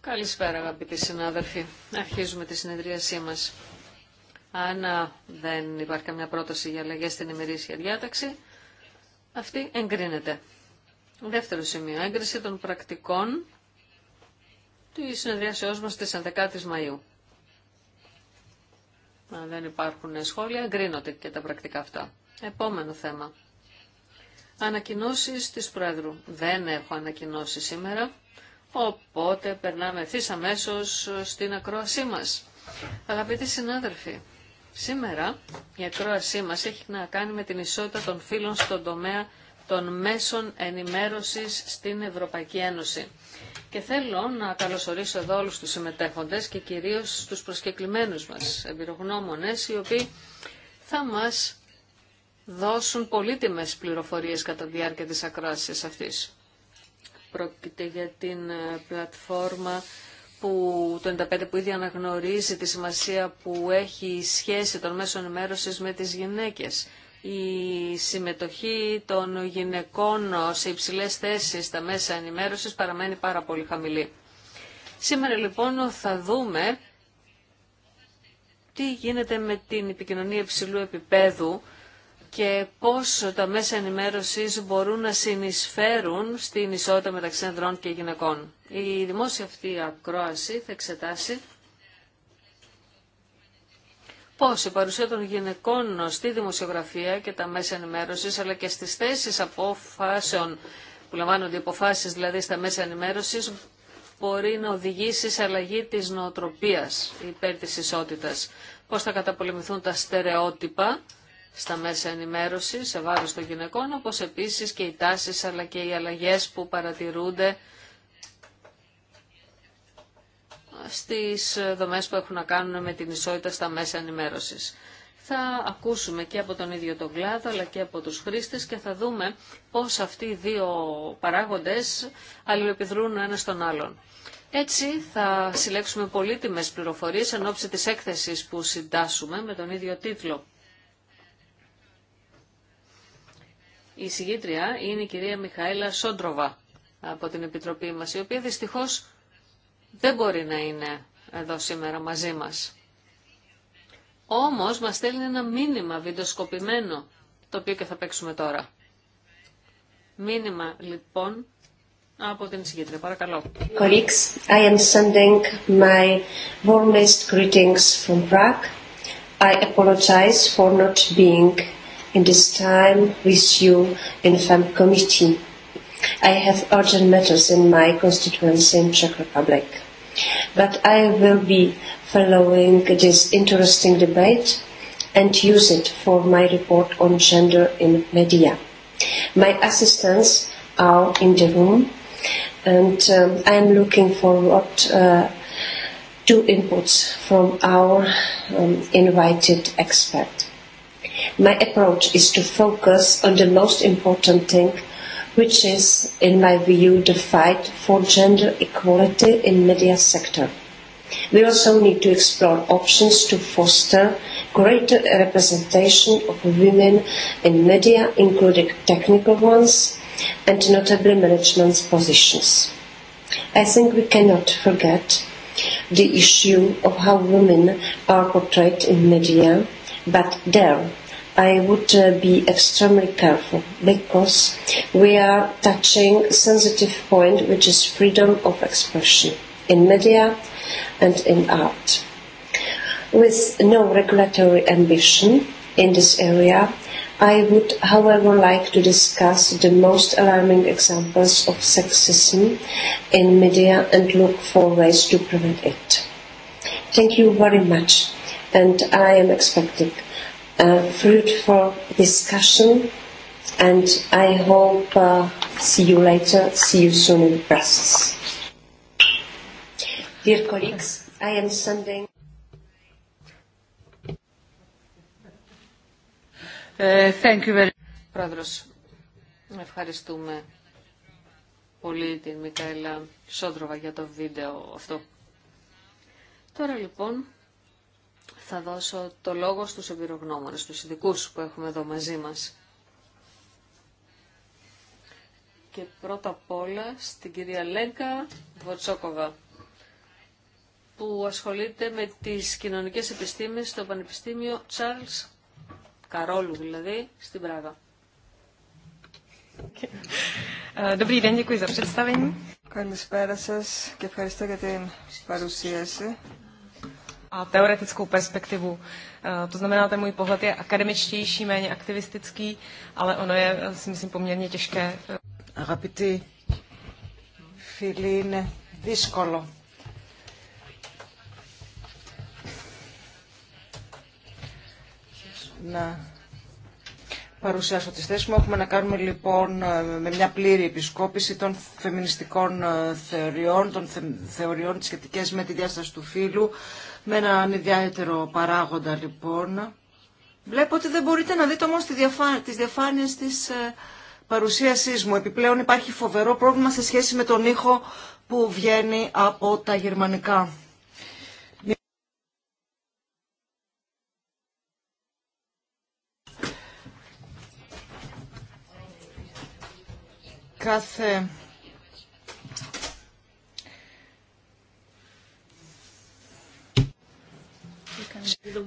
Καλησπέρα αγαπητοί συνάδελφοι. Αρχίζουμε τη συνεδρίασή μα. Αν δεν υπάρχει καμιά πρόταση για αλλαγέ στην ημερήσια διάταξη, αυτή εγκρίνεται. Δεύτερο σημείο, έγκριση των πρακτικών τη συνεδρίασεώς μα στις 11 η Μαΐου. Αν δεν υπάρχουν σχόλια, εγκρίνονται και τα πρακτικά αυτά. Επόμενο θέμα. Ανακοινώσεις της Πρόεδρου. Δεν έχω ανακοινώσει σήμερα, οπότε περνάμε ευθύ αμέσω στην ακρόασή μας. Αγαπητοί συνάδελφοι, σήμερα η ακρόασή μας έχει να κάνει με την ισότητα των φίλων στον τομέα των μέσων ενημέρωσης στην Ευρωπαϊκή Ένωση. Και θέλω να καλωσορίσω εδώ όλους τους συμμετέχοντες και κυρίως τους προσκεκλημένους μας εμπειρογνώμονες, οι οποίοι θα μας δώσουν πολύτιμες πληροφορίες κατά τη διάρκεια της ακράση αυτής. Πρόκειται για την ε, πλατφόρμα που το 95 που ήδη αναγνωρίζει τη σημασία που έχει η σχέση των μέσων ενημέρωσης με τις γυναίκες. Η συμμετοχή των γυναικών σε υψηλές θέσεις στα μέσα ενημέρωσης παραμένει πάρα πολύ χαμηλή. Σήμερα λοιπόν θα δούμε τι γίνεται με την επικοινωνία υψηλού επίπεδου και πώς τα μέσα ενημέρωσης μπορούν να συνεισφέρουν στην ισότητα μεταξύ ανδρών και γυναικών. Η δημόσια αυτή ακρόαση θα εξετάσει πώς η παρουσία των γυναικών στη δημοσιογραφία και τα μέσα ενημέρωσης αλλά και στις θέσεις αποφάσεων που λαμβάνονται υποφάσεις δηλαδή στα μέσα ενημέρωσης μπορεί να οδηγήσει σε αλλαγή της νοοτροπίας υπέρ της ισότητας. Πώς θα καταπολεμηθούν τα στερεότυπα στα μέσα ενημέρωση σε βάρος των γυναικών, όπω επίση και οι τάσει, αλλά και οι αλλαγέ που παρατηρούνται στις δομέ που έχουν να κάνουν με την ισότητα στα μέσα ενημέρωση. Θα ακούσουμε και από τον ίδιο τον κλάδο αλλά και από τους χρήστες και θα δούμε πώς αυτοί οι δύο παράγοντες αλληλεπιδρούν ένα στον άλλον. Έτσι θα συλλέξουμε πολύτιμες πληροφορίες εν ώψη της έκθεσης που συντάσσουμε με τον ίδιο τίτλο. Η συγγήτρια είναι η κυρία Μιχαήλα Σόντροβα από την Επιτροπή μας, η οποία δυστυχώς δεν μπορεί να είναι εδώ σήμερα μαζί μας. Όμως μας στέλνει ένα μήνυμα βιντεοσκοπημένο, το οποίο και θα παίξουμε τώρα. Μήνυμα λοιπόν από την συγκέντρια. Παρακαλώ. Colleagues, I am sending my warmest greetings from Prague. I for not being in this time with you in the committee. I have urgent matters in my constituency in Czech Republic. But I will be following this interesting debate and use it for my report on gender in media. My assistants are in the room and I am looking forward two inputs from our invited expert my approach is to focus on the most important thing, which is, in my view, the fight for gender equality in the media sector. We also need to explore options to foster greater representation of women in media, including technical ones, and notably management positions. I think we cannot forget the issue of how women are portrayed in media, but there I would be extremely careful because we are touching sensitive point which is freedom of expression in media and in art. With no regulatory ambition in this area, I would however like to discuss the most alarming examples of sexism in media and look for ways to prevent it. Thank you very much and I am expecting fruitful discussion and I hope uh, see you later, see you soon in Brussels. Dear colleagues, I am sending Thank you very much. Πρόεδρος, ευχαριστούμε πολύ την Μικαέλα Σόντροβα για το βίντεο αυτό. Τώρα λοιπόν θα δώσω το λόγο στους εμπειρογνώμονες, στους ειδικού που έχουμε εδώ μαζί μας. Και πρώτα απ' όλα στην κυρία Λέγκα Βοτσόκοβα, που ασχολείται με τις κοινωνικές επιστήμες στο Πανεπιστήμιο Charles Καρόλου, δηλαδή, στην Πράγα. Ε, Καλησπέρα σας και ευχαριστώ για την παρουσίαση a teoretickou perspektivu. To znamená, ten můj pohled je akademičtější, méně aktivistický, ale ono je, si myslím, poměrně těžké. Αγαπητοί filin, Vyškolo. Na παρουσιάσω τις θέσεις μου. Έχουμε να κάνουμε λοιπόν ε, με μια πλήρη επισκόπηση των φεμινιστικών ε, θεωριών, των θε, θεωριών σχετικές με τη διάσταση του φύλου, με έναν ιδιαίτερο παράγοντα λοιπόν. Βλέπω ότι δεν μπορείτε να δείτε όμως τις διαφάνειες της ε, παρουσίασής μου. Επιπλέον υπάρχει φοβερό πρόβλημα σε σχέση με τον ήχο που βγαίνει από τα γερμανικά.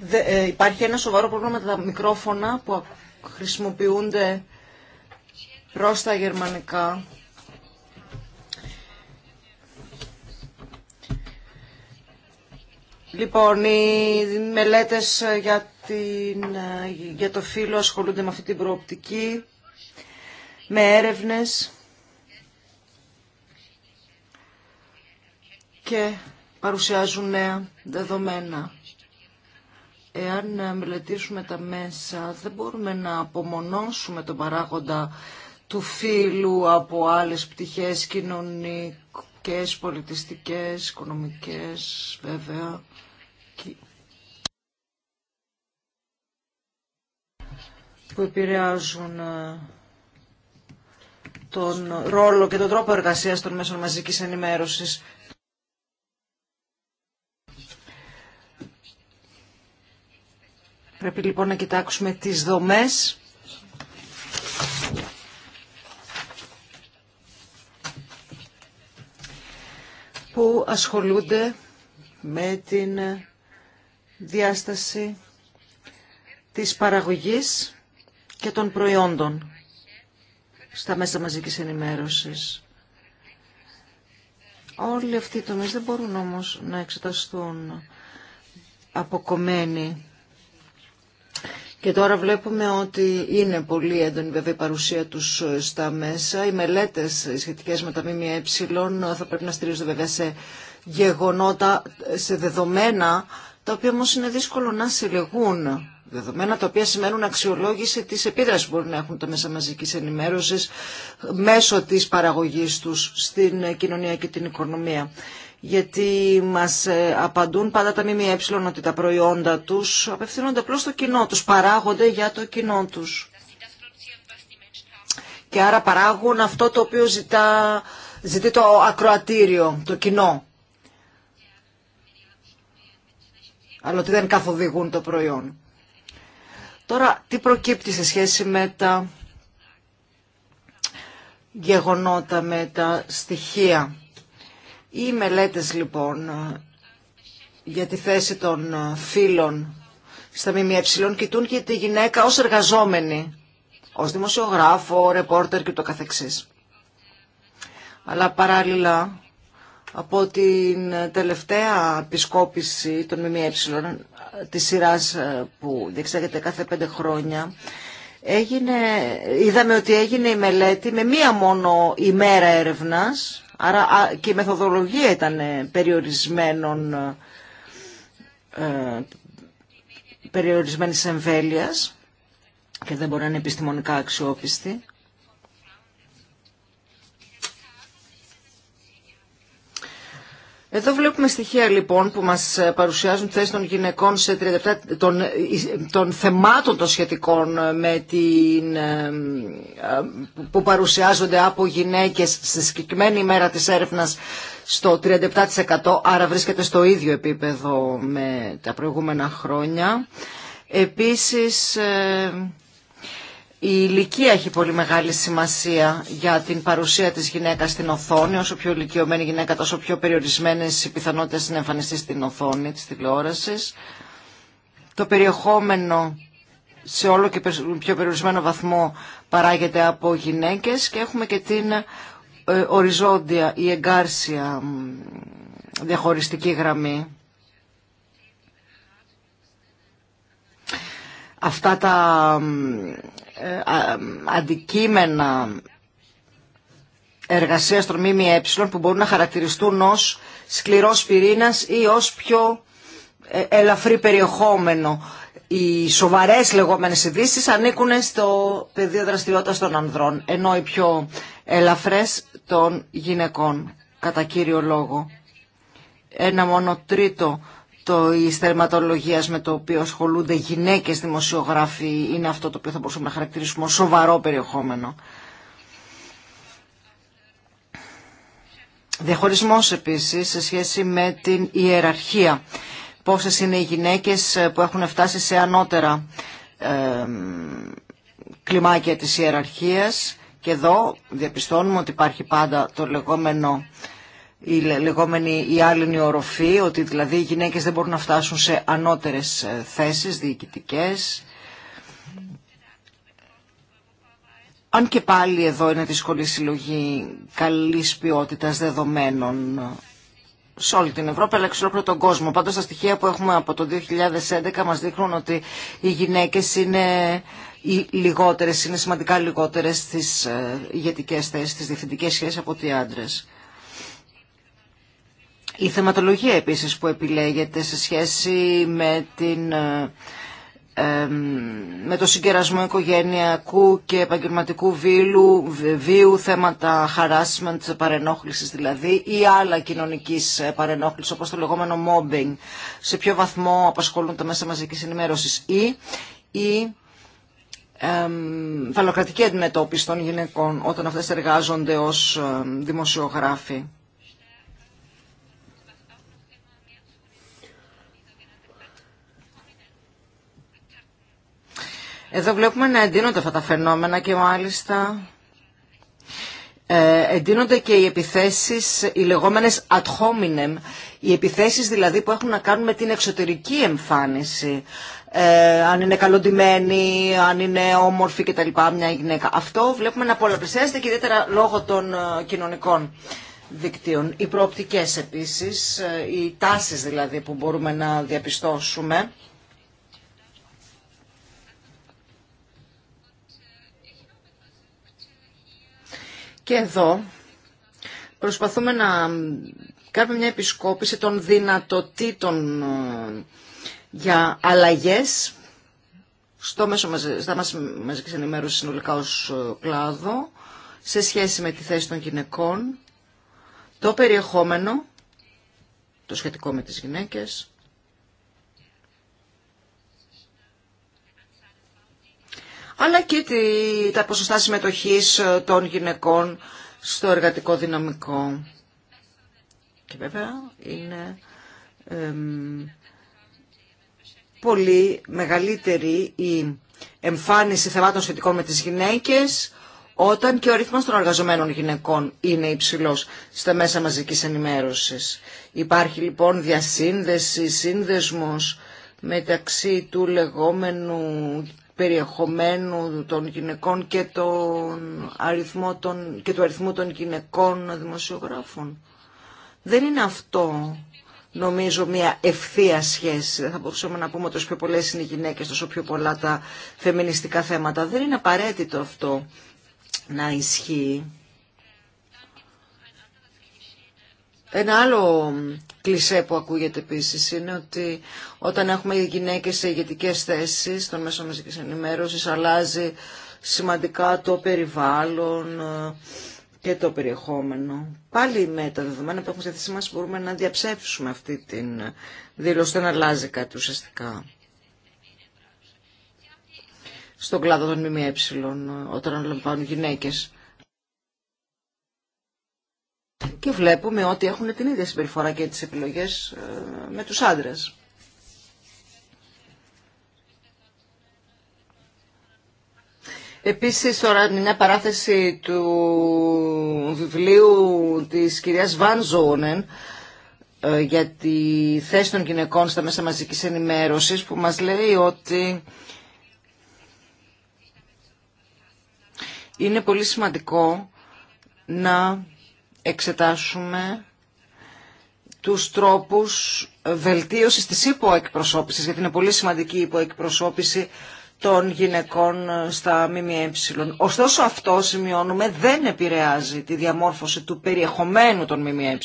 Ε, υπάρχει ένα σοβαρό πρόβλημα με τα μικρόφωνα που χρησιμοποιούνται προς τα γερμανικά. Λοιπόν, οι μελέτες για, ε, για το φύλλο ασχολούνται με αυτή την προοπτική, με έρευνες και παρουσιάζουν νέα δεδομένα. Εάν μελετήσουμε τα μέσα, δεν μπορούμε να απομονώσουμε τον παράγοντα του φύλου από άλλες πτυχές κοινωνικές, πολιτιστικές, οικονομικές, βέβαια. που επηρεάζουν ε, τον ρόλο και τον τρόπο εργασίας των μέσων μαζικής ενημέρωσης. Πρέπει λοιπόν να κοιτάξουμε τις δομές που ασχολούνται με την διάσταση της παραγωγής και των προϊόντων στα μέσα μαζικής ενημέρωσης. Όλοι αυτοί οι τομείς δεν μπορούν όμως να εξεταστούν αποκομμένοι και τώρα βλέπουμε ότι είναι πολύ έντονη βέβαια η παρουσία τους ε, στα μέσα. Οι μελέτες ε, σχετικές με τα ΜΜΕ θα πρέπει να στηρίζονται βέβαια σε γεγονότα, ε, σε δεδομένα, τα οποία όμως είναι δύσκολο να συλλεγούν. Δεδομένα τα οποία σημαίνουν αξιολόγηση της επίδρασης που μπορεί να έχουν τα μέσα μαζικής ενημέρωσης μέσω της παραγωγής τους στην κοινωνία και την οικονομία γιατί μας ε, απαντούν πάντα τα ΜΜΕ ότι τα προϊόντα τους απευθύνονται απλώς στο κοινό τους, παράγονται για το κοινό τους. Και άρα παράγουν αυτό το οποίο ζητά, ζητεί το ακροατήριο, το κοινό. Αλλά ότι δεν καθοδηγούν το προϊόν. Τώρα, τι προκύπτει σε σχέση με τα γεγονότα, με τα στοιχεία οι μελέτες λοιπόν για τη θέση των φίλων στα ΜΜΕ κοιτούν και τη γυναίκα ως εργαζόμενη, ως δημοσιογράφο, ρεπόρτερ και το καθεξής. Αλλά παράλληλα από την τελευταία επισκόπηση των ΜΜΕ της σειράς ε, που διεξάγεται κάθε πέντε χρόνια έγινε, είδαμε ότι έγινε η μελέτη με μία μόνο ημέρα έρευνας Άρα και η μεθοδολογία ήταν ε, περιορισμένων, ε, περιορισμένης εμβέλειας και δεν μπορεί να είναι επιστημονικά αξιόπιστη. Εδώ βλέπουμε στοιχεία λοιπόν που μας ε, παρουσιάζουν θέσεις των γυναικών σε 37, των, ε, των θεμάτων των σχετικών ε, με την, που παρουσιάζονται από γυναίκες στη συγκεκριμένη ημέρα της έρευνας στο 37% άρα βρίσκεται στο ίδιο επίπεδο με τα προηγούμενα χρόνια. Επίσης η ηλικία έχει πολύ μεγάλη σημασία για την παρουσία της γυναίκας στην οθόνη. Όσο πιο ηλικιωμένη η γυναίκα, τόσο πιο περιορισμένες οι πιθανότητες να εμφανιστεί στην οθόνη της τηλεόρασης. Το περιεχόμενο σε όλο και πιο περιορισμένο βαθμό παράγεται από γυναίκες και έχουμε και την ε, οριζόντια ή εγκάρσια διαχωριστική γραμμή. Αυτά τα ε, αντικείμενα εργασία των ΜΜΕ που μπορούν να χαρακτηριστούν ως σκληρός πυρήνας ή ως πιο ε, ελαφρύ περιεχόμενο. Οι σοβαρές λεγόμενες ειδήσει ανήκουν στο πεδίο δραστηριότητας των ανδρών, ενώ οι πιο ελαφρές των γυναικών, κατά κύριο λόγο. Ένα μόνο τρίτο το εις θερματολογίας με το οποίο ασχολούνται γυναίκες δημοσιογράφοι είναι αυτό το οποίο θα μπορούσαμε να χαρακτηρίσουμε ως σοβαρό περιεχόμενο. Διαχωρισμός επίσης σε σχέση με την ιεραρχία. Πόσες είναι οι γυναίκες που έχουν φτάσει σε ανώτερα κλιμάκια της ιεραρχίας και εδώ διαπιστώνουμε ότι υπάρχει πάντα το λεγόμενο η λεγόμενη η άλλη οροφή, ότι δηλαδή οι γυναίκες δεν μπορούν να φτάσουν σε ανώτερες ε, θέσεις διοικητικές. Αν και πάλι εδώ είναι δύσκολη συλλογή καλής ποιότητας δεδομένων ε, σε όλη την Ευρώπη αλλά και σε όλο τον κόσμο. Πάντως τα στοιχεία που έχουμε από το 2011 μας δείχνουν ότι οι γυναίκες είναι οι λιγότερες, είναι σημαντικά λιγότερες στις ε, ηγετικές θέσεις, στις διευθυντικές σχέσεις από ότι οι άντρες. Η θεματολογία επίσης που επιλέγεται σε σχέση με την ε, με το συγκερασμό οικογενειακού και επαγγελματικού βίου βίου, θέματα harassment, παρενόχλησης δηλαδή ή άλλα κοινωνικής ε, παρενόχλησης όπως το λεγόμενο mobbing, σε ποιο βαθμό απασχολούν τα μέσα μαζικής ενημέρωσης ή η φαλοκρατική αντιμετώπιση των γυναικών όταν αυτές εργάζονται ως ε, δημοσιογράφοι. Εδώ βλέπουμε να εντείνονται αυτά τα φαινόμενα και μάλιστα ε, εντείνονται και οι επιθέσεις, οι λεγόμενες ad hominem, οι επιθέσεις δηλαδή που έχουν να κάνουν με την εξωτερική εμφάνιση, ε, αν είναι καλοντημένη, αν είναι όμορφη κτλ. μια γυναίκα. Αυτό βλέπουμε να πολλαπλησιάζεται και ιδιαίτερα λόγω των ε, κοινωνικών δικτύων. Οι προοπτικές επίσης, ε, οι τάσεις δηλαδή που μπορούμε να διαπιστώσουμε Και εδώ προσπαθούμε να κάνουμε μια επισκόπηση των δυνατοτήτων ε, για αλλαγές στο μέσο στα μας μαζικής ενημέρωσης συνολικά ως ε, κλάδο σε σχέση με τη θέση των γυναικών, το περιεχόμενο, το σχετικό με τις γυναίκες, αλλά και τα ποσοστά συμμετοχής ε, των γυναικών στο εργατικό δυναμικό. Και βέβαια είναι πολύ μεγαλύτερη η εμφάνιση θεμάτων σχετικών με τις γυναίκες όταν και ο ρυθμός των εργαζομένων γυναικών είναι υψηλός στα μέσα μαζικής ενημέρωσης. Υπάρχει λοιπόν διασύνδεση, σύνδεσμος μεταξύ του λεγόμενου περιεχομένου των γυναικών και, τον αριθμό των, και του αριθμού των γυναικών δημοσιογράφων. Δεν είναι αυτό νομίζω μια ευθεία σχέση. Δεν θα μπορούσαμε να πούμε όσο πιο πολλέ είναι οι γυναίκες, τόσο πιο πολλά τα φεμινιστικά θέματα. Δεν είναι απαραίτητο αυτό να ισχύει. Ένα άλλο κλισέ που ακούγεται επίση είναι ότι όταν έχουμε γυναίκε σε ηγετικέ θέσει των μέσων μαζική ενημέρωση, αλλάζει σημαντικά το περιβάλλον ε, και το περιεχόμενο. Πάλι με τα δεδομένα που έχουμε στη θέση μα μπορούμε να διαψεύσουμε αυτή την δήλωση, δεν αλλάζει κάτι ουσιαστικά. Στον κλάδο των ΜΜΕ, όταν λαμβάνουν γυναίκες και βλέπουμε ότι έχουν την ίδια συμπεριφορά και τις επιλογές ε, με τους άντρες. Επίσης τώρα μια παράθεση του βιβλίου της κυρίας Βαν ε, για τη θέση των γυναικών στα μέσα μαζικής ενημέρωσης που μας λέει ότι είναι πολύ σημαντικό να εξετάσουμε τους τρόπους βελτίωσης της υποεκπροσώπησης, γιατί είναι πολύ σημαντική η υποεκπροσώπηση των γυναικών στα ΜΜΕ. Ωστόσο αυτό, σημειώνουμε, δεν επηρεάζει τη διαμόρφωση του περιεχομένου των ΜΜΕ.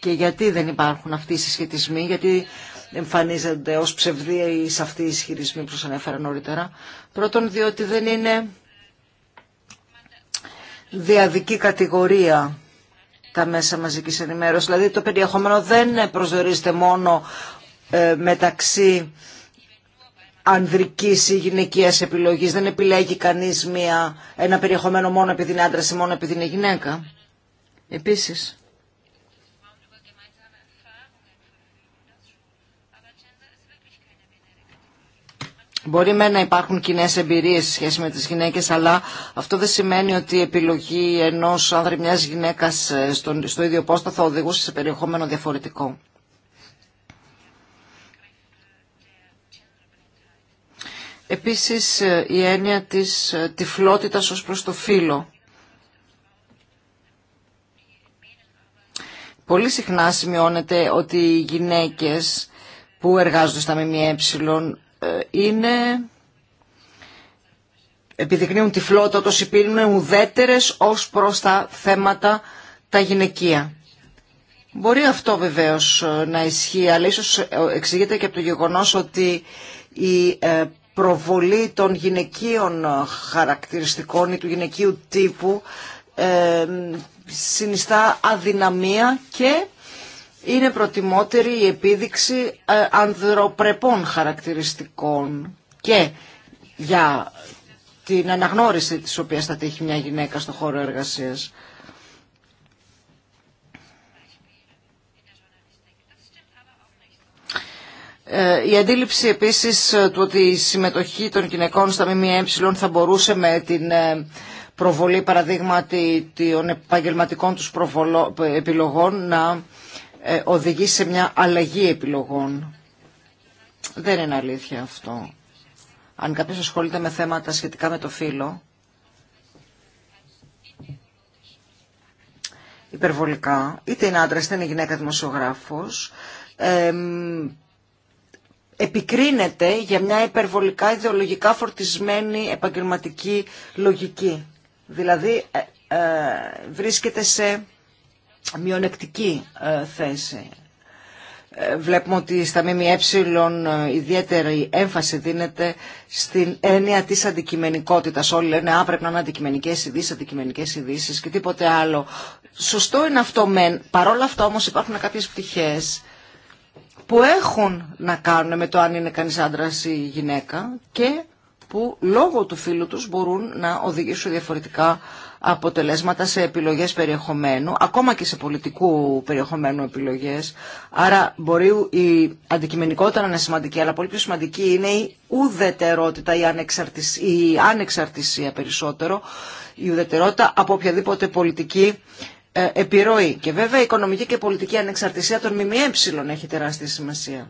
Και γιατί δεν υπάρχουν αυτοί οι συσχετισμοί, γιατί εμφανίζονται ως ψευδία σε αυτοί οι ισχυρισμοί που σας ανέφερα νωρίτερα. Πρώτον, διότι δεν είναι διαδική κατηγορία τα μέσα μαζικής ενημέρωσης. Δηλαδή το περιεχόμενο δεν προσδιορίζεται μόνο ε, μεταξύ ανδρικής ή γυναικείας επιλογής. Δεν επιλέγει κανείς μια, ένα περιεχομένο μόνο επειδή είναι άντρας ή μόνο επειδή είναι γυναίκα. Επίσης, Μπορεί με να υπάρχουν κοινέ εμπειρίε σε σχέση με τι γυναίκε, αλλά αυτό δεν σημαίνει ότι η επιλογή ενό άνδρα μια γυναίκα ε, στο ίδιο πόστο θα οδηγούσε σε περιεχόμενο διαφορετικό. Επίσης ε, η έννοια της ε, τυφλότητας ως προς το φύλλο. Πολύ συχνά σημειώνεται ότι οι γυναίκες που εργάζονται στα ΜΜΕ ε, είναι επιδεικνύουν τυφλότητα όπως υπήρουν ουδέτερες ως προς τα θέματα τα γυναικεία. Μπορεί αυτό βεβαίως ε, να ισχύει, αλλά ίσως ε, εξηγείται και από το γεγονός ότι η προβολή των γυναικείων χαρακτηριστικών ή του γυναικείου τύπου συνιστά αδυναμία και είναι προτιμότερη η επίδειξη ε, ανδροπρεπών χαρακτηριστικών και για την αναγνώριση της οποίας θα τύχει μια γυναίκα στο χώρο εργασίας. Ε, η αντίληψη επίσης ε, του ότι η συμμετοχή των γυναικών στα ΜΜΕ θα μπορούσε με την προβολή παραδείγματι των επαγγελματικών τους επιλογών να ε, οδηγεί σε μια αλλαγή επιλογών. Δεν είναι αλήθεια αυτό. Αν κάποιος ασχολείται με θέματα σχετικά με το φύλλο, υπερβολικά, είτε είναι άντρας είτε είναι γυναίκα δημοσιογράφος, επικρίνεται για μια υπερβολικά ιδεολογικά φορτισμένη επαγγελματική λογική. Δηλαδή ε, ε, βρίσκεται σε μειονεκτική ε, θέση. Ε, βλέπουμε ότι στα ΜΜΕ ιδιαίτερη έμφαση δίνεται στην έννοια της αντικειμενικότητας. Όλοι λένε «Α, πρέπει να είναι αντικειμενικές ειδήσει, αντικειμενικές ειδήσει και τίποτε άλλο». Σωστό είναι αυτό μεν. Παρόλα αυτά όμως υπάρχουν κάποιες πτυχές που έχουν να κάνουν με το αν είναι κανείς άντρας ή γυναίκα και που λόγω του φίλου τους μπορούν να οδηγήσουν διαφορετικά αποτελέσματα σε επιλογές περιεχομένου, ακόμα και σε πολιτικού περιεχομένου επιλογές. Άρα μπορεί η αντικειμενικότητα να είναι σημαντική, αλλά πολύ πιο σημαντική είναι η ουδετερότητα, η, ανεξαρτησία, η ανεξαρτησία περισσότερο, η ουδετερότητα από οποιαδήποτε πολιτική ε, επιρροή. Και βέβαια η οικονομική και πολιτική ανεξαρτησία των ΜΜΕ έχει τεράστια σημασία.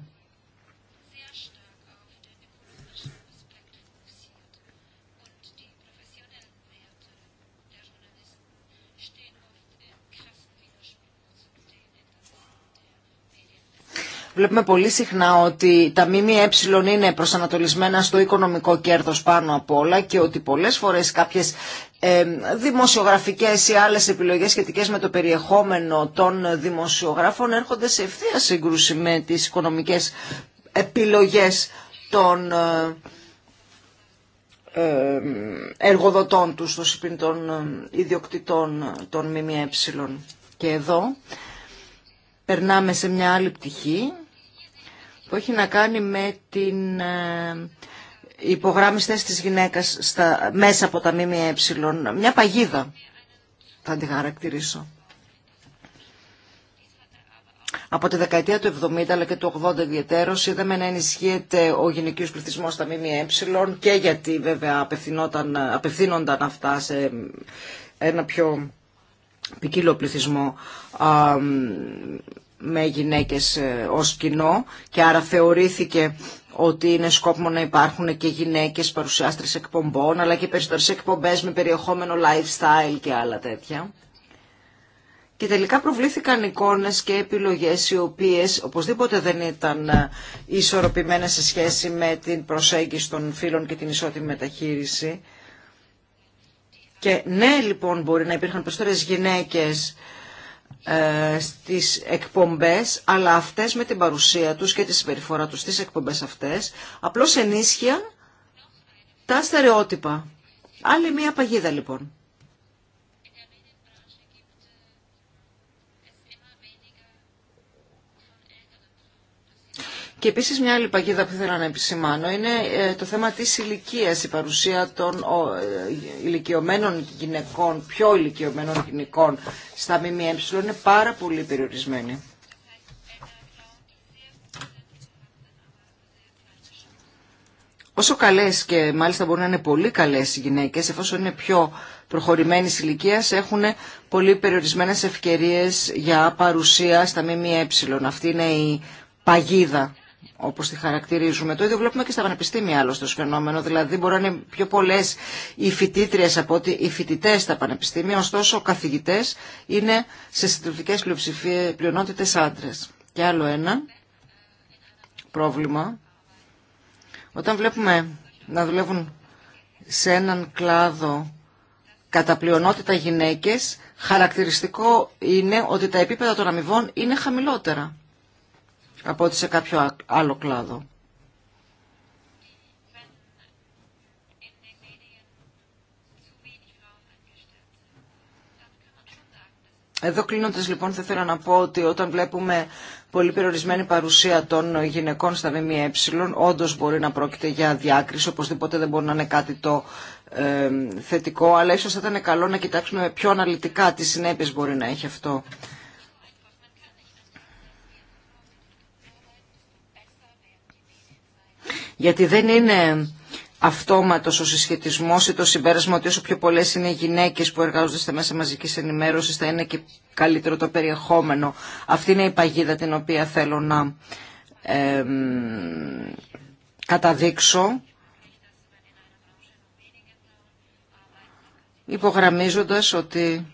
Βλέπουμε πολύ συχνά ότι τα ΜΜΕ είναι προσανατολισμένα στο οικονομικό κέρδος πάνω απ' όλα και ότι πολλές φορές κάποιες ε, δημοσιογραφικές ή άλλες επιλογές σχετικές με το περιεχόμενο των δημοσιογράφων έρχονται σε ευθεία σύγκρουση με τις οικονομικές επιλογές των ε, ε, εργοδοτών τους, των ε, ιδιοκτητών των ΜΜΕ. Και εδώ περνάμε σε μια άλλη πτυχή που έχει να κάνει με την ε, υπογράμμιση τις της γυναίκας στα, μέσα από τα ΜΜΕ. Μια παγίδα θα την χαρακτηρίσω. Από τη δεκαετία του 70 αλλά και του 80 ιδιαίτερω είδαμε να ενισχύεται ο γυναικείος πληθυσμό στα ΜΜΕ και γιατί βέβαια απευθύνονταν αυτά σε ένα πιο ποικίλο πληθυσμό με γυναίκες ε, ως κοινό και άρα θεωρήθηκε ότι είναι σκόπιμο να υπάρχουν και γυναίκες παρουσιάστρες εκπομπών αλλά και περισσότερες εκπομπές με περιεχόμενο lifestyle και άλλα τέτοια. Και τελικά προβλήθηκαν εικόνες και επιλογές οι οποίες οπωσδήποτε δεν ήταν ε, ισορροπημένες σε σχέση με την προσέγγιση των φίλων και την ισότιμη μεταχείριση. Και ναι λοιπόν μπορεί να υπήρχαν περισσότερες γυναίκες ε, στις εκπομπές, αλλά αυτές με την παρουσία τους και τη συμπεριφορά τους στις εκπομπές αυτές, απλώς ενίσχυαν τα στερεότυπα. Άλλη μία παγίδα λοιπόν. Και επίσης μια άλλη παγίδα που ήθελα να επισημάνω είναι ε, το θέμα της ηλικία, η παρουσία των ε, ηλικιωμένων γυναικών, πιο ηλικιωμένων γυναικών στα ΜΜΕ είναι πάρα πολύ περιορισμένη. Όσο καλές και μάλιστα μπορούν να είναι πολύ καλές οι γυναίκες, εφόσον είναι πιο προχωρημένης ηλικία έχουν πολύ περιορισμένες ευκαιρίες για παρουσία στα ΜΜΕ. Αυτή είναι η παγίδα όπως τη χαρακτηρίζουμε. Το ίδιο βλέπουμε και στα πανεπιστήμια άλλωστε ως φαινόμενο, δηλαδή μπορεί να είναι πιο πολλές οι φοιτήτριε από ότι οι φοιτητέ στα πανεπιστήμια, ωστόσο καθηγητές είναι σε συντριπτικές πλειονότητες άντρε. Και άλλο ένα πρόβλημα, όταν βλέπουμε να δουλεύουν σε έναν κλάδο κατά πλειονότητα γυναίκες, χαρακτηριστικό είναι ότι τα επίπεδα των αμοιβών είναι χαμηλότερα από ότι σε κάποιο άλλο κλάδο. Εδώ κλείνοντας λοιπόν θα ήθελα να πω ότι όταν βλέπουμε πολύ περιορισμένη παρουσία των γυναικών στα ΜΜΕ, όντως μπορεί να πρόκειται για διάκριση, οπωσδήποτε δεν μπορεί να είναι κάτι το θετικό, αλλά ίσως θα ήταν καλό να κοιτάξουμε πιο αναλυτικά τι συνέπειες μπορεί να έχει αυτό. Γιατί δεν είναι αυτόματος ο συσχετισμός ή το συμπέρασμα ότι όσο πιο πολλές είναι οι γυναίκες που εργάζονται στα μέσα μαζικής ενημέρωσης θα είναι και καλύτερο το περιεχόμενο. Αυτή είναι η παγίδα την οποία θέλω να καταδείξω υπογραμμίζοντας ότι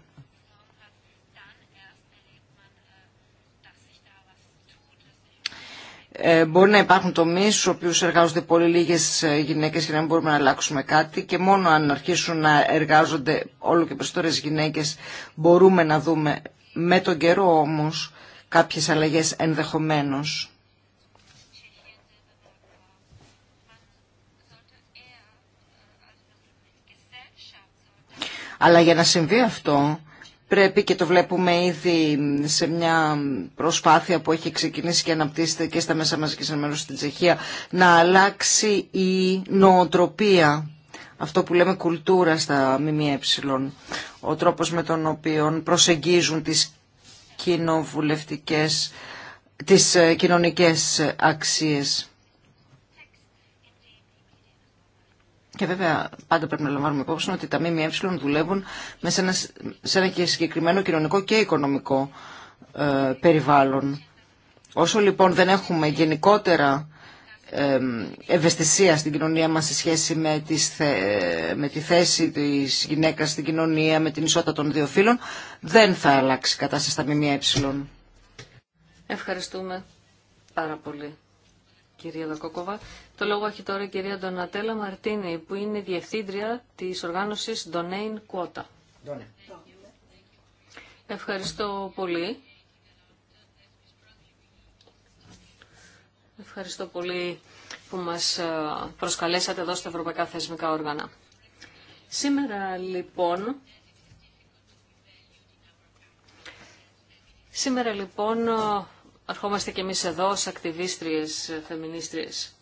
Ε, μπορεί να υπάρχουν τομεί στου οποίου εργάζονται πολύ λίγε γυναίκε και να μην μπορούμε να αλλάξουμε κάτι και μόνο αν αρχίσουν να εργάζονται όλο και περισσότερε γυναίκε μπορούμε να δούμε με τον καιρό όμω κάποιε αλλαγέ ενδεχομένω. Αλλά για να συμβεί αυτό πρέπει και το βλέπουμε ήδη σε μια προσπάθεια που έχει ξεκινήσει και αναπτύσσεται και στα μέσα μαζικής ενημέρωσης στην Τσεχία να αλλάξει η νοοτροπία αυτό που λέμε κουλτούρα στα ΜΜΕ, ο τρόπος με τον οποίο προσεγγίζουν τις κοινοβουλευτικές, τις ε, κοινωνικές αξίες. Και βέβαια πάντα πρέπει να λαμβάνουμε υπόψη ότι τα ΜΜΕ δουλεύουν μέσα ένα, σε ένα και συγκεκριμένο κοινωνικό και οικονομικό ε, περιβάλλον. Όσο λοιπόν δεν έχουμε γενικότερα ευαισθησία στην κοινωνία μας σε σχέση με, τις, με τη θέση της γυναίκας στην κοινωνία, με την ισότητα των δύο φύλων, δεν θα αλλάξει η κατάσταση στα ΜΜΕ. Ευχαριστούμε πάρα πολύ κυρία Δακόκοβα. Το λόγο έχει τώρα η κυρία Ντονατέλα Μαρτίνη, που είναι διευθύντρια της οργάνωσης Donain Quota. Ευχαριστώ πολύ. Ευχαριστώ πολύ που μας ε, προσκαλέσατε εδώ στα Ευρωπαϊκά Θεσμικά Όργανα. Σήμερα λοιπόν... Σήμερα λοιπόν αρχόμαστε ε, και εμείς εδώ ως ακτιβίστριες, ε, φεμινίστριες.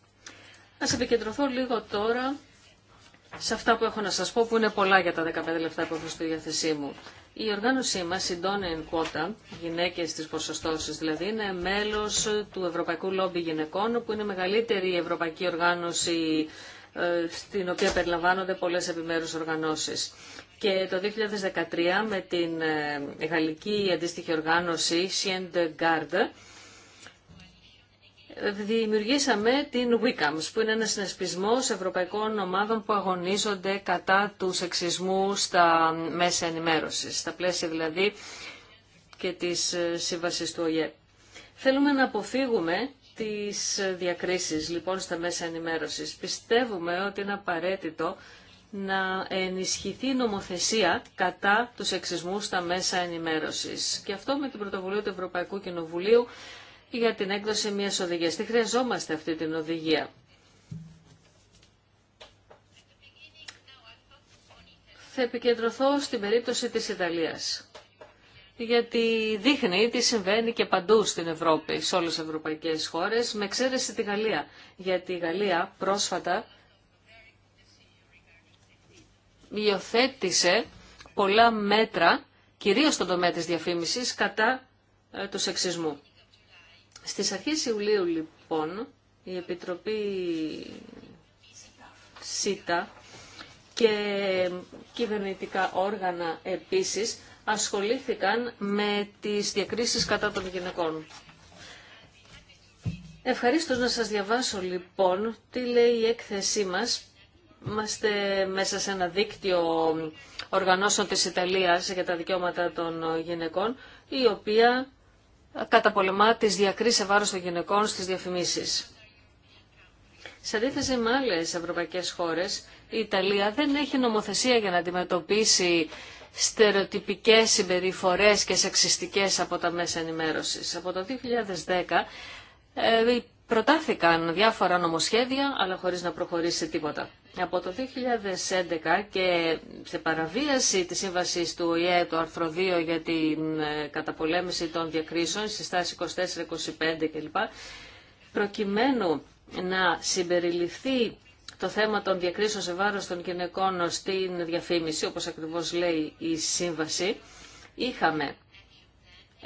Ας επικεντρωθώ λίγο τώρα σε αυτά που έχω να σας πω, που είναι πολλά για τα 15 λεπτά που έχω στη διάθεσή μου. Η οργάνωσή μας, η Donen Quota, γυναίκες της ποσοστώσης δηλαδή, είναι μέλος του Ευρωπαϊκού Λόμπι Γυναικών, που είναι η μεγαλύτερη ευρωπαϊκή οργάνωση ε, στην οποία περιλαμβάνονται πολλές επιμέρους οργανώσεις. Και το 2013 με την ε, γαλλική αντίστοιχη οργάνωση Sien de Garde, δημιουργήσαμε την WICAMS, που είναι ένας συνασπισμό ευρωπαϊκών ομάδων που αγωνίζονται κατά του σεξισμού στα μέσα ενημέρωσης, στα πλαίσια δηλαδή και τη ε, σύμβαση του ΟΙΕ. Θέλουμε να αποφύγουμε τις διακρίσεις λοιπόν στα μέσα ενημέρωσης. Πιστεύουμε ότι είναι απαραίτητο να ενισχυθεί η νομοθεσία κατά του σεξισμού στα μέσα ενημέρωση. Και αυτό με την πρωτοβουλία του Ευρωπαϊκού Κοινοβουλίου για την έκδοση μιας οδηγίας. Τι χρειαζόμαστε αυτή την οδηγία. Θα επικεντρωθώ στην περίπτωση της Ιταλίας. Γιατί δείχνει τι συμβαίνει και παντού στην Ευρώπη, σε όλες τις ευρωπαϊκές χώρες, με εξαίρεση τη Γαλλία. Γιατί η Γαλλία πρόσφατα υιοθέτησε πολλά μέτρα, κυρίως στον τομέα της διαφήμισης, κατά ε, του σεξισμού. Στις αρχές Ιουλίου λοιπόν η Επιτροπή ΣΥΤΑ και κυβερνητικά όργανα επίσης ασχολήθηκαν με τις διακρίσεις κατά των γυναικών. Ευχαρίστω να σας διαβάσω λοιπόν τι λέει η έκθεσή μας. Είμαστε μέσα σε ένα δίκτυο οργανώσεων της Ιταλίας για τα δικαιώματα των γυναικών, η οποία καταπολεμά τις διακρίσεις σε βάρος των γυναικών στις διαφημίσεις. Σε αντίθεση με άλλε ευρωπαϊκές χώρες, η Ιταλία δεν έχει νομοθεσία για να αντιμετωπίσει στερεοτυπικές συμπεριφορές και σεξιστικές από τα μέσα ενημέρωσης. Από το 2010 Προτάθηκαν διάφορα νομοσχέδια, αλλά χωρίς να προχωρήσει τίποτα. Από το 2011 και σε παραβίαση της σύμβασης του ΟΗΕ του άρθρο για την ε, καταπολέμηση των διακρίσεων, συστάσεις 24-25 κλπ, προκειμένου να συμπεριληφθεί το θέμα των διακρίσεων σε βάρος των γυναικών στην διαφήμιση, όπως ακριβώς λέει η σύμβαση, είχαμε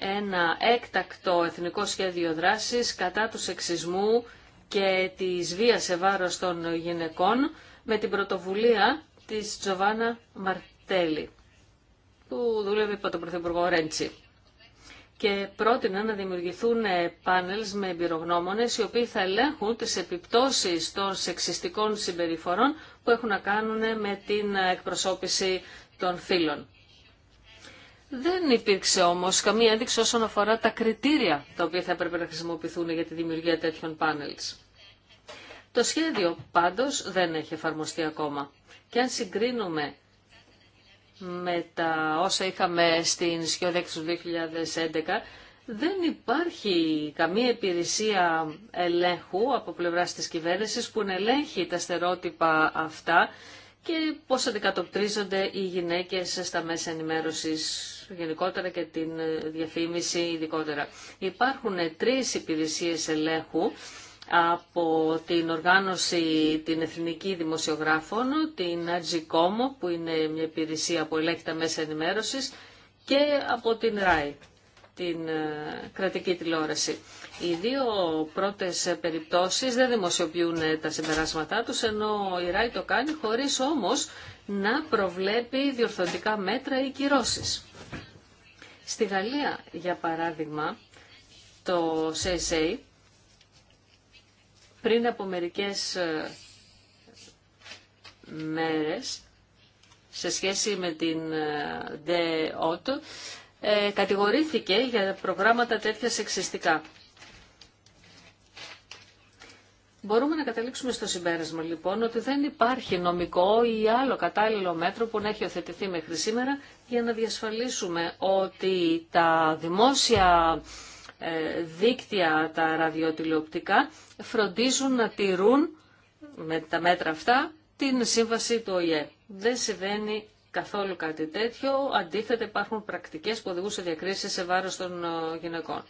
ένα έκτακτο εθνικό σχέδιο δράσης κατά του σεξισμού και της βίας σε βάρος των γυναικών με την πρωτοβουλία της Τζοβάνα Μαρτέλη που δούλευε υπό τον Πρωθυπουργό Ρέντσι και πρότεινα να δημιουργηθούν πάνελς με εμπειρογνώμονες οι οποίοι θα ελέγχουν τις επιπτώσεις των σεξιστικών συμπεριφορών που έχουν να κάνουν με την εκπροσώπηση των φίλων. Δεν υπήρξε όμως καμία ένδειξη όσον αφορά τα κριτήρια τα οποία θα έπρεπε να χρησιμοποιηθούν για τη δημιουργία τέτοιων πάνελ. Το σχέδιο πάντως δεν έχει εφαρμοστεί ακόμα. Και αν συγκρίνουμε με τα όσα είχαμε στην Σιωδέξη του 2011, δεν υπάρχει καμία υπηρεσία ελέγχου από πλευράς της κυβέρνησης που ελέγχει τα στερότυπα αυτά και πώς αντικατοπτρίζονται οι γυναίκες στα μέσα ενημέρωσης γενικότερα και την ε, διαφήμιση ειδικότερα. Υπάρχουν ε, τρεις υπηρεσίες ελέγχου από την οργάνωση την Εθνική Δημοσιογράφων, την Ατζικόμο που είναι μια υπηρεσία που ελέγχει τα μέσα ενημέρωσης και από την ΡΑΙ, την ε, κρατική τηλεόραση. Οι δύο πρώτες περιπτώσεις δεν δημοσιοποιούν τα συμπεράσματά τους, ενώ η ΡΑΙ το κάνει χωρίς όμως να προβλέπει διορθωτικά μέτρα ή κυρώσεις. Στη Γαλλία, για παράδειγμα, το CSA πριν από μερικές ε, μέρες σε σχέση με την ε, ΔΕΟΤ ε, κατηγορήθηκε για προγράμματα τέτοια σεξιστικά. Μπορούμε να καταλήξουμε στο συμπέρασμα λοιπόν ότι δεν υπάρχει νομικό ή άλλο κατάλληλο μέτρο που να έχει οθετηθεί μέχρι σήμερα για να διασφαλίσουμε ότι τα δημόσια ε, δίκτυα, τα ραδιοτηλεοπτικά φροντίζουν να τηρούν με τα μέτρα αυτά την σύμβαση του ΟΗΕ. Δεν συμβαίνει καθόλου κάτι τέτοιο. Αντίθετα υπάρχουν πρακτικές που οδηγούν σε διακρίσεις σε βάρος των ε, γυναικών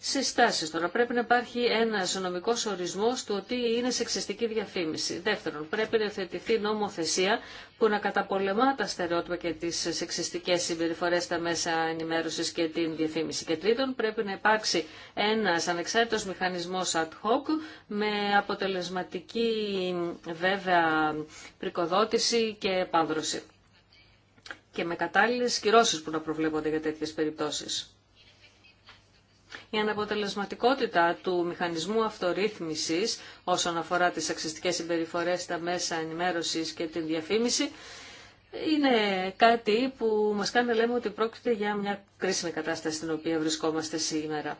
συστάσει. Τώρα πρέπει να υπάρχει ένα νομικό ορισμό του ότι είναι σεξιστική διαφήμιση. Δεύτερον, πρέπει να ευθετηθεί νομοθεσία που να καταπολεμά τα στερεότυπα και τι σεξιστικές συμπεριφορέ στα μέσα ενημέρωση και την διαφήμιση. Και τρίτον, πρέπει να υπάρξει ένας ανεξάρτητος μηχανισμός ad hoc με αποτελεσματική βέβαια πρικοδότηση και επάνδρωση και με κατάλληλες κυρώσεις που να προβλέπονται για τέτοιες περιπτώσεις. Η αναποτελεσματικότητα του μηχανισμού αυτορύθμισης όσον αφορά τις αξιστικές συμπεριφορές στα μέσα ενημέρωσης και την διαφήμιση είναι κάτι που μας κάνει να λέμε ότι πρόκειται για μια κρίσιμη κατάσταση στην οποία βρισκόμαστε σήμερα.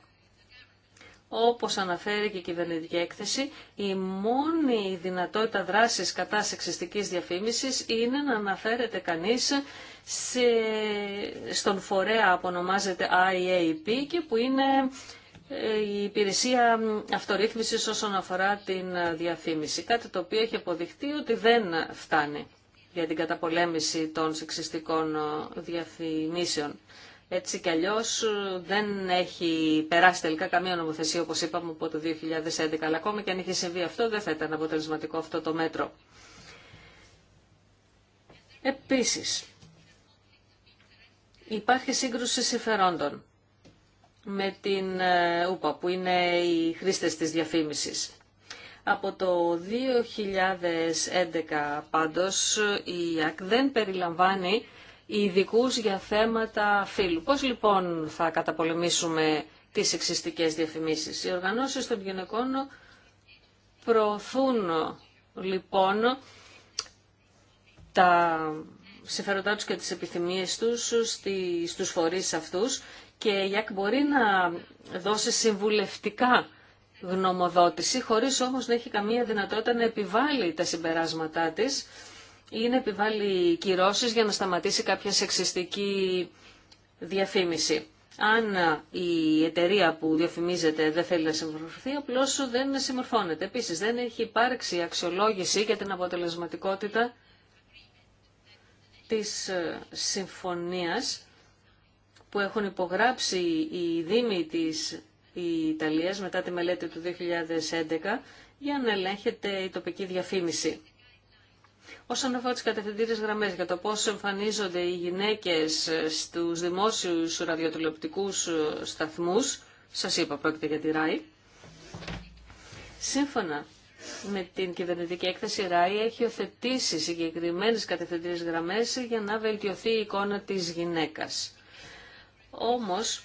Όπως αναφέρει και η κυβερνητική έκθεση, η μόνη δυνατότητα δράσης κατά σεξιστικής διαφήμισης είναι να αναφέρεται κανείς σε, στον φορέα που ονομάζεται IAP και που είναι ε, η υπηρεσία αυτορύθμισης όσον αφορά την ε, διαφήμιση. Κάτι το οποίο έχει αποδειχτεί ότι δεν φτάνει για την καταπολέμηση των σεξιστικών ε, διαφημίσεων. Έτσι κι αλλιώ δεν έχει περάσει τελικά καμία νομοθεσία όπως είπαμε από το 2011, αλλά ακόμη και αν είχε συμβεί αυτό δεν θα ήταν αποτελεσματικό αυτό το μέτρο. Επίσης, Υπάρχει σύγκρουση συμφερόντων με την ε, ΟΥΠΑ που είναι οι χρήστες της διαφήμισης. Από το 2011 πάντως η ΑΚ δεν περιλαμβάνει ειδικού για θέματα φύλου. Πώς λοιπόν θα καταπολεμήσουμε τις εξιστικές διαφημίσεις. Οι οργανώσεις των γυναικών προωθούν λοιπόν τα συμφέροντά του και τις επιθυμίες τους στους φορείς αυτούς και η μπορεί να δώσει συμβουλευτικά γνωμοδότηση χωρίς όμως να έχει καμία δυνατότητα να επιβάλλει τα συμπεράσματά της ή να επιβάλλει κυρώσεις για να σταματήσει κάποια σεξιστική διαφήμιση. Αν η εταιρεία που διαφημίζεται δεν θέλει να συμμορφωθεί, απλώ δεν συμμορφώνεται. Επίση, δεν έχει υπάρξει αξιολόγηση για την αποτελεσματικότητα της ε, συμφωνίας που έχουν υπογράψει οι δήμοι της Ιταλίας μετά τη μελέτη του 2011 για να ελέγχεται η τοπική διαφήμιση. Όσον αφορά τις κατευθυντήριες γραμμές για το πώς εμφανίζονται οι γυναίκες ε, στους δημόσιου ραδιοτηλεοπτικούς ε, σταθμούς σας είπα, πρόκειται για τη ΡΑΗ. Σύμφωνα με την κυβερνητική έκθεση ΡΑΗ έχει οθετήσει συγκεκριμένες κατευθυντήριες γραμμές για να βελτιωθεί η εικόνα της γυναίκας. Όμως,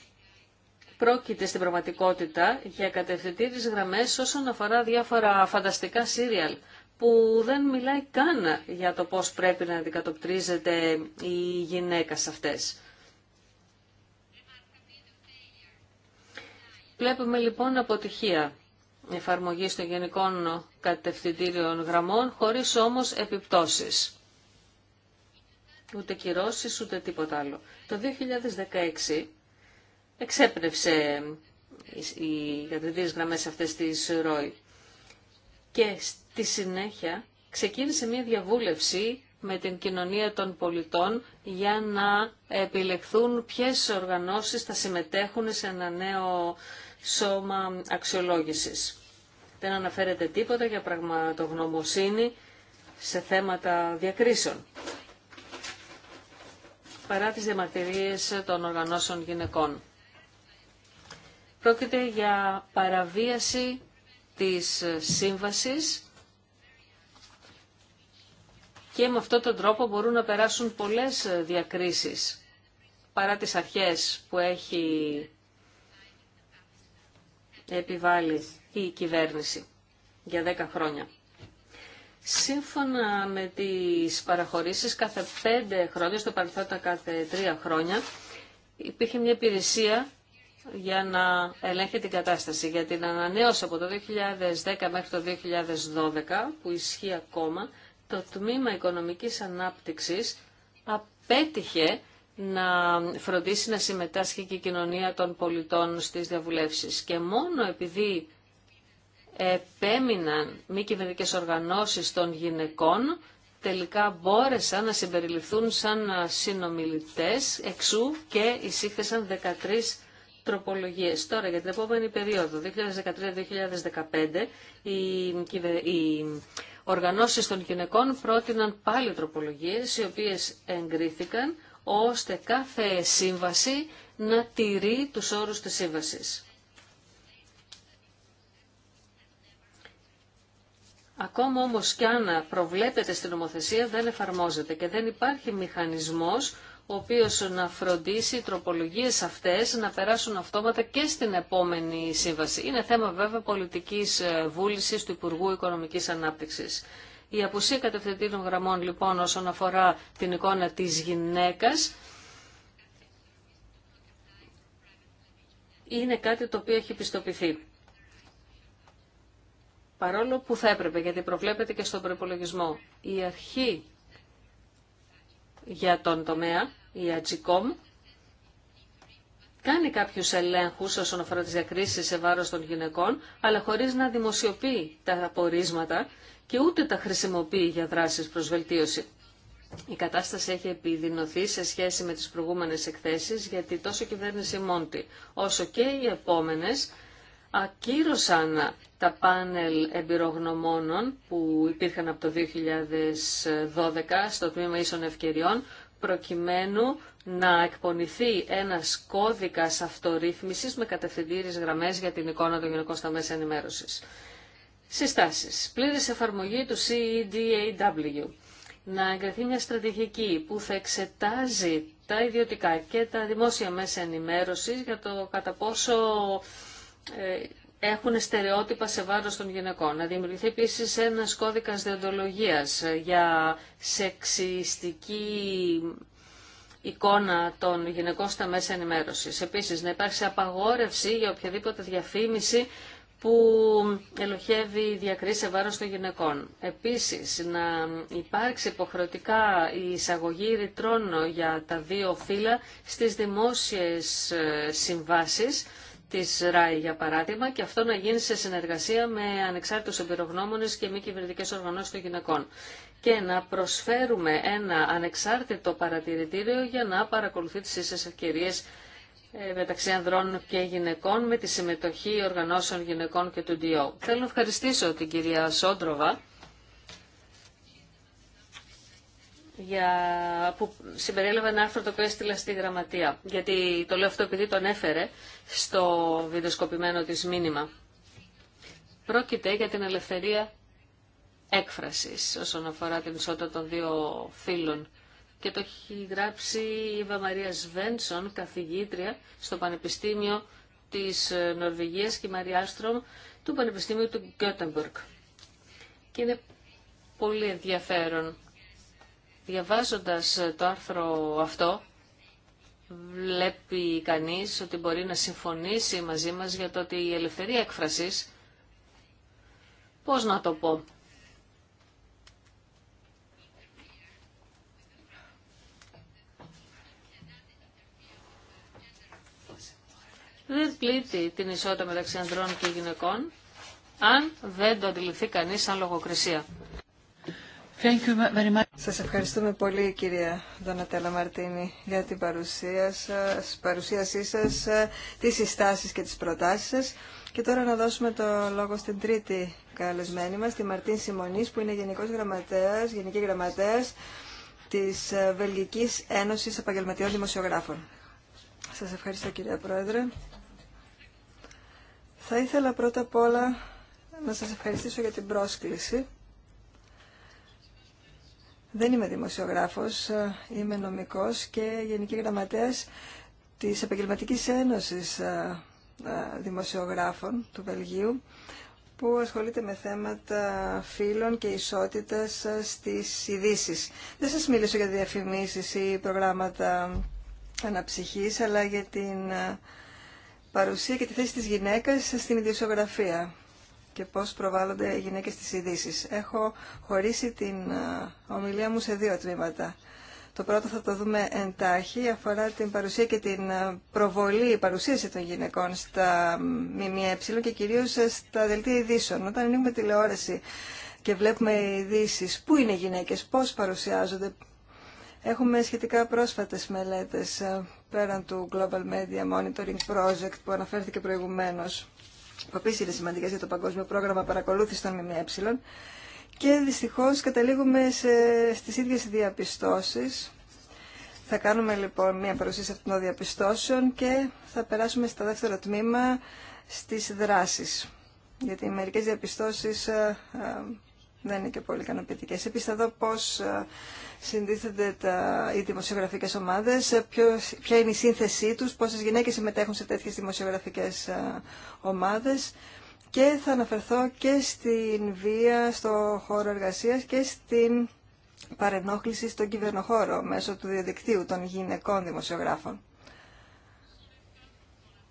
πρόκειται στην πραγματικότητα για κατευθυντήριες γραμμές όσον αφορά διάφορα φανταστικά σύριαλ που δεν μιλάει καν για το πώς πρέπει να αντικατοπτρίζεται η γυναίκα σε αυτές. Βλέπουμε λοιπόν αποτυχία εφαρμογής των γενικών κατευθυντήριων γραμμών, χωρίς όμως επιπτώσεις. Ούτε κυρώσεις, ούτε τίποτα άλλο. Το 2016 εξέπνευσε οι κατευθυντήριες γραμμές αυτές της ΡΟΗ. Και στη συνέχεια ξεκίνησε μια διαβούλευση με την κοινωνία των πολιτών για να επιλεχθούν ποιες οργανώσεις θα συμμετέχουν σε ένα νέο σώμα αξιολόγησης. Δεν αναφέρεται τίποτα για πραγματογνωμοσύνη σε θέματα διακρίσεων. Παρά τις διαμαρτυρίες των οργανώσεων γυναικών. Πρόκειται για παραβίαση της σύμβασης και με αυτόν τον τρόπο μπορούν να περάσουν πολλές διακρίσεις παρά τις αρχές που έχει επιβάλλει η κυβέρνηση για 10 χρόνια. Σύμφωνα με τις παραχωρήσεις κάθε 5 χρόνια, στο παρελθόν κάθε 3 χρόνια, υπήρχε μια υπηρεσία για να ελέγχει την κατάσταση. Για την ανανέωση από το 2010 μέχρι το 2012, που ισχύει ακόμα, το Τμήμα Οικονομικής Ανάπτυξης απέτυχε να φροντίσει να συμμετάσχει και η κοινωνία των πολιτών στις διαβουλεύσεις. Και μόνο επειδή επέμειναν μη κυβερνητικές οργανώσεις των γυναικών, τελικά μπόρεσαν να συμπεριληφθούν σαν συνομιλητές εξού και εισήχθησαν 13 τροπολογίες. Τώρα για την επόμενη περίοδο, 2013-2015, οι, οι οργανώσεις των γυναικών πρότειναν πάλι τροπολογίες, οι οποίες εγκρίθηκαν ώστε κάθε σύμβαση να τηρεί τους όρους της σύμβασης. Ακόμα όμως κι αν προβλέπεται στην νομοθεσία δεν εφαρμόζεται και δεν υπάρχει μηχανισμός ο οποίος να φροντίσει οι τροπολογίες αυτές να περάσουν αυτόματα και στην επόμενη σύμβαση. Είναι θέμα βέβαια πολιτικής ε, βούλησης του Υπουργού Οικονομικής Ανάπτυξης. Η απουσία κατευθυντήρων γραμμών λοιπόν όσον αφορά την εικόνα της γυναίκας είναι κάτι το οποίο έχει πιστοποιηθεί. Παρόλο που θα έπρεπε, γιατί προβλέπεται και στον προπολογισμό, η αρχή για τον τομέα, η Ατζικόμ, κάνει κάποιους ελέγχους όσον αφορά τις διακρίσεις σε βάρος των γυναικών, αλλά χωρίς να δημοσιοποιεί τα απορίσματα και ούτε τα χρησιμοποιεί για δράσεις προς βελτίωση. Η κατάσταση έχει επιδεινωθεί σε σχέση με τις προηγούμενες εκθέσεις γιατί τόσο η κυβέρνηση Μόντι όσο και οι επόμενες ακύρωσαν τα πάνελ εμπειρογνωμόνων που υπήρχαν από το 2012 στο τμήμα ίσων ευκαιριών προκειμένου να εκπονηθεί ένας κώδικας αυτορύθμισης με κατευθυντήριες γραμμές για την εικόνα των γενικών στα μέσα ενημέρωσης. Συστάσεις. Πλήρης εφαρμογή του CEDAW. Να εγκριθεί μια στρατηγική που θα εξετάζει τα ιδιωτικά και τα δημόσια μέσα ενημέρωσης για το κατά πόσο ε, έχουν στερεότυπα σε βάρος των γυναικών. Να δημιουργηθεί επίσης ένας κώδικας διοντολογίας για σεξιστική εικόνα των γυναικών στα μέσα ενημέρωσης. Επίσης, να υπάρξει απαγόρευση για οποιαδήποτε διαφήμιση που ελοχεύει διακρίση σε βάρος των γυναικών. Επίσης, να υπάρξει υποχρεωτικά η εισαγωγή ρητρών για τα δύο φύλλα στις δημόσιες ε, συμβάσεις της ΡΑΗ για παράδειγμα και αυτό να γίνει σε συνεργασία με ανεξάρτητους εμπειρογνώμονες και μη κυβερνητικές οργανώσεις των γυναικών και να προσφέρουμε ένα ανεξάρτητο παρατηρητήριο για να παρακολουθεί τις ίσες ευκαιρίες ε, μεταξύ ανδρών και γυναικών με τη συμμετοχή οργανώσεων γυναικών και του ΝΤΙΟ. Θέλω να ευχαριστήσω την κυρία Σόντροβα για... που συμπεριέλαβε ένα άρθρο το οποίο έστειλα στη γραμματεία. Γιατί το λέω αυτό επειδή τον έφερε στο βιντεοσκοπημένο της μήνυμα. Πρόκειται για την ελευθερία έκφρασης όσον αφορά την ισότητα των δύο φύλων και το έχει γράψει η Εύα Μαρία Σβένσον, καθηγήτρια στο Πανεπιστήμιο της ε, Νορβηγίας και η Μαρία του Πανεπιστήμιου του Γκέτεμπουργκ. Και είναι πολύ ενδιαφέρον. Διαβάζοντας ε, το άρθρο αυτό, βλέπει κανείς ότι μπορεί να συμφωνήσει μαζί μας για το ότι η ελευθερία έκφρασης, πώς να το πω, δεν πλήττει την ισότητα μεταξύ ανδρών και γυναικών, αν δεν το αντιληφθεί κανείς σαν λογοκρισία. Σα Σας ευχαριστούμε πολύ κυρία Δονατέλα Μαρτίνη για την παρουσία σας, παρουσίασή σας, τις συστάσεις και τις προτάσεις σας. Και τώρα να δώσουμε το λόγο στην τρίτη καλεσμένη μας, τη Μαρτίν Σιμονής, που είναι Γενικός Γραμματέας, Γενική Γραμματέας της Βελγικής Ένωσης Επαγγελματιών Δημοσιογράφων. Σας ευχαριστώ κυρία Πρόεδρε. Θα ήθελα πρώτα απ' όλα να σας ευχαριστήσω για την πρόσκληση. Δεν είμαι δημοσιογράφος, είμαι νομικός και γενική γραμματέας της Επαγγελματικής Ένωσης ε, ε, Δημοσιογράφων του Βελγίου που ασχολείται με θέματα φύλων και ισότητας ε, στις ειδήσει. Δεν σας μίλησω για διαφημίσεις ή προγράμματα αναψυχής, αλλά για την παρουσία και τη θέση της γυναίκας στην ιδιοσιογραφία και πώς προβάλλονται οι γυναίκες στις ειδήσει. Έχω χωρίσει την ε, ομιλία μου σε δύο τμήματα. Το πρώτο θα το δούμε εντάχει, αφορά την παρουσία και την ε, προβολή, η παρουσίαση των γυναικών στα ΜΜΕ και κυρίως ε, στα δελτία ειδήσεων. Όταν ανοίγουμε τηλεόραση και βλέπουμε ειδήσει, πού είναι οι γυναίκες, πώς παρουσιάζονται. Έχουμε σχετικά πρόσφατες μελέτες πέραν του Global Media Monitoring Project που αναφέρθηκε προηγουμένω, που επίση είναι σημαντικέ για το Παγκόσμιο Πρόγραμμα Παρακολούθηση των ΜΜΕ, και δυστυχώ καταλήγουμε σε, στις ίδιες διαπιστώσεις. Θα κάνουμε λοιπόν μια παρουσίαση αυτών των διαπιστώσεων και θα περάσουμε στο δεύτερο τμήμα στις δράσεις. Γιατί μερικές διαπιστώσεις ε, ε, δεν είναι και πολύ ικανοποιητικέ. Επίση, θα δω πώ ε, συντίθενται τα, οι δημοσιογραφικέ ομάδε, ποια είναι η σύνθεσή του, πόσε γυναίκε συμμετέχουν σε τέτοιε δημοσιογραφικέ ε, ομάδε. Και θα αναφερθώ και στην βία στο χώρο εργασία και στην παρενόχληση στον κυβερνοχώρο μέσω του διαδικτύου των γυναικών δημοσιογράφων.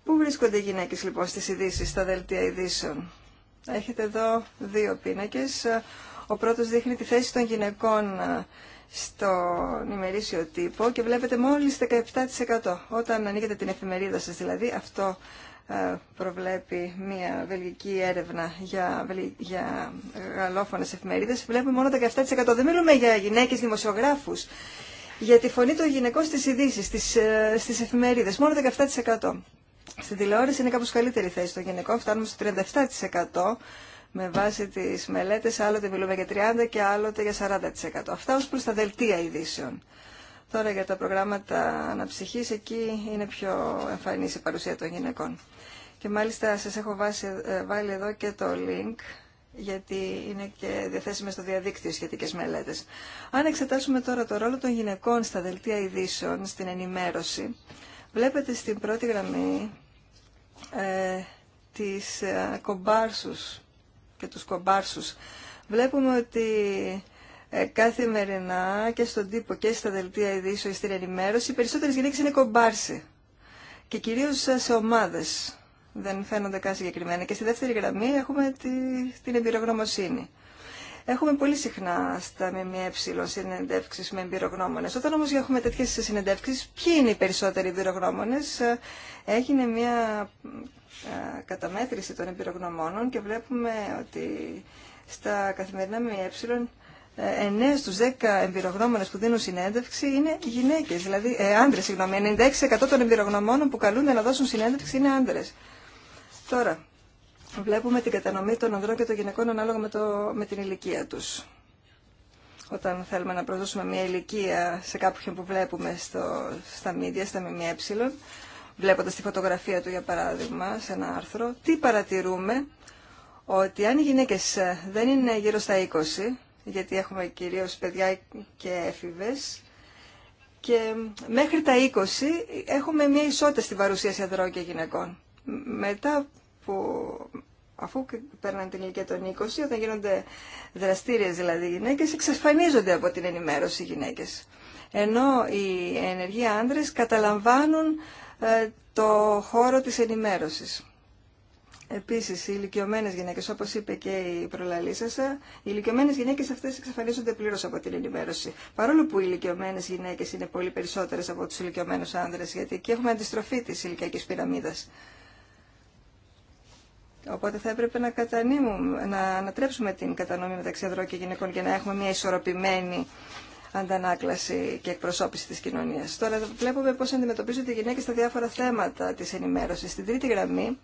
Πού βρίσκονται οι γυναίκες λοιπόν στις ειδήσει στα δελτία ειδήσεων. Ναι. Έχετε εδώ δύο πίνακες. Ο πρώτος δείχνει τη θέση των γυναικών ε, στο ημερήσιο τύπο και βλέπετε μόλις 17%. Όταν ανοίγετε την εφημερίδα σας δηλαδή, αυτό ε, προβλέπει μια βελγική έρευνα για, για γαλλόφωνες εφημερίδες, βλέπουμε μόνο 17%. Δεν μιλούμε για γυναίκες δημοσιογράφους, για τη φωνή των γυναικών στις ειδήσει, στις, ε, στις εφημερίδες, μόνο 17%. Στην τηλεόραση είναι κάπως καλύτερη θέση των γυναικών, φτάνουμε στο 37% με βάση τις μελέτες, άλλοτε μιλούμε για 30% και άλλοτε για 40%. Αυτά ως προς τα δελτία ειδήσεων. Τώρα για τα προγράμματα αναψυχής, εκεί είναι πιο εμφανής η παρουσία των γυναικών. Και μάλιστα σας έχω βάσει, ε, βάλει εδώ και το link, γιατί είναι και διαθέσιμε στο διαδίκτυο σχετικές μελέτες. Αν εξετάσουμε τώρα το ρόλο των γυναικών στα δελτία ειδήσεων, στην ενημέρωση, Βλέπετε στην πρώτη γραμμή ε, τις ε, κομπάρσους και τους κομπάρσους. Βλέπουμε ότι ε, καθημερινά και στον τύπο και στα δελτία ειδήσεων ή στην ενημέρωση οι περισσότερες γυναίκες είναι κομπάρσοι και κυρίως σε ομάδες. Δεν φαίνονται καν συγκεκριμένα. Και στη δεύτερη γραμμή έχουμε τη, την εμπειρογνωμοσύνη. Έχουμε πολύ συχνά στα ΜΜΕ συνεντεύξει με εμπειρογνώμονε. Όταν όμω έχουμε τέτοιες συνεντεύξει, ποιοι είναι οι περισσότεροι εμπειρογνώμονε, Έγινε μια ε, καταμέτρηση των εμπειρογνωμόνων και βλέπουμε ότι στα καθημερινά ΜΜΕ 9 ε, στους 10 εμπειρογνώμονες που δίνουν συνέντευξη είναι γυναίκες, δηλαδή ε, άντρες, συγγνώμη. 96% των εμπειρογνωμόνων που καλούνται να δώσουν συνέντευξη είναι άντρες. Τώρα, βλέπουμε την κατανομή των ανδρών και των γυναικών ανάλογα με, το, με την ηλικία τους. Όταν θέλουμε να προσδώσουμε μια ηλικία σε κάποιον που βλέπουμε στο, στα μίδια, στα ΜΜΕ, βλέποντα τη φωτογραφία του για παράδειγμα σε ένα άρθρο, τι παρατηρούμε ότι αν οι γυναίκε δεν είναι γύρω στα 20, γιατί έχουμε κυρίω παιδιά και έφηβες, και μέχρι τα 20 έχουμε μια ισότητα στην παρουσίαση ανδρών και γυναικών. Μετά που αφού παίρναν την ηλικία των 20, όταν γίνονται δραστήριε δηλαδή γυναίκε, εξαφανίζονται από την ενημέρωση οι γυναίκε. Ενώ οι ενεργοί άντρε καταλαμβάνουν ε, το χώρο τη ενημέρωση. Επίση, οι ηλικιωμένε γυναίκε, όπω είπε και η προλαλήσασα, ε, οι ηλικιωμένε γυναίκε αυτέ εξαφανίζονται πλήρω από την ενημέρωση. Παρόλο που οι ηλικιωμένε γυναίκε είναι πολύ περισσότερε από του ηλικιωμένου άντρε, γιατί εκεί έχουμε αντιστροφή τη ηλικιακή πυραμίδα. Οπότε θα έπρεπε να, να ανατρέψουμε την κατανομή μεταξύ ανδρών και γυναικών για να έχουμε μια ισορροπημένη αντανάκλαση και εκπροσώπηση της κοινωνίας. Τώρα βλέπουμε πώς αντιμετωπίζονται οι γυναίκες στα διάφορα θέματα της ενημέρωσης. Στην τρίτη γραμμή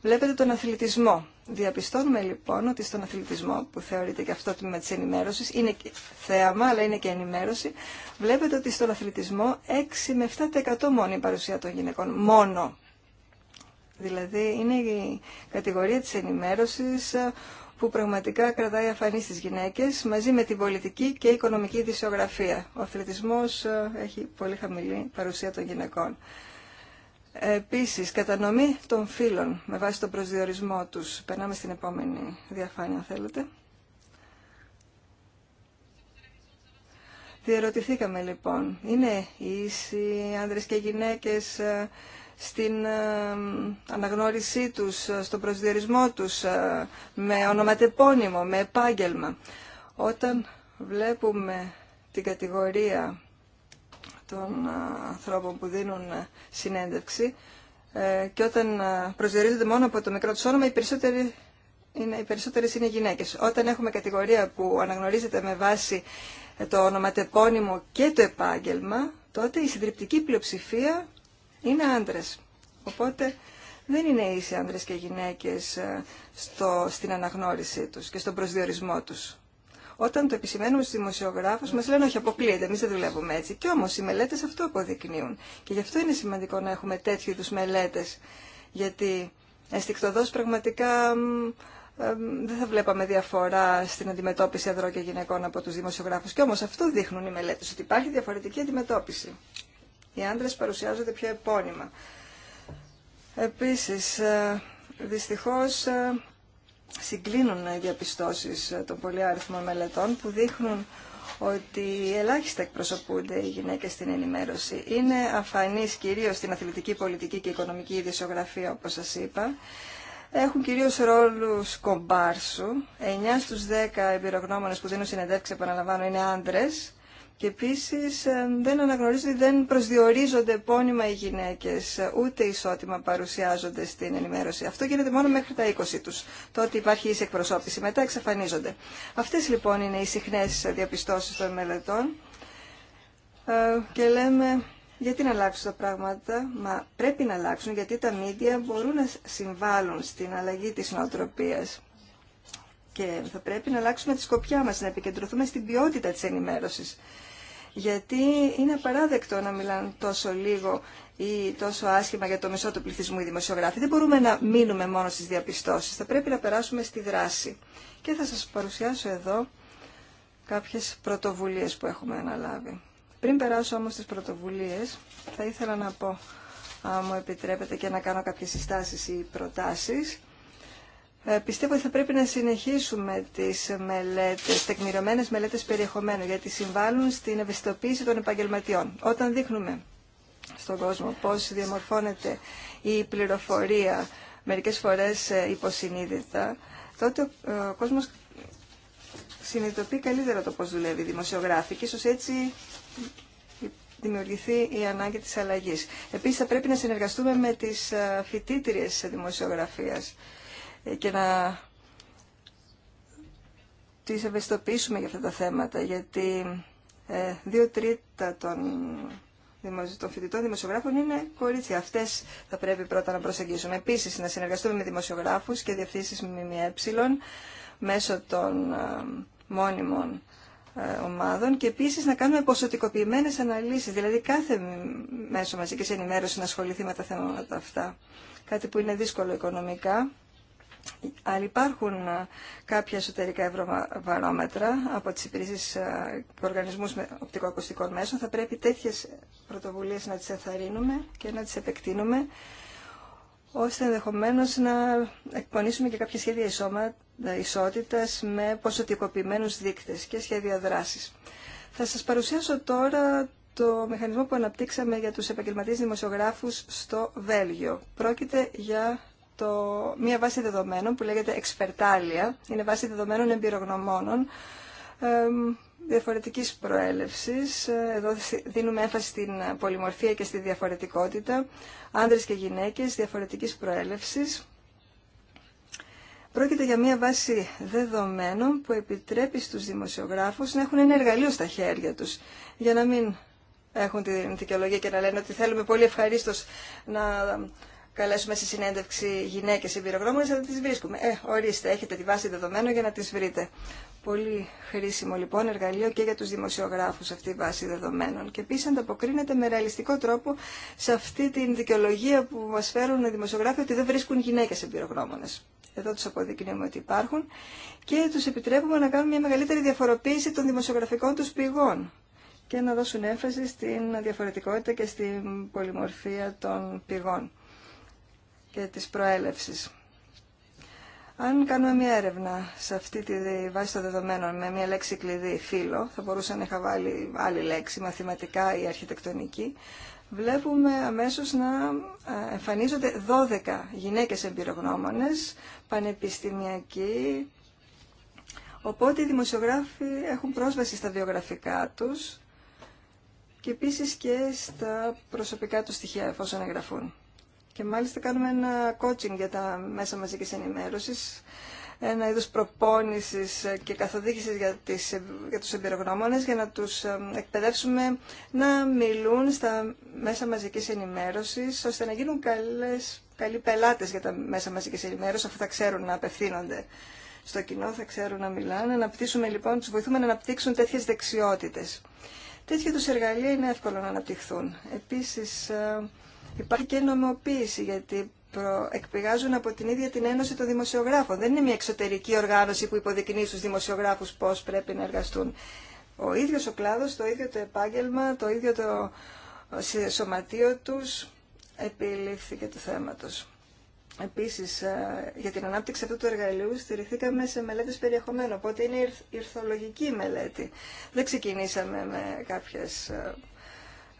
βλέπετε τον αθλητισμό. Διαπιστώνουμε λοιπόν ότι στον αθλητισμό που θεωρείται και αυτό το τμήμα της ενημέρωσης είναι θέαμα αλλά είναι και ενημέρωση. Βλέπετε ότι στον αθλητισμό 6 με 7% μόνο η παρουσία των γυναικών. Μόνο. Δηλαδή είναι η κατηγορία της ενημέρωσης ε, που πραγματικά κρατάει αφανή στις γυναίκες μαζί με την πολιτική και οικονομική δυσιογραφία. Ο αθλητισμός ε, έχει πολύ χαμηλή παρουσία των γυναικών. Επίσης, κατανομή των φύλων με βάση τον προσδιορισμό τους. Περνάμε στην επόμενη διαφάνεια, αν θέλετε. Διερωτηθήκαμε λοιπόν, είναι ίσοι άνδρες και γυναίκες ε, στην ε, αναγνώρισή τους, ε, στον προσδιορισμό τους, ε, με ονοματεπώνυμο, με επάγγελμα. Όταν βλέπουμε την κατηγορία των ανθρώπων που δίνουν συνέντευξη και όταν προσδιορίζονται μόνο από το μικρό του όνομα, οι είναι, οι περισσότερες είναι γυναίκες. Όταν έχουμε κατηγορία που αναγνωρίζεται με βάση το ονοματεπώνυμο και το επάγγελμα, τότε η συντριπτική πλειοψηφία είναι άντρες. Οπότε δεν είναι ίσοι άντρες και γυναίκες ε, στο, στην αναγνώρισή τους και στον προσδιορισμό τους. Όταν το επισημαίνουμε στους δημοσιογράφους μας λένε όχι αποκλείεται, εμείς δεν δουλεύουμε έτσι. Κι όμως οι μελέτες αυτό αποδεικνύουν. Και γι' αυτό είναι σημαντικό να έχουμε τέτοιου είδους μελέτες. Γιατί αισθηκτοδός πραγματικά ε, δεν θα βλέπαμε διαφορά στην αντιμετώπιση ανδρών και γυναικών από τους δημοσιογράφους. Και όμως αυτό δείχνουν οι μελέτες, ότι υπάρχει διαφορετική αντιμετώπιση. Οι άντρες παρουσιάζονται πιο επώνυμα. Επίσης, ε, δυστυχώς ε, συγκλίνουν οι διαπιστώσεις ε, των αριθμών μελετών που δείχνουν ότι ελάχιστα εκπροσωπούνται οι γυναίκες στην ενημέρωση. Είναι αφανής κυρίως στην αθλητική πολιτική και οικονομική ειδησιογραφία, όπως σας είπα. Έχουν κυρίως ρόλους κομπάρσου. 9 στους 10 εμπειρογνώμονες που δίνουν συνεντεύξεις, επαναλαμβάνω, είναι άντρες. Και επίση ε, δεν αναγνωρίζονται, δεν προσδιορίζονται επώνυμα οι γυναίκε ε, ούτε ισότιμα παρουσιάζονται στην ενημέρωση. Αυτό γίνεται μόνο μέχρι τα 20 του. το ότι υπάρχει ίση εκπροσώπηση. Μετά εξαφανίζονται. Αυτέ λοιπόν είναι οι συχνέ διαπιστώσει των μελετών. Ε, και λέμε γιατί να αλλάξουν τα πράγματα, μα πρέπει να αλλάξουν γιατί τα μίντια μπορούν να συμβάλλουν στην αλλαγή της νοοτροπίας. Και θα πρέπει να αλλάξουμε τη σκοπιά μας, να επικεντρωθούμε στην ποιότητα της ενημέρωσης γιατί είναι απαράδεκτο να μιλάνε τόσο λίγο ή τόσο άσχημα για το μισό του πληθυσμού οι δημοσιογράφοι. Δεν μπορούμε να μείνουμε μόνο στις διαπιστώσεις, θα πρέπει να περάσουμε στη δράση. Και θα σας παρουσιάσω εδώ κάποιες πρωτοβουλίες που έχουμε αναλάβει. Πριν περάσω όμως στις πρωτοβουλίες, θα ήθελα να πω, αν μου επιτρέπετε και να κάνω κάποιες συστάσεις ή προτάσεις, ε, πιστεύω ότι θα πρέπει να συνεχίσουμε τις μελέτες, τεκμηριωμένες μελέτες περιεχομένου, γιατί συμβάλλουν στην ευαισθητοποίηση των επαγγελματιών. Όταν δείχνουμε στον κόσμο πώς διαμορφώνεται η πληροφορία, μερικές φορές ε, υποσυνείδητα, τότε ε, ο κόσμος συνειδητοποιεί καλύτερα το πώς δουλεύει η δημοσιογράφη και ίσως έτσι δημιουργηθεί η ανάγκη της αλλαγής. Επίσης θα πρέπει να συνεργαστούμε με τις φοιτήτριες δημοσιογραφίας και να τις ευαισθητοποιήσουμε για αυτά τα θέματα, γιατί ε, δύο τρίτα των, των φοιτητών δημοσιογράφων είναι κορίτσια. Αυτές θα πρέπει πρώτα να προσεγγίσουμε. Επίσης, να συνεργαστούμε με δημοσιογράφους και διευθύνσεις ΜΜΕ μέσω των ε, μόνιμων ε, ομάδων και επίσης να κάνουμε ποσοτικοποιημένες αναλύσεις, δηλαδή κάθε μέσο μαζικής ενημέρωση να ασχοληθεί με τα θέματα αυτά. Κάτι που είναι δύσκολο οικονομικά αν υπάρχουν ε, κάποια εσωτερικά ευρωβαρόμετρα από τις υπηρεσίες ε, και οργανισμούς οπτικοακουστικών μέσων. Θα πρέπει τέτοιες πρωτοβουλίες να τις εθαρρύνουμε και να τις επεκτείνουμε, ώστε ενδεχομένω να εκπονήσουμε και κάποια σχέδια ε, ισότητας με ποσοτικοποιημένους δείκτες και σχέδια δράσης. Θα σας παρουσιάσω τώρα το μηχανισμό που αναπτύξαμε για τους επαγγελματίες δημοσιογράφους στο Βέλγιο. Πρόκειται για το, μια βάση δεδομένων που λέγεται Εξπερτάλια. Είναι βάση δεδομένων εμπειρογνωμόνων ε, διαφορετικής προέλευσης. Εδώ δίνουμε έμφαση στην πολυμορφία και στη διαφορετικότητα. Άνδρες και γυναίκες διαφορετικής προέλευσης. Πρόκειται για μια βάση δεδομένων που επιτρέπει στους δημοσιογράφους να έχουν ένα εργαλείο στα χέρια τους για να μην έχουν την δικαιολογία και να λένε ότι θέλουμε πολύ ευχαρίστως να καλέσουμε σε συνέντευξη γυναίκες εμπειρογνώμονες, αλλά τι βρίσκουμε. Ε, ορίστε, έχετε τη βάση δεδομένων για να τι βρείτε. Πολύ χρήσιμο λοιπόν εργαλείο και για του δημοσιογράφου αυτή η βάση δεδομένων. Και επίση ανταποκρίνεται με ρεαλιστικό τρόπο σε αυτή την δικαιολογία που μα φέρουν οι δημοσιογράφοι ότι δεν βρίσκουν γυναίκε εμπειρογνώμονες. Εδώ του αποδεικνύουμε ότι υπάρχουν και του επιτρέπουμε να κάνουν μια μεγαλύτερη διαφοροποίηση των δημοσιογραφικών του πηγών και να δώσουν έμφαση στην διαφορετικότητα και στην πολυμορφία των πηγών και της προέλευσης. Αν κάνουμε μια έρευνα σε αυτή τη βάση των δεδομένων με μια λέξη κλειδί φύλλο, θα μπορούσα να είχα βάλει άλλη λέξη, μαθηματικά ή αρχιτεκτονική, βλέπουμε αμέσως να ε, εμφανίζονται 12 γυναίκες εμπειρογνώμονες, πανεπιστημιακοί, οπότε οι δημοσιογράφοι έχουν πρόσβαση στα βιογραφικά τους και επίσης και στα προσωπικά τους στοιχεία εφόσον εγγραφούν. Και μάλιστα κάνουμε ένα coaching για τα μέσα μαζικής ενημέρωσης, ένα είδος προπόνησης και καθοδήγησης για, τις, για τους εμπειρογνώμονες, για να τους ε, εκπαιδεύσουμε να μιλούν στα μέσα μαζικής ενημέρωσης, ώστε να γίνουν καλές, καλοί πελάτες για τα μέσα μαζικής ενημέρωσης, αφού θα ξέρουν να απευθύνονται στο κοινό, θα ξέρουν να μιλάνε. Να λοιπόν, τους βοηθούμε να αναπτύξουν τέτοιες δεξιότητες. Τέτοια τους εργαλεία είναι εύκολο να αναπτυχθούν. Επίσης, ε, υπάρχει και νομοποίηση γιατί εκπηγάζουν από την ίδια την Ένωση των Δημοσιογράφων. Δεν είναι μια εξωτερική οργάνωση που υποδεικνύει στους δημοσιογράφους πώς πρέπει να εργαστούν. Ο ίδιος ο κλάδος, το ίδιο το επάγγελμα, το ίδιο το ε, σωματείο τους επιλήφθηκε του θέματος. Επίσης, ε, για την ανάπτυξη αυτού του εργαλείου στηριχθήκαμε σε μελέτες περιεχομένου, οπότε είναι ηρθολογική μελέτη. Δεν ξεκινήσαμε με κάποιες ε,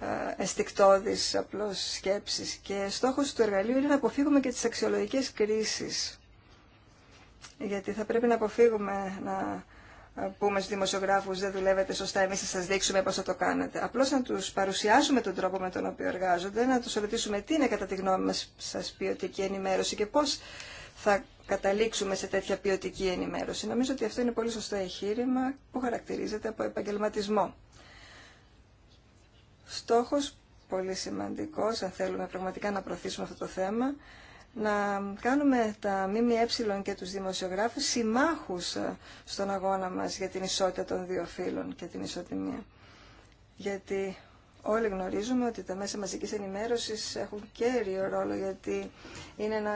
ε, αισθηκτόδης απλώς σκέψης και στόχος του εργαλείου είναι να αποφύγουμε και τις αξιολογικές κρίσεις γιατί θα πρέπει να αποφύγουμε να ε, πούμε στους δημοσιογράφους δεν δουλεύετε σωστά, εμείς θα σας δείξουμε πώς θα το κάνετε. Απλώς να τους παρουσιάσουμε τον τρόπο με τον οποίο εργάζονται, να τους ρωτήσουμε τι είναι κατά τη γνώμη μας σας ποιοτική ενημέρωση και πώς θα καταλήξουμε σε τέτοια ποιοτική ενημέρωση. Νομίζω ότι αυτό είναι πολύ σωστό εγχείρημα που χαρακτηρίζεται από επαγγελματισμό στόχος πολύ σημαντικός, αν θέλουμε πραγματικά να προωθήσουμε αυτό το θέμα, να κάνουμε τα ΜΜΕ και τους δημοσιογράφους συμμάχους ε, στον αγώνα μας για την ισότητα των δύο φύλων και την ισοτιμία. Γιατί όλοι γνωρίζουμε ότι τα μέσα μαζικής ενημέρωσης έχουν κέριο ρόλο γιατί είναι ένα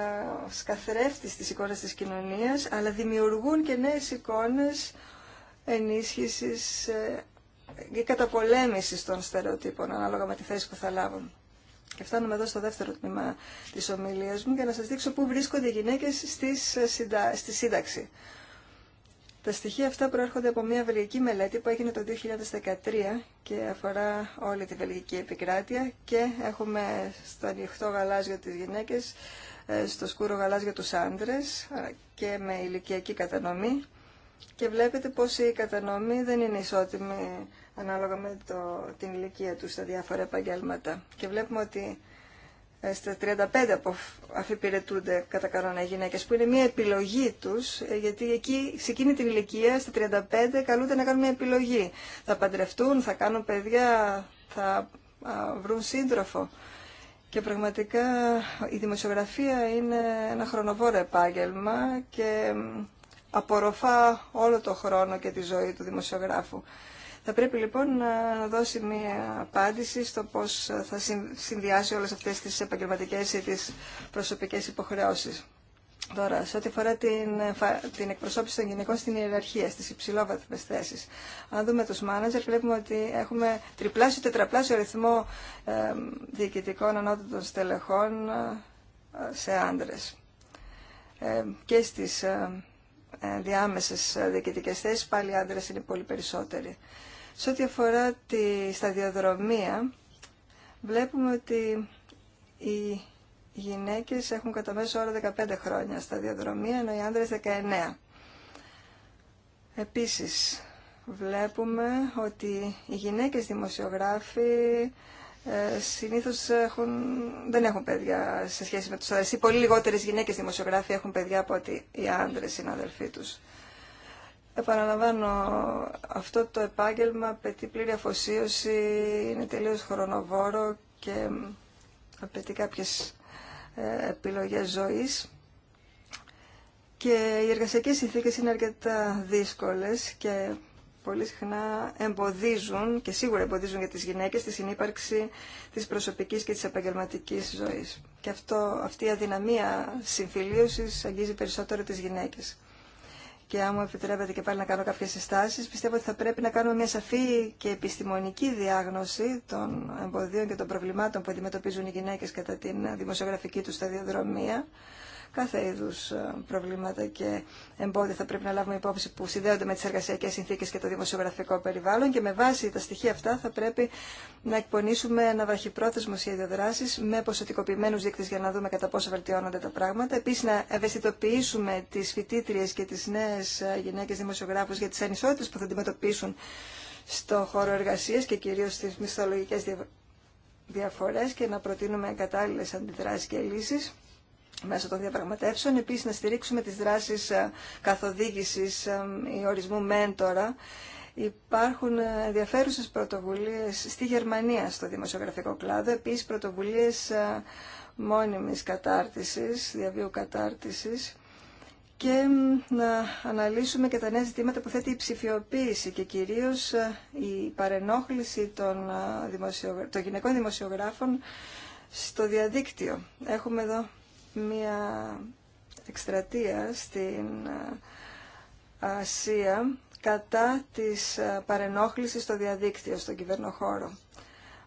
σκαθρέφτης της εικόνας της κοινωνίας αλλά δημιουργούν και νέες εικόνες ενίσχυσης ε, και καταπολέμηση των στερεοτύπων ανάλογα με τη θέση που θα λάβουν. Και φτάνουμε εδώ στο δεύτερο τμήμα της ομιλίας μου για να σας δείξω πού βρίσκονται οι γυναίκες στις, ε, στη σύνταξη. Τα στοιχεία αυτά προέρχονται από μια βελγική μελέτη που έγινε το 2013 και αφορά όλη τη βελγική επικράτεια και έχουμε στο ανοιχτό γαλάζιο τις γυναίκες, ε, στο σκούρο γαλάζιο τους άντρες και με ηλικιακή κατανομή και βλέπετε πως η κατανομή δεν είναι ισότιμη ανάλογα με το, την ηλικία του στα διάφορα επαγγέλματα. Και βλέπουμε ότι ε, στα 35 από αφιπηρετούνται κατά κανόνα οι γυναίκες, που είναι μια επιλογή τους, ε, γιατί εκεί, σε εκείνη την ηλικία, στα 35, καλούνται να κάνουν μια επιλογή. Θα παντρευτούν, θα κάνουν παιδιά, θα βρουν σύντροφο. Και πραγματικά η δημοσιογραφία είναι ένα χρονοβόρο επάγγελμα και απορροφά όλο το χρόνο και τη ζωή του δημοσιογράφου. Θα πρέπει λοιπόν να δώσει μία απάντηση στο πώς θα συνδυάσει όλες αυτές τις επαγγελματικές ή τις προσωπικές υποχρεώσεις. Τώρα, σε ό,τι αφορά την, την εκπροσώπηση των γυναικών στην ιεραρχία, στις υψηλόβαθμες θέσεις. Αν δούμε τους μάνατζερ, βλέπουμε ότι έχουμε τριπλάσιο, τετραπλάσιο αριθμό ε, διοικητικών ανώτατων στελεχών ε, σε άντρες. Ε, και στις ε, Διάμεσέ διοικητικέ θέσει πάλι οι άντρε είναι πολύ περισσότεροι. Σε ό,τι αφορά τη σταδιοδρομία, βλέπουμε ότι οι γυναίκες έχουν κατά μέσο όρο 15 χρόνια σταδιοδρομία, ενώ οι άντρε 19. Επίσης, βλέπουμε ότι οι γυναίκες δημοσιογράφοι ε, Συνήθω έχουν, δεν έχουν παιδιά σε σχέση με τους άντρες. Οι πολύ λιγότερε γυναίκες δημοσιογράφοι έχουν παιδιά από ότι οι άντρες συναδελφοί του. Επαναλαμβάνω, αυτό το επάγγελμα απαιτεί πλήρη αφοσίωση, είναι τελείως χρονοβόρο και απαιτεί κάποιε ε, επιλογές ζωής. Και οι εργασιακές συνθήκες είναι αρκετά δύσκολες και πολύ συχνά εμποδίζουν και σίγουρα εμποδίζουν για τις γυναίκες τη συνύπαρξη της προσωπικής και της επαγγελματική ζωής. Και αυτό, αυτή η αδυναμία συμφιλίωσης αγγίζει περισσότερο τις γυναίκες. Και αν μου επιτρέπετε και πάλι να κάνω κάποιες συστάσεις, πιστεύω ότι θα πρέπει να κάνουμε μια σαφή και επιστημονική διάγνωση των εμποδίων και των προβλημάτων που αντιμετωπίζουν οι γυναίκες κατά την δημοσιογραφική του σταδιοδρομία, κάθε είδου ε, προβλήματα και εμπόδια θα πρέπει να λάβουμε υπόψη που συνδέονται με τι εργασιακέ συνθήκε και το δημοσιογραφικό περιβάλλον και με βάση τα στοιχεία αυτά θα πρέπει να εκπονήσουμε ένα βραχυπρόθεσμο σχέδιο δράση με ποσοτικοποιημένου δείκτε για να δούμε κατά πόσο βελτιώνονται τα πράγματα. Επίση, να ευαισθητοποιήσουμε τι φοιτήτριε και τι νέε γυναίκε δημοσιογράφου για τι ανισότητε που θα αντιμετωπίσουν στο χώρο εργασία και κυρίω στι μισθολογικέ διαφορέ και να προτείνουμε κατάλληλε αντιδράσει και λύσει μέσω των διαπραγματεύσεων. Επίσης να στηρίξουμε τις δράσεις ε, καθοδήγησης ε, ή ορισμού μέντορα. Υπάρχουν ε, ενδιαφέρουσε πρωτοβουλίες στη Γερμανία στο δημοσιογραφικό κλάδο, επίσης πρωτοβουλίες μόνιμης κατάρτισης, διαβίου κατάρτισης και να αναλύσουμε και τα νέα ζητήματα που θέτει η ψηφιοποίηση και κυρίως η παρενόχληση των γυναικών δημοσιογράφων στο διαδίκτυο. Έχουμε εδώ μία εκστρατεία στην ε, Ασία κατά της ε, παρενόχλησης στο διαδίκτυο, στον κυβερνοχώρο.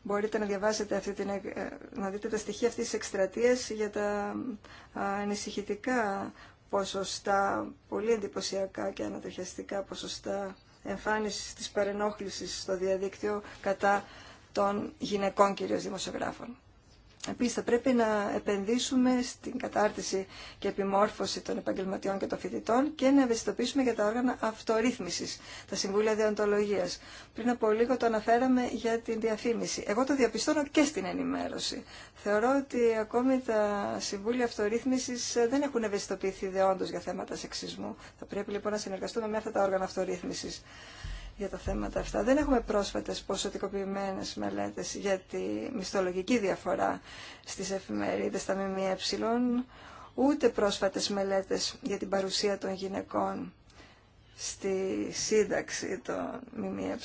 Μπορείτε να διαβάσετε αυτή την, ε, να δείτε τα στοιχεία αυτής της εκστρατείας για τα ανησυχητικά ποσοστά, πολύ εντυπωσιακά και ανατοχιαστικά ποσοστά εμφάνισης της παρενόχλησης στο διαδίκτυο κατά των γυναικών κυρίως δημοσιογράφων. Επίσης θα πρέπει να επενδύσουμε στην κατάρτιση και επιμόρφωση των επαγγελματιών και των φοιτητών και να ευαισθητοποιήσουμε για τα όργανα αυτορύθμισης, τα Συμβούλια Διοντολογίας. Πριν από λίγο το αναφέραμε για την διαφήμιση. Εγώ το διαπιστώνω και στην ενημέρωση. Θεωρώ ότι ακόμη τα Συμβούλια Αυτορύθμισης δεν έχουν ευαισθητοποιηθεί δεόντως για θέματα σεξισμού. Θα πρέπει λοιπόν να συνεργαστούμε με αυτά τα όργανα αυτορύθμισης για τα θέματα αυτά. Δεν έχουμε πρόσφατες ποσοτικοποιημένες μελέτες για τη μισθολογική διαφορά στις εφημερίδες, στα ΜΜΕ, ούτε πρόσφατες μελέτες για την παρουσία των γυναικών στη σύνταξη των ΜΜΕ.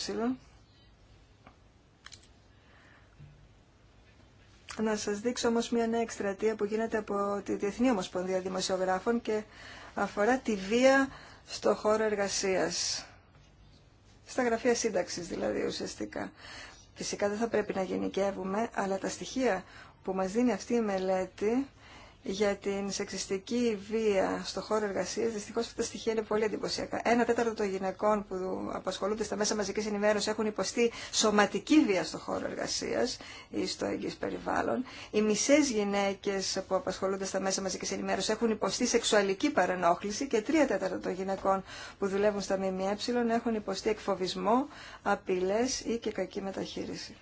Να σας δείξω όμως μια νέα εκστρατεία που γίνεται από τη Διεθνή Ομοσπονδία Δημοσιογράφων και αφορά τη βία στο χώρο εργασίας στα γραφεία σύνταξης δηλαδή ουσιαστικά. Φυσικά δεν θα πρέπει να γενικεύουμε, αλλά τα στοιχεία που μας δίνει αυτή η μελέτη για την σεξιστική βία στο χώρο εργασία, δυστυχώ αυτά τα στοιχεία είναι πολύ εντυπωσιακά. Ένα τέταρτο των γυναικών που απασχολούνται στα μέσα μαζική ενημέρωση έχουν υποστεί σωματική βία στο χώρο εργασία ή στο εγγύς περιβάλλον. Οι μισέ γυναίκε που απασχολούνται στα μέσα μαζική ενημέρωση έχουν υποστεί σεξουαλική παρενόχληση και τρία τέταρτα των γυναικών που δουλεύουν στα ΜΜΕ έχουν υποστεί εκφοβισμό, απειλέ ή και κακή μεταχείριση.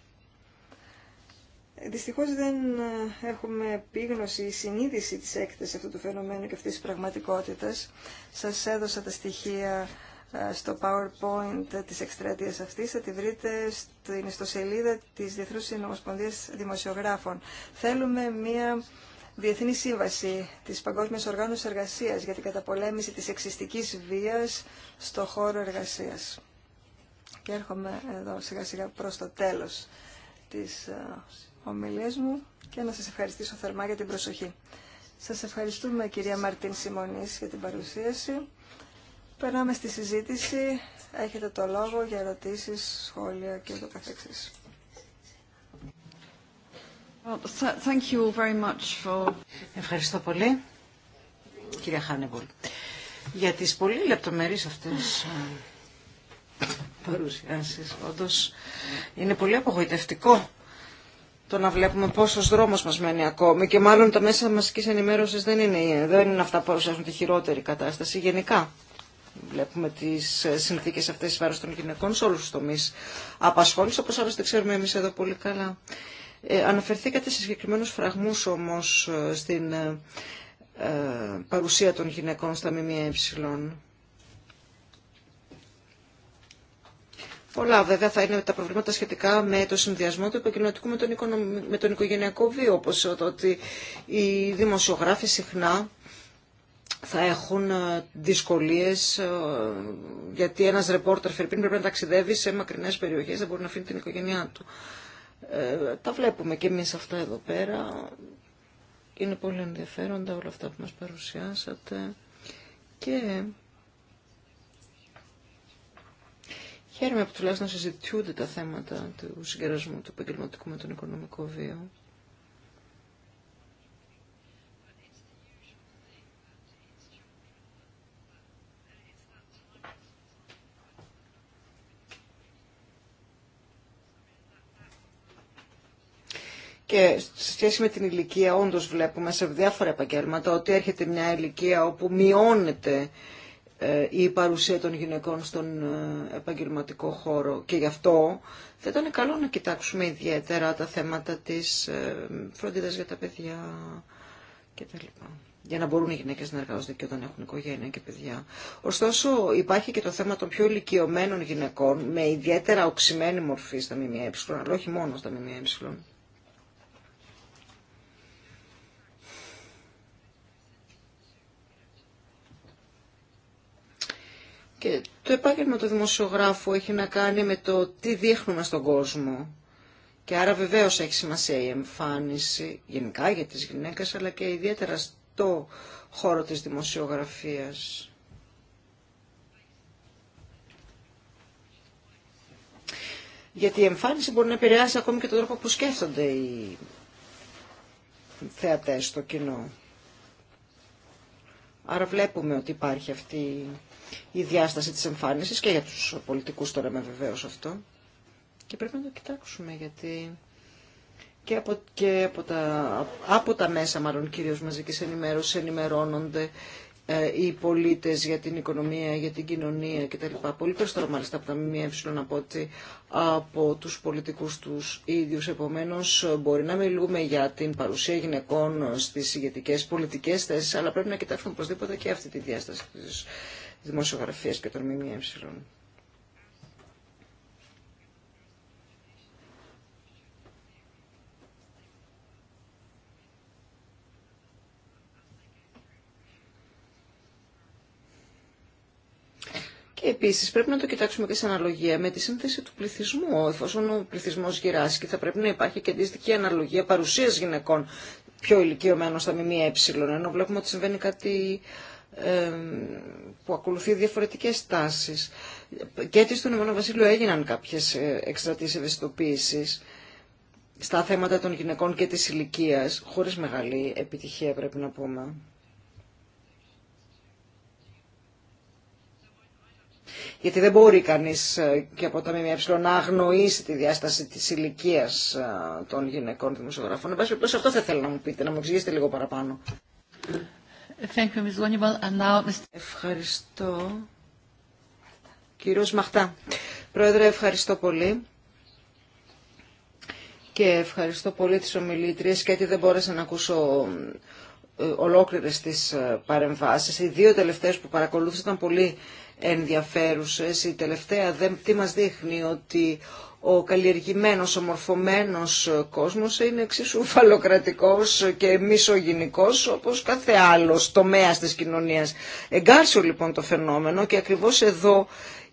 Δυστυχώς δεν ε, έχουμε επίγνωση ή συνείδηση της έκθεσης αυτού του φαινομένου και αυτής της πραγματικότητας. Σας έδωσα τα στοιχεία ε, στο PowerPoint της εκστρατείας αυτής. Θα τη βρείτε στην ιστοσελίδα της Διεθνούς Συνομοσπονδίας Δημοσιογράφων. Θέλουμε μία Διεθνή Σύμβαση της Παγκόσμιας Οργάνωσης Εργασίας για την καταπολέμηση της εξιστικής βίας στο χώρο εργασίας. Και έρχομαι εδώ σιγά σιγά προς το τέλος της ε, ομιλίες μου και να σας ευχαριστήσω θερμά για την προσοχή. Σας ευχαριστούμε κυρία Μαρτίν Σιμονής για την παρουσίαση. Περνάμε στη συζήτηση. Έχετε το λόγο για ερωτήσεις, σχόλια και το καθεξής. Ευχαριστώ πολύ, κυρία Χάνεμπολ, για τις πολύ λεπτομερείς αυτές ε, παρουσιάσεις. Όντως, είναι πολύ απογοητευτικό το να βλέπουμε πόσος δρόμος μας μένει ακόμη και μάλλον τα μέσα μαζική ενημέρωση δεν είναι, δεν είναι αυτά που παρουσιάζουν τη χειρότερη κατάσταση γενικά. Βλέπουμε τις συνθήκες αυτές τη βάρος των γυναικών σε όλου του τομεί απασχόληση, όπω άλλωστε ξέρουμε εμεί εδώ πολύ καλά. Ε, αναφερθήκατε σε συγκεκριμένου φραγμούς όμω ε, στην ε, ε, παρουσία των γυναικών στα ΜΜΕ. Πολλά βέβαια θα είναι τα προβλήματα σχετικά με το συνδυασμό του επικοινωνικού με τον, οικογενειακό βίο, όπως ότι οι δημοσιογράφοι συχνά θα έχουν ε, δυσκολίες ε, γιατί ένας ρεπόρτερ Φερπίν πρέπει να ταξιδεύει σε μακρινές περιοχές, δεν μπορεί να αφήνει την οικογένειά του. Ε, τα βλέπουμε και εμείς αυτά εδώ πέρα. Είναι πολύ ενδιαφέροντα όλα αυτά που μας παρουσιάσατε και Χαίρομαι που τουλάχιστον συζητιούνται τα θέματα του συγκερασμού του επαγγελματικού με τον οικονομικό βίο. Και σε σχέση με την ηλικία, όντως βλέπουμε σε διάφορα επαγγέλματα ότι έρχεται μια ηλικία όπου μειώνεται ε, η παρουσία των γυναικών στον ε, επαγγελματικό χώρο. Και γι' αυτό θα ήταν καλό να κοιτάξουμε ιδιαίτερα τα θέματα της ε, φροντίδας για τα παιδιά κτλ. Για να μπορούν οι γυναίκες να εργάζονται και όταν έχουν οικογένεια και παιδιά. Ωστόσο υπάρχει και το θέμα των πιο ηλικιωμένων γυναικών με ιδιαίτερα οξυμένη μορφή στα ΜΜΕ, αλλά όχι μόνο στα ΜΜΕ Και το επάγγελμα του δημοσιογράφου έχει να κάνει με το τι δείχνουμε στον κόσμο. Και άρα βεβαίως έχει σημασία η εμφάνιση γενικά για τις γυναίκες, αλλά και ιδιαίτερα στο χώρο της δημοσιογραφίας. Γιατί η εμφάνιση μπορεί να επηρεάσει ακόμη και τον τρόπο που σκέφτονται οι θεατές στο κοινό. Άρα βλέπουμε ότι υπάρχει αυτή η διάσταση της εμφάνισης και για τους πολιτικούς τώρα με βεβαίως αυτό. Και πρέπει να το κοιτάξουμε γιατί και από, και από, τα, από τα μέσα μάλλον κυρίως μαζικής ενημέρωσης ενημερώνονται ε, οι πολίτες για την οικονομία, για την κοινωνία κτλ. Πολύ περισσότερο μάλιστα από τα ΜΜΕ από ότι από τους πολιτικούς τους ίδιους. Επομένως μπορεί να μιλούμε για την παρουσία γυναικών στις ηγετικές πολιτικές θέσεις αλλά πρέπει να κοιτάξουμε οπωσδήποτε και αυτή τη διάσταση της δημοσιογραφίας και των ΜΜΕ. Επίσης πρέπει να το κοιτάξουμε και σε αναλογία με τη σύνθεση του πληθυσμού. Εφόσον ο πληθυσμός και θα πρέπει να υπάρχει και αντίστοιχη αναλογία παρουσίας γυναικών πιο ηλικιωμένων στα ΜΜΕ. Ενώ βλέπουμε ότι συμβαίνει κάτι που ακολουθεί διαφορετικές τάσεις. Και έτσι στον Ηνωμένο Βασίλειο έγιναν κάποιες ε, εκστρατείες ευαισθητοποίησης στα θέματα των γυναικών και της ηλικία, χωρίς μεγάλη επιτυχία πρέπει να πούμε. Γιατί δεν μπορεί κανείς ε, και από τα ΜΜΕ να αγνοήσει τη διάσταση της ηλικία ε, των γυναικών δημοσιογράφων. Εν αυτό θα θέλω να μου πείτε, να μου εξηγήσετε λίγο παραπάνω. Ευχαριστώ. Κύριος Μαχτά. Πρόεδρε, ευχαριστώ πολύ. Και ευχαριστώ πολύ τις ομιλήτριες, γιατί δεν μπόρεσα να ακούσω ε, ολόκληρες τις ε, παρεμβάσεις. Οι δύο τελευταίες που παρακολούθησαν ήταν πολύ ενδιαφέρουσες. Η τελευταία δεν, τι μας δείχνει ότι ο καλλιεργημένος, ομορφωμένος κόσμος είναι εξίσου φαλοκρατικός και μισογενικός όπως κάθε άλλο τομέας της κοινωνίας. Εγκάρσιο λοιπόν το φαινόμενο και ακριβώς εδώ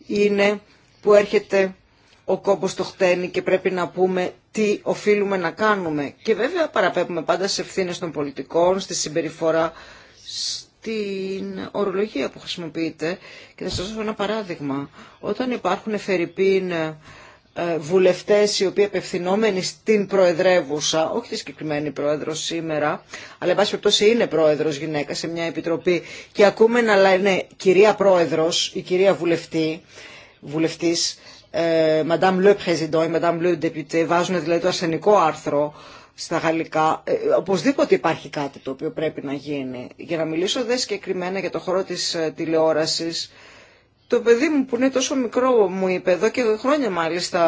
είναι που έρχεται ο κόμπος το χτένει και πρέπει να πούμε τι οφείλουμε να κάνουμε. Και βέβαια παραπέμπουμε πάντα σε ευθύνες των πολιτικών, στη συμπεριφορά, στην ορολογία που χρησιμοποιείται. Και θα σας δώσω ένα παράδειγμα. Όταν υπάρχουν εφερειπίν ε, βουλευτές οι οποίοι απευθυνόμενοι στην προεδρεύουσα, όχι τη συγκεκριμένη πρόεδρο σήμερα, αλλά εν πάση περιπτώσει είναι πρόεδρος γυναίκα σε μια επιτροπή και ακούμε να λένε κυρία πρόεδρος ή κυρία βουλευτή, βουλευτής, ε, Madame le Président ή Madame le Député, βάζουν δηλαδή το αρσενικό άρθρο στα γαλλικά. Ε, οπωσδήποτε υπάρχει κάτι το οποίο πρέπει να γίνει. Για να μιλήσω δε συγκεκριμένα για το χώρο της ε, τηλεόρασης, το παιδί μου που είναι τόσο μικρό μου είπε εδώ και χρόνια μάλιστα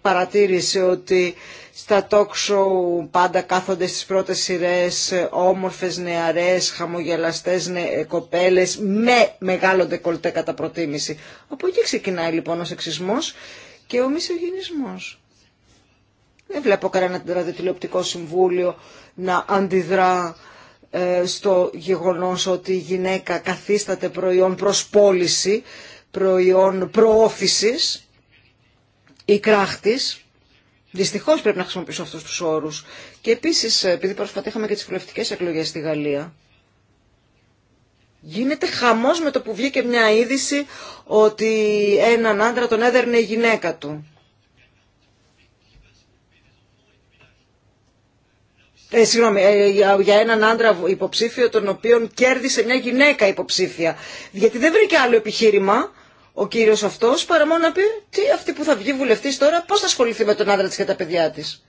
παρατήρησε ότι στα talk show πάντα κάθονται στις πρώτες σειρές όμορφες, νεαρές, χαμογελαστές νε, ε, κοπέλες με μεγάλο ντεκολτέ κατά προτίμηση. Από εκεί ξεκινάει λοιπόν ο σεξισμός και ο μισογενισμός. Δεν βλέπω κανένα τηλεοπτικό συμβούλιο να αντιδρά ε, στο γεγονός ότι η γυναίκα καθίσταται προϊόν προς πώληση, προϊόν προώθησης ή κράχτης. Δυστυχώς πρέπει να χρησιμοποιήσω αυτούς τους όρους. Και επίσης, ε, επειδή πρόσφατα και τις φιλευτικές εκλογές στη Γαλλία, γίνεται χαμός με το που βγήκε μια είδηση ότι έναν άντρα τον έδερνε η γυναίκα του. ε, συγγνώμη, ε, για, έναν άντρα υποψήφιο τον οποίον κέρδισε μια γυναίκα υποψήφια. Γιατί δεν βρήκε άλλο επιχείρημα ο κύριος αυτός παρά μόνο να πει τι αυτή που θα βγει βουλευτής τώρα πώς θα ασχοληθεί με τον άντρα της και τα παιδιά της.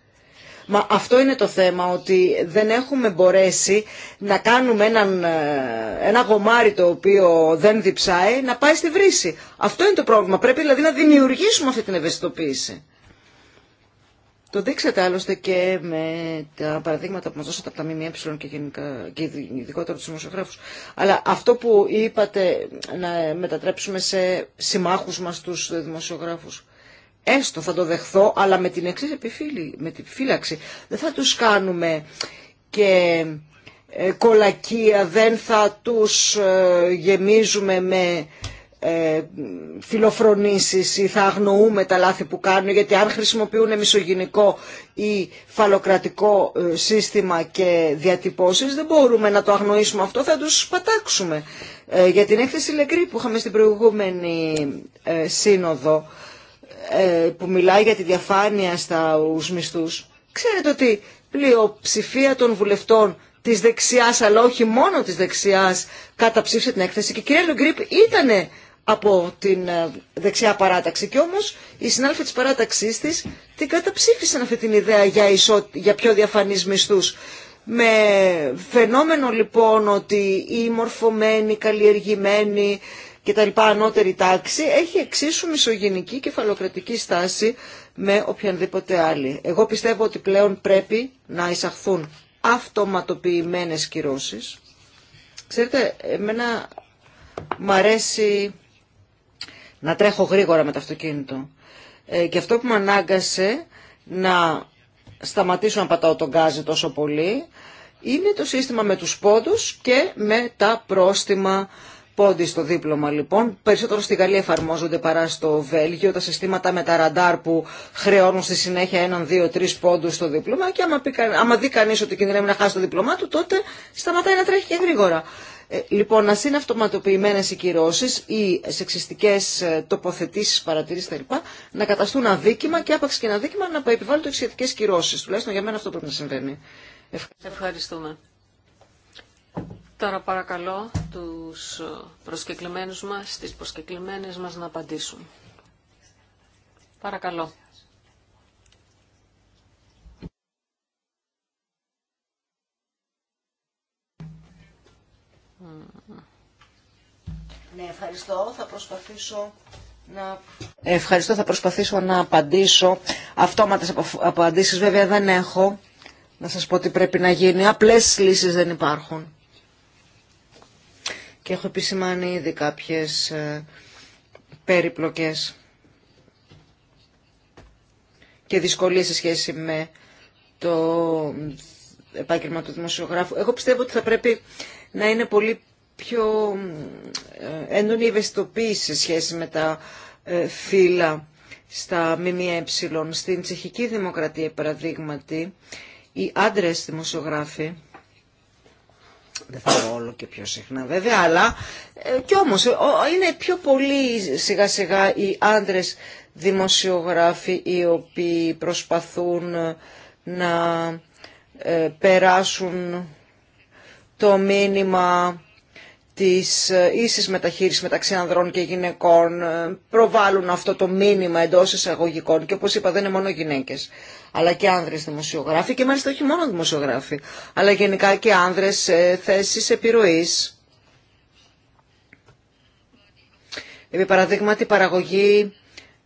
Μα αυτό είναι το θέμα, ότι δεν έχουμε μπορέσει να κάνουμε έναν, ε, ένα γομάρι το οποίο δεν διψάει να πάει στη βρύση. Αυτό είναι το πρόβλημα. Πρέπει δηλαδή να δημιουργήσουμε αυτή την ευαισθητοποίηση. Το δείξατε άλλωστε και με τα παραδείγματα που μας δώσατε από τα ΜΜΕ και, γενικά, και ειδικότερα τους δημοσιογράφους. Αλλά αυτό που είπατε να μετατρέψουμε σε συμμάχους μας τους δημοσιογράφους. Έστω θα το δεχθώ, αλλά με την εξής επιφύλη, με την φύλαξη. Δεν θα τους κάνουμε και ε, κολακία, δεν θα τους ε, γεμίζουμε με ε, φιλοφρονήσεις ή θα αγνοούμε τα λάθη που κάνουν γιατί αν χρησιμοποιούν μισογενικό ή φαλοκρατικό ε, σύστημα και διατυπώσεις δεν μπορούμε να το αγνοήσουμε αυτό, θα τους πατάξουμε. Ε, για την έκθεση Λεκρή που είχαμε στην προηγούμενη ε, σύνοδο που μιλάει για τη διαφάνεια στα μισθού. ξέρετε ότι πλειοψηφία των βουλευτών τη δεξιά, αλλά όχι μόνο της δεξιάς καταψήφισε την έκθεση και η κυρία Λεγκρίπ ήτανε από την ε, δεξιά παράταξη. Και όμως οι συνάλφοι της παράταξής της την καταψήφισαν αυτή την ιδέα για, για πιο διαφανείς μισθούς. Με φαινόμενο λοιπόν ότι η μορφωμένη, καλλιεργημένη και τα λοιπά ανώτερη τάξη έχει εξίσου μισογενική κεφαλοκρατική στάση με οποιανδήποτε άλλη. Εγώ πιστεύω ότι πλέον πρέπει να εισαχθούν αυτοματοποιημένες κυρώσεις. Ξέρετε, εμένα μ' αρέσει να τρέχω γρήγορα με το αυτοκίνητο. Ε, και αυτό που με ανάγκασε να σταματήσω να πατάω τον γκάζι τόσο πολύ είναι το σύστημα με τους πόντους και με τα πρόστιμα πόντι στο δίπλωμα λοιπόν. Περισσότερο στη Γαλλία εφαρμόζονται παρά στο Βέλγιο τα συστήματα με τα ραντάρ που χρεώνουν στη συνέχεια έναν, δύο, τρει πόντους στο δίπλωμα και άμα, πει, άμα δει κανεί ότι κινδυνεύει να χάσει το δίπλωμά του τότε σταματάει να τρέχει και γρήγορα. Ε, λοιπόν, α είναι αυτοματοποιημένε οι κυρώσει ή σεξιστικέ ε, τοποθετήσει, παρατηρήσει κτλ. να καταστούν αδίκημα και άπαξ και ένα δίκημα να επιβάλλονται εξαιρετικέ κυρώσει. Τουλάχιστον για μένα αυτό πρέπει να συμβαίνει. Ευχαριστούμε. Ευχαριστούμε. Τώρα παρακαλώ τους ε, προσκεκλημένους μας, τις προσκεκλημένες μας να απαντήσουν. Παρακαλώ. Ναι, ευχαριστώ. Θα προσπαθήσω να... Ευχαριστώ, θα προσπαθήσω να απαντήσω. Αυτόματες απαντήσεις βέβαια δεν έχω. Να σας πω τι πρέπει να γίνει. Απλές λύσεις δεν υπάρχουν. Και έχω επισημάνει ήδη κάποιες ε, περιπλοκές και δυσκολίες σε σχέση με το επάγγελμα του δημοσιογράφου. Εγώ πιστεύω ότι θα πρέπει να είναι πολύ πιο ε, έντονη ευαισθητοποίηση σε σχέση με τα ε, φύλλα στα ΜΜΕ. Στην Τσεχική Δημοκρατία, παραδείγματι, οι άντρες δημοσιογράφοι, δεν θα πω όλο και πιο συχνά βέβαια, αλλά ε, κι όμως είναι πιο πολύ σιγά σιγά οι άντρες δημοσιογράφοι οι οποίοι προσπαθούν να περάσουν το μήνυμα της ε, ίσης μεταχείρισης μεταξύ ανδρών και γυναικών ε, προβάλλουν αυτό το μήνυμα εντός εισαγωγικών και όπως είπα δεν είναι μόνο γυναίκες αλλά και άνδρες δημοσιογράφοι και μάλιστα όχι μόνο δημοσιογράφοι αλλά γενικά και άνδρες σε θέσεις επιρροής. Επί παραδείγματι παραγωγή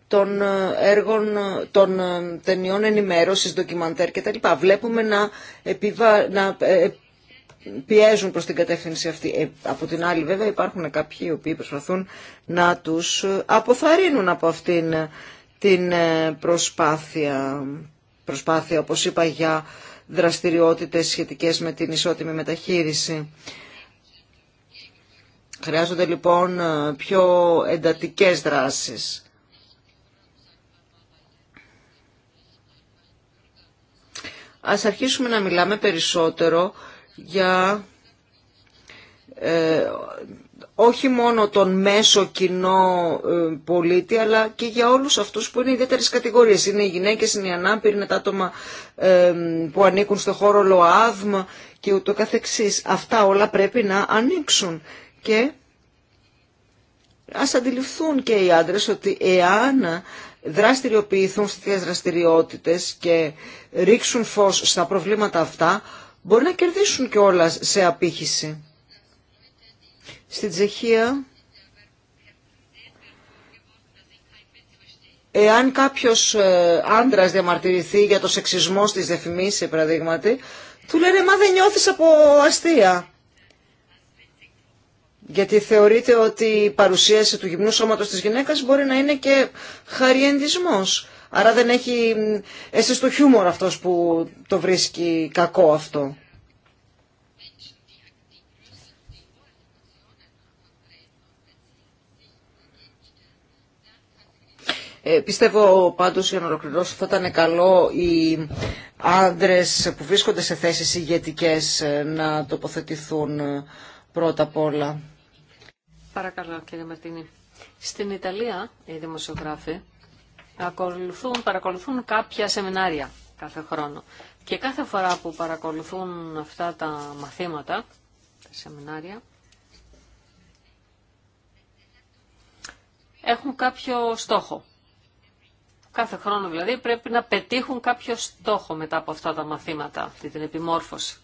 των ε, έργων, των ταινιών ενημέρωσης, ντοκιμαντέρ κτλ. Βλέπουμε να, επιβα... να πιέζουν προς την κατεύθυνση αυτή. Ε, από την άλλη βέβαια υπάρχουν κάποιοι οι οποίοι προσπαθούν να τους αποθαρρύνουν από αυτήν την ε, προσπάθεια, προσπάθεια όπως είπα για δραστηριότητες σχετικές με την ισότιμη μεταχείριση. Χρειάζονται λοιπόν ε, πιο εντατικές δράσεις. Ας αρχίσουμε να μιλάμε περισσότερο για ε, όχι μόνο τον μέσο κοινό ε, πολίτη, αλλά και για όλους αυτούς που είναι ιδιαίτερες κατηγορίες. Είναι οι γυναίκες, είναι οι ανάπηροι, είναι τα άτομα ε, που ανήκουν στο χώρο ΛΟΑΔΜ και ούτω καθεξής. Αυτά όλα πρέπει να ανοίξουν και ας αντιληφθούν και οι άντρες ότι εάν δραστηριοποιηθούν στις δραστηριότητες και ρίξουν φως στα προβλήματα αυτά, μπορεί να κερδίσουν κιόλα σε απήχηση. Στην Τσεχία, εάν κάποιος ε, άντρας διαμαρτυρηθεί για το σεξισμό στις διαφημίσεις, παραδείγματι, του λένε «Μα δεν νιώθεις από αστεία». Γιατί θεωρείται ότι η παρουσίαση του γυμνού σώματος της γυναίκας μπορεί να είναι και χαριεντισμός. Άρα δεν έχει εσύ το χιούμορ αυτός που το βρίσκει κακό αυτό. Ε, πιστεύω πάντως για να ολοκληρώσω θα ήταν καλό οι άντρες που βρίσκονται σε θέσεις ηγετικές ε, να τοποθετηθούν ε, πρώτα απ' όλα. Παρακαλώ κύριε Μαρτίνη. Στην Ιταλία οι δημοσιογράφοι ακολουθούν, παρακολουθούν κάποια σεμινάρια κάθε χρόνο. Και κάθε φορά που παρακολουθούν αυτά τα μαθήματα, τα σεμινάρια, έχουν κάποιο στόχο. Κάθε χρόνο δηλαδή πρέπει να πετύχουν κάποιο στόχο μετά από αυτά τα μαθήματα, αυτή την επιμόρφωση.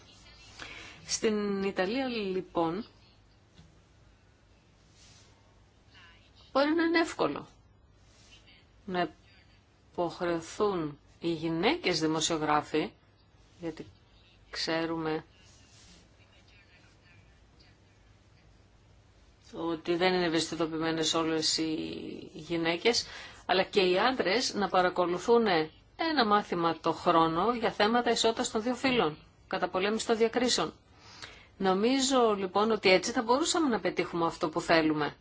Στην Ιταλία λοιπόν μπορεί να είναι εύκολο να υποχρεωθούν οι γυναίκες δημοσιογράφοι, γιατί ξέρουμε ότι δεν είναι ευαισθητοποιημένες όλες οι γυναίκες, αλλά και οι άντρες να παρακολουθούν ένα μάθημα το χρόνο για θέματα ισότητας των δύο φύλων, κατά πολέμηση των διακρίσεων. Νομίζω λοιπόν ότι έτσι θα μπορούσαμε να πετύχουμε αυτό που θέλουμε.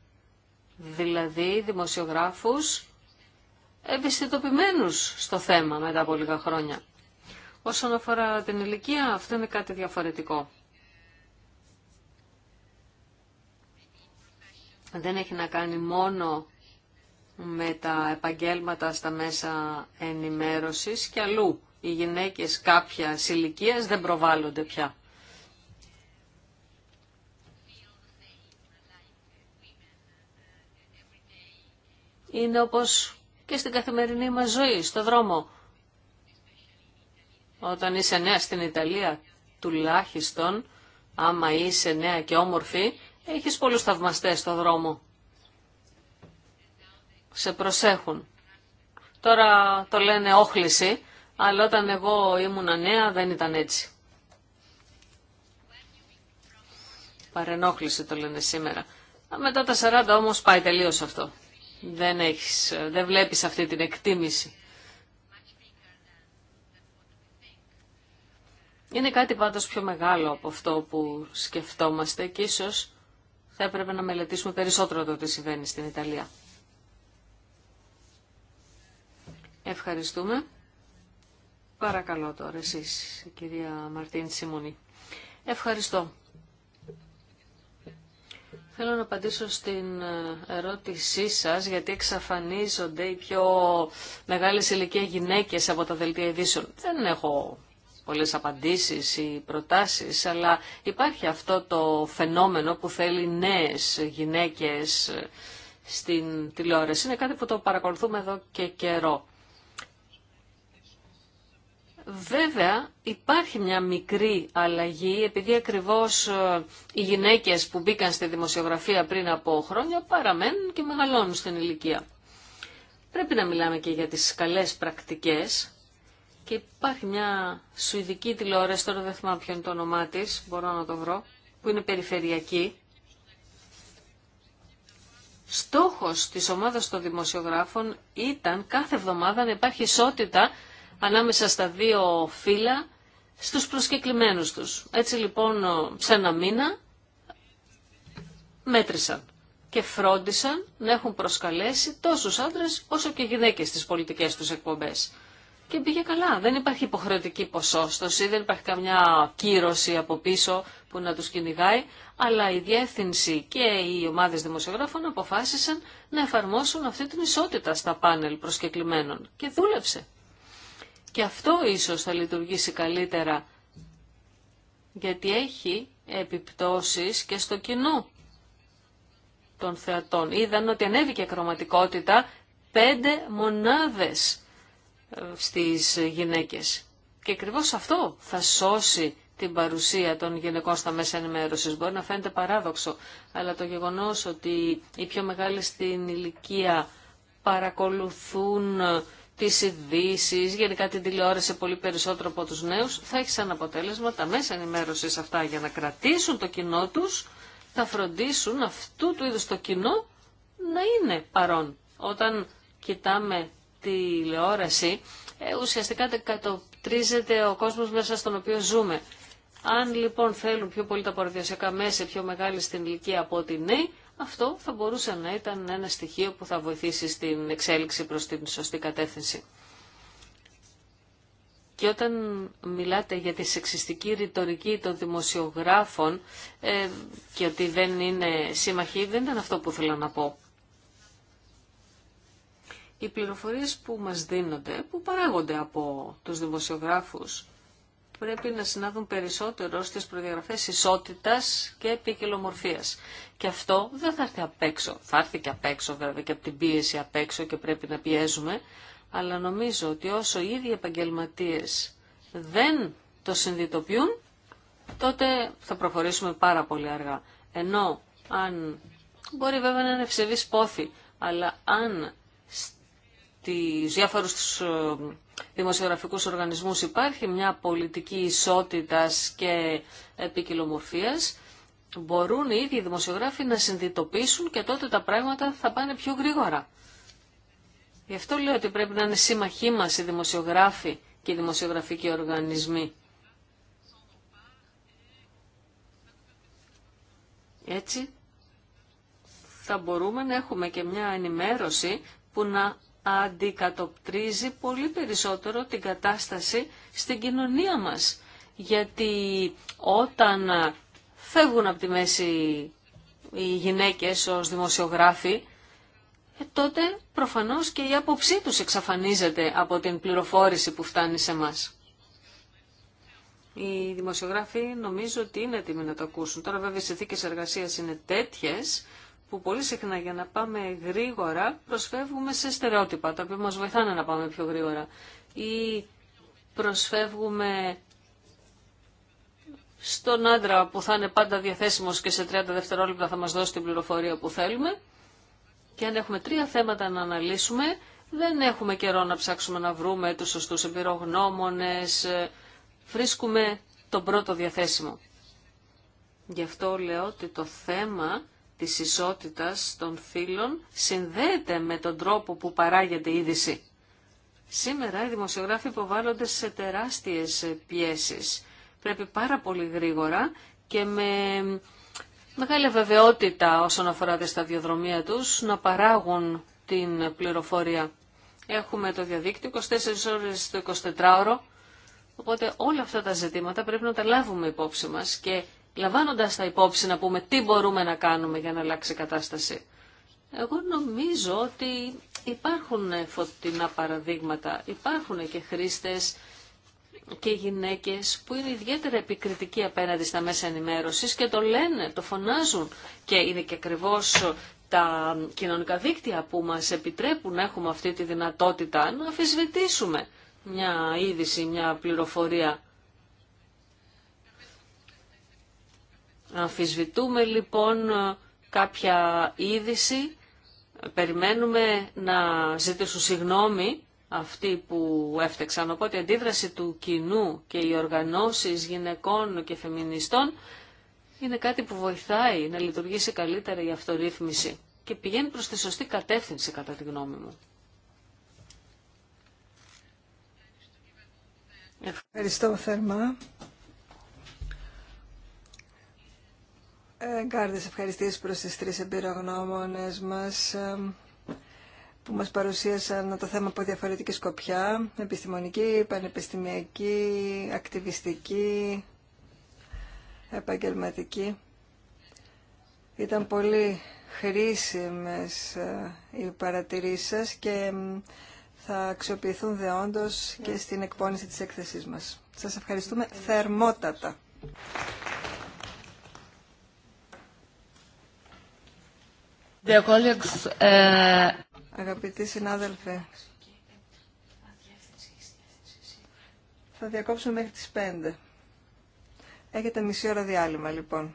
Δηλαδή δημοσιογράφους ευαισθητοποιημένους στο θέμα μετά από λίγα χρόνια. Όσον αφορά την ηλικία, αυτό είναι κάτι διαφορετικό. Δεν έχει να κάνει μόνο με τα επαγγέλματα στα μέσα ενημέρωσης και αλλού. Οι γυναίκες κάποια ηλικία δεν προβάλλονται πια. Είναι όπως και στην καθημερινή μας ζωή, στο δρόμο. Όταν είσαι νέα στην Ιταλία, τουλάχιστον, άμα είσαι νέα και όμορφη, έχεις πολλούς θαυμαστές στο δρόμο. Σε προσέχουν. Τώρα το λένε όχληση, αλλά όταν εγώ ήμουνα νέα δεν ήταν έτσι. Παρενόχληση το λένε σήμερα. Μετά τα 40 όμως πάει τελείως αυτό δεν, έχεις, δεν βλέπεις αυτή την εκτίμηση. Είναι κάτι πάντως πιο μεγάλο από αυτό που σκεφτόμαστε και ίσως θα έπρεπε να μελετήσουμε περισσότερο το τι συμβαίνει στην Ιταλία. Ευχαριστούμε. Παρακαλώ τώρα εσείς, κυρία Μαρτίν Σιμονή. Ευχαριστώ. Θέλω να απαντήσω στην ε, ερώτησή σας γιατί εξαφανίζονται οι πιο μεγάλες ηλικία γυναίκες από τα δελτία ειδήσεων. Δεν έχω πολλές απαντήσεις ή προτάσεις, αλλά υπάρχει αυτό το φαινόμενο που θέλει νέες γυναίκες ε, στην τηλεόραση. Είναι κάτι που το παρακολουθούμε εδώ και καιρό. Βέβαια υπάρχει μια μικρή αλλαγή επειδή ακριβώς ε, οι γυναίκες που μπήκαν στη δημοσιογραφία πριν από χρόνια παραμένουν και μεγαλώνουν στην ηλικία. Πρέπει να μιλάμε και για τις καλές πρακτικές και υπάρχει μια σουηδική τηλεόραση, τώρα δεν θυμάμαι ποιο είναι το όνομά μπορώ να το βρω, που είναι περιφερειακή. Στόχος της ομάδας των δημοσιογράφων ήταν κάθε εβδομάδα να υπάρχει ισότητα ανάμεσα στα δύο φύλλα στους προσκεκλημένους τους. Έτσι λοιπόν σε ένα μήνα μέτρησαν και φρόντισαν να έχουν προσκαλέσει τόσους άντρες όσο και γυναίκες στις πολιτικές τους εκπομπές. Και πήγε καλά. Δεν υπάρχει υποχρεωτική ποσόστοση, δεν υπάρχει καμιά κύρωση από πίσω που να τους κυνηγάει, αλλά η διεύθυνση και οι ομάδες δημοσιογράφων αποφάσισαν να εφαρμόσουν αυτή την ισότητα στα πάνελ προσκεκλημένων. Και δούλεψε. Και αυτό ίσως θα λειτουργήσει καλύτερα, γιατί έχει επιπτώσεις και στο κοινό των θεατών. Είδαν ότι ανέβηκε η κροματικότητα πέντε μονάδες ε, στις γυναίκες. Και ακριβώ αυτό θα σώσει την παρουσία των γυναικών στα μέσα ενημέρωσης. Μπορεί να φαίνεται παράδοξο, αλλά το γεγονός ότι οι πιο μεγάλες στην ηλικία παρακολουθούν ε, τις ειδήσει, γενικά την τηλεόραση πολύ περισσότερο από τους νέους, θα έχει σαν αποτέλεσμα τα μέσα ενημέρωση αυτά για να κρατήσουν το κοινό τους, θα φροντίσουν αυτού του είδου το κοινό να είναι παρόν. Όταν κοιτάμε τηλεόραση, ε, ουσιαστικά κατοπτρίζεται ο κόσμος μέσα στον οποίο ζούμε. Αν λοιπόν θέλουν πιο πολύ τα παραδοσιακά μέσα, πιο μεγάλη στην ηλικία από ότι νέοι, αυτό θα μπορούσε να ήταν ένα στοιχείο που θα βοηθήσει στην εξέλιξη προς την σωστή κατεύθυνση. Και όταν μιλάτε για τη σεξιστική ρητορική των δημοσιογράφων ε, και ότι δεν είναι σύμμαχοι, δεν ήταν αυτό που θέλω να πω. Οι πληροφορίες που μας δίνονται, που παράγονται από τους δημοσιογράφους, πρέπει να συνάδουν περισσότερο στις προδιαγραφές ισότητας και ποικιλομορφίας. Και αυτό δεν θα έρθει απ' έξω. Θα έρθει και απ' έξω βέβαια και από την πίεση απ' έξω και πρέπει να πιέζουμε. Αλλά νομίζω ότι όσο οι ίδιοι επαγγελματίες δεν το συνειδητοποιούν, τότε θα προχωρήσουμε πάρα πολύ αργά. Ενώ αν μπορεί βέβαια να είναι ευσεβής πόθη, αλλά αν στις διάφορους ε, δημοσιογραφικούς οργανισμούς υπάρχει μια πολιτική ισότητας και επικοινομορφίας, μπορούν οι ίδιοι οι δημοσιογράφοι να συνδυτοποιήσουν και τότε τα πράγματα θα πάνε πιο γρήγορα. Γι' αυτό λέω ότι πρέπει να είναι σύμμαχοί μας οι δημοσιογράφοι και οι δημοσιογραφικοί οργανισμοί. Έτσι θα μπορούμε να έχουμε και μια ενημέρωση που να αντικατοπτρίζει πολύ περισσότερο την κατάσταση στην κοινωνία μας. Γιατί όταν φεύγουν από τη μέση οι γυναίκες ως δημοσιογράφοι, ε, τότε προφανώς και η άποψή τους εξαφανίζεται από την πληροφόρηση που φτάνει σε μας. Οι δημοσιογράφοι νομίζω ότι είναι έτοιμοι να το ακούσουν. Τώρα βέβαια οι συνθήκες εργασίας είναι τέτοιες που πολύ συχνά για να πάμε γρήγορα προσφεύγουμε σε στερεότυπα, τα οποία μας βοηθάνε να πάμε πιο γρήγορα. Ή προσφεύγουμε στον άντρα που θα είναι πάντα διαθέσιμος και σε 30 δευτερόλεπτα θα μας δώσει την πληροφορία που θέλουμε. Και αν έχουμε τρία θέματα να αναλύσουμε, δεν έχουμε καιρό να ψάξουμε να βρούμε τους σωστούς εμπειρογνώμονες, βρίσκουμε τον πρώτο διαθέσιμο. Γι' αυτό λέω ότι το θέμα της ισότητας των φίλων συνδέεται με τον τρόπο που παράγεται η είδηση. Σήμερα οι δημοσιογράφοι υποβάλλονται σε τεράστιες πιέσεις. Πρέπει πάρα πολύ γρήγορα και με μεγάλη βεβαιότητα όσον αφορά τη σταδιοδρομία τους να παράγουν την πληροφορία. Έχουμε το διαδίκτυο 24 ώρες το 24ωρο, οπότε όλα αυτά τα ζητήματα πρέπει να τα λάβουμε υπόψη μας και λαμβάνοντας τα υπόψη να πούμε τι μπορούμε να κάνουμε για να αλλάξει η κατάσταση. Εγώ νομίζω ότι υπάρχουν φωτεινά παραδείγματα, υπάρχουν και χρήστες και γυναίκες που είναι ιδιαίτερα επικριτικοί απέναντι στα μέσα ενημέρωσης και το λένε, το φωνάζουν και είναι και ακριβώ τα κοινωνικά δίκτυα που μας επιτρέπουν να έχουμε αυτή τη δυνατότητα να αφισβητήσουμε μια είδηση, μια πληροφορία Αμφισβητούμε λοιπόν κάποια είδηση, περιμένουμε να ζητήσουν συγγνώμη αυτοί που έφτεξαν. Οπότε η αντίδραση του κοινού και οι οργανώσεις γυναικών και φεμινιστών είναι κάτι που βοηθάει να λειτουργήσει καλύτερα η αυτορύθμιση και πηγαίνει προς τη σωστή κατεύθυνση κατά τη γνώμη μου. Ευχαριστώ θερμά. εγκάρδες ευχαριστήσεις προς τις τρεις εμπειρογνώμονες μας ε, που μας παρουσίασαν το θέμα από διαφορετική σκοπιά, επιστημονική, πανεπιστημιακή, ακτιβιστική, επαγγελματική. Ήταν πολύ χρήσιμες ε, οι παρατηρήσεις σας και θα αξιοποιηθούν δεόντως και στην εκπόνηση της έκθεσής μας. Σας ευχαριστούμε θερμότατα. Uh, Αγαπητοί συνάδελφοι, θα διακόψω μέχρι τις 5. Έχετε μισή ώρα διάλειμμα λοιπόν.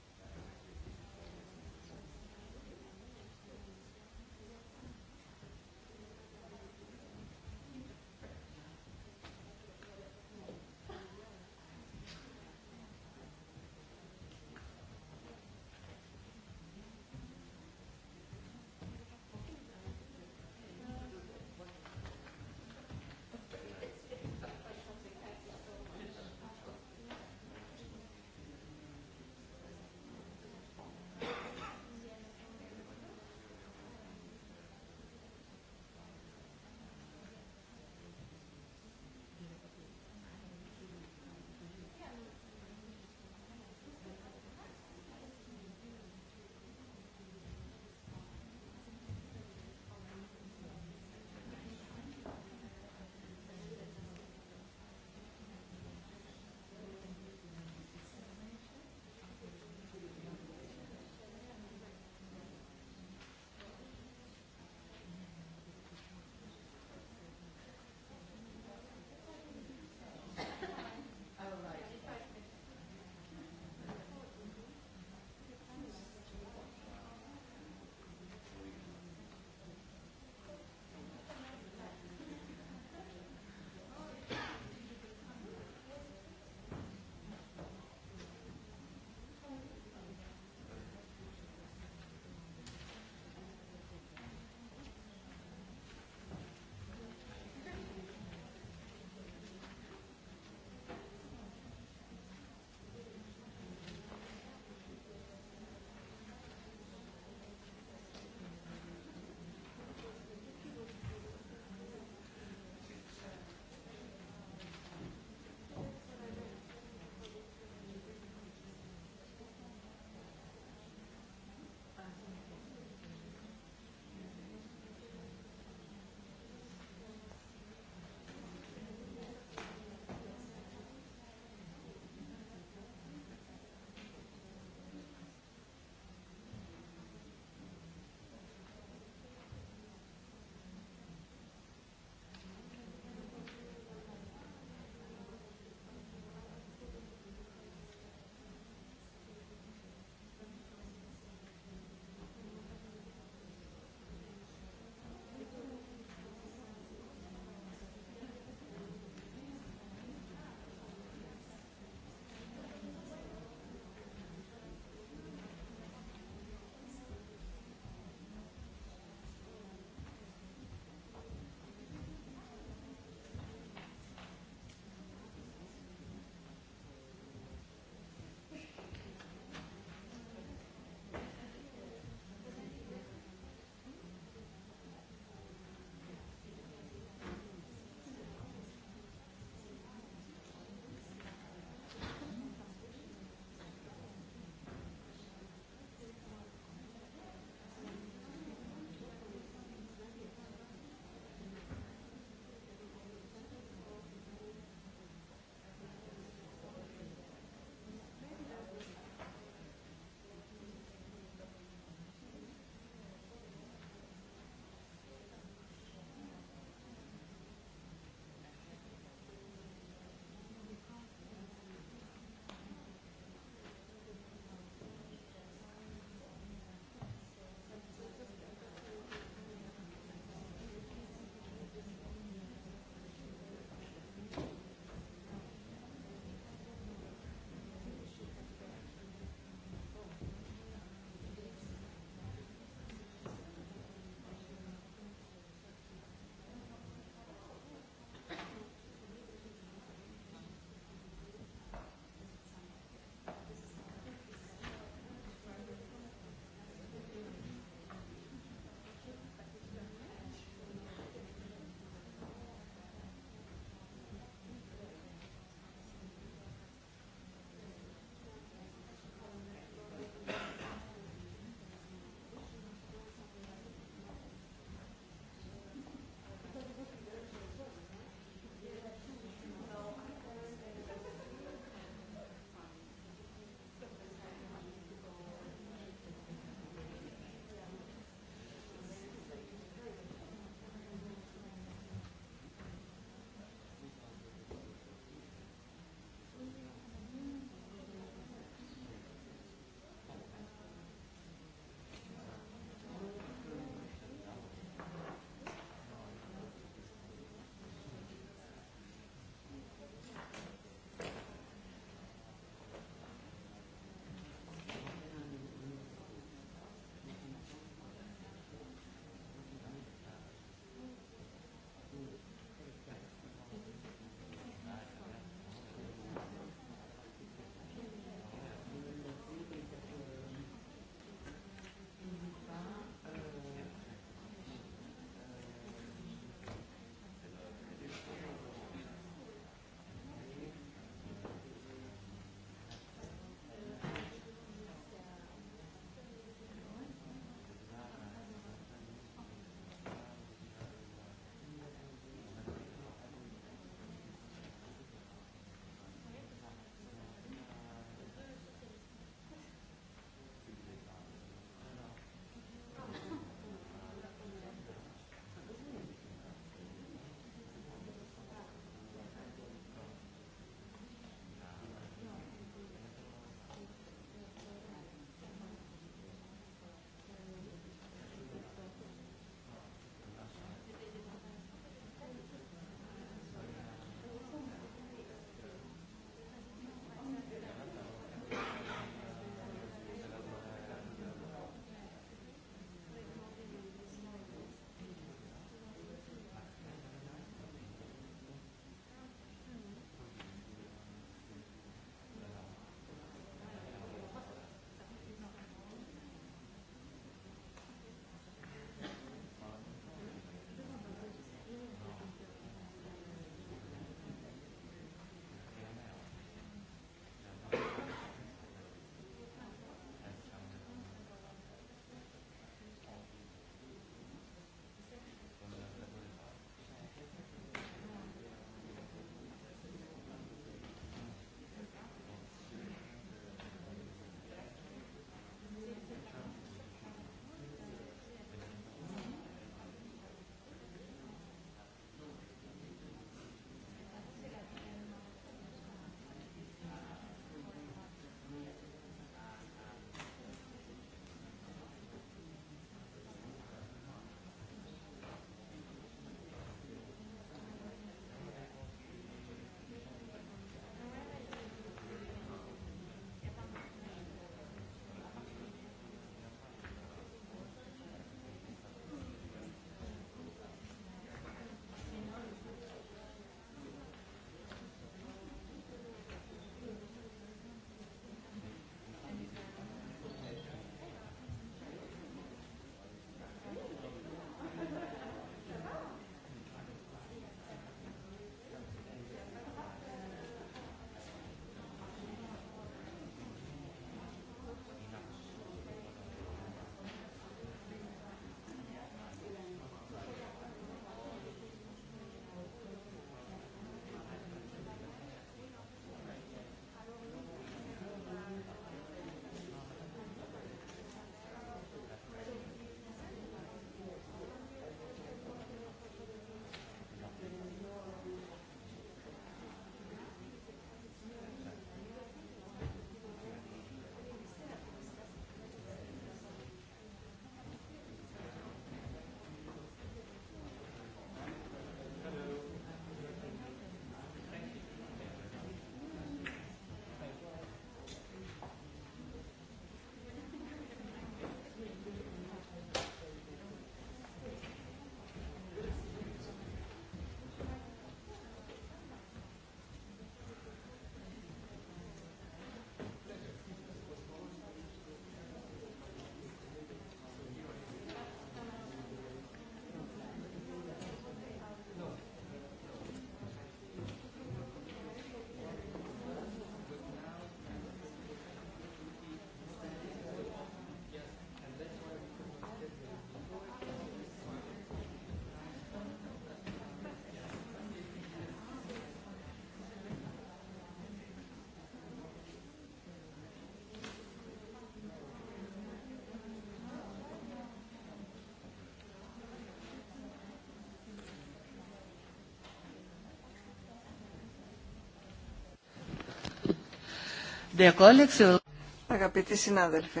Αγαπητοί συνάδελφοι,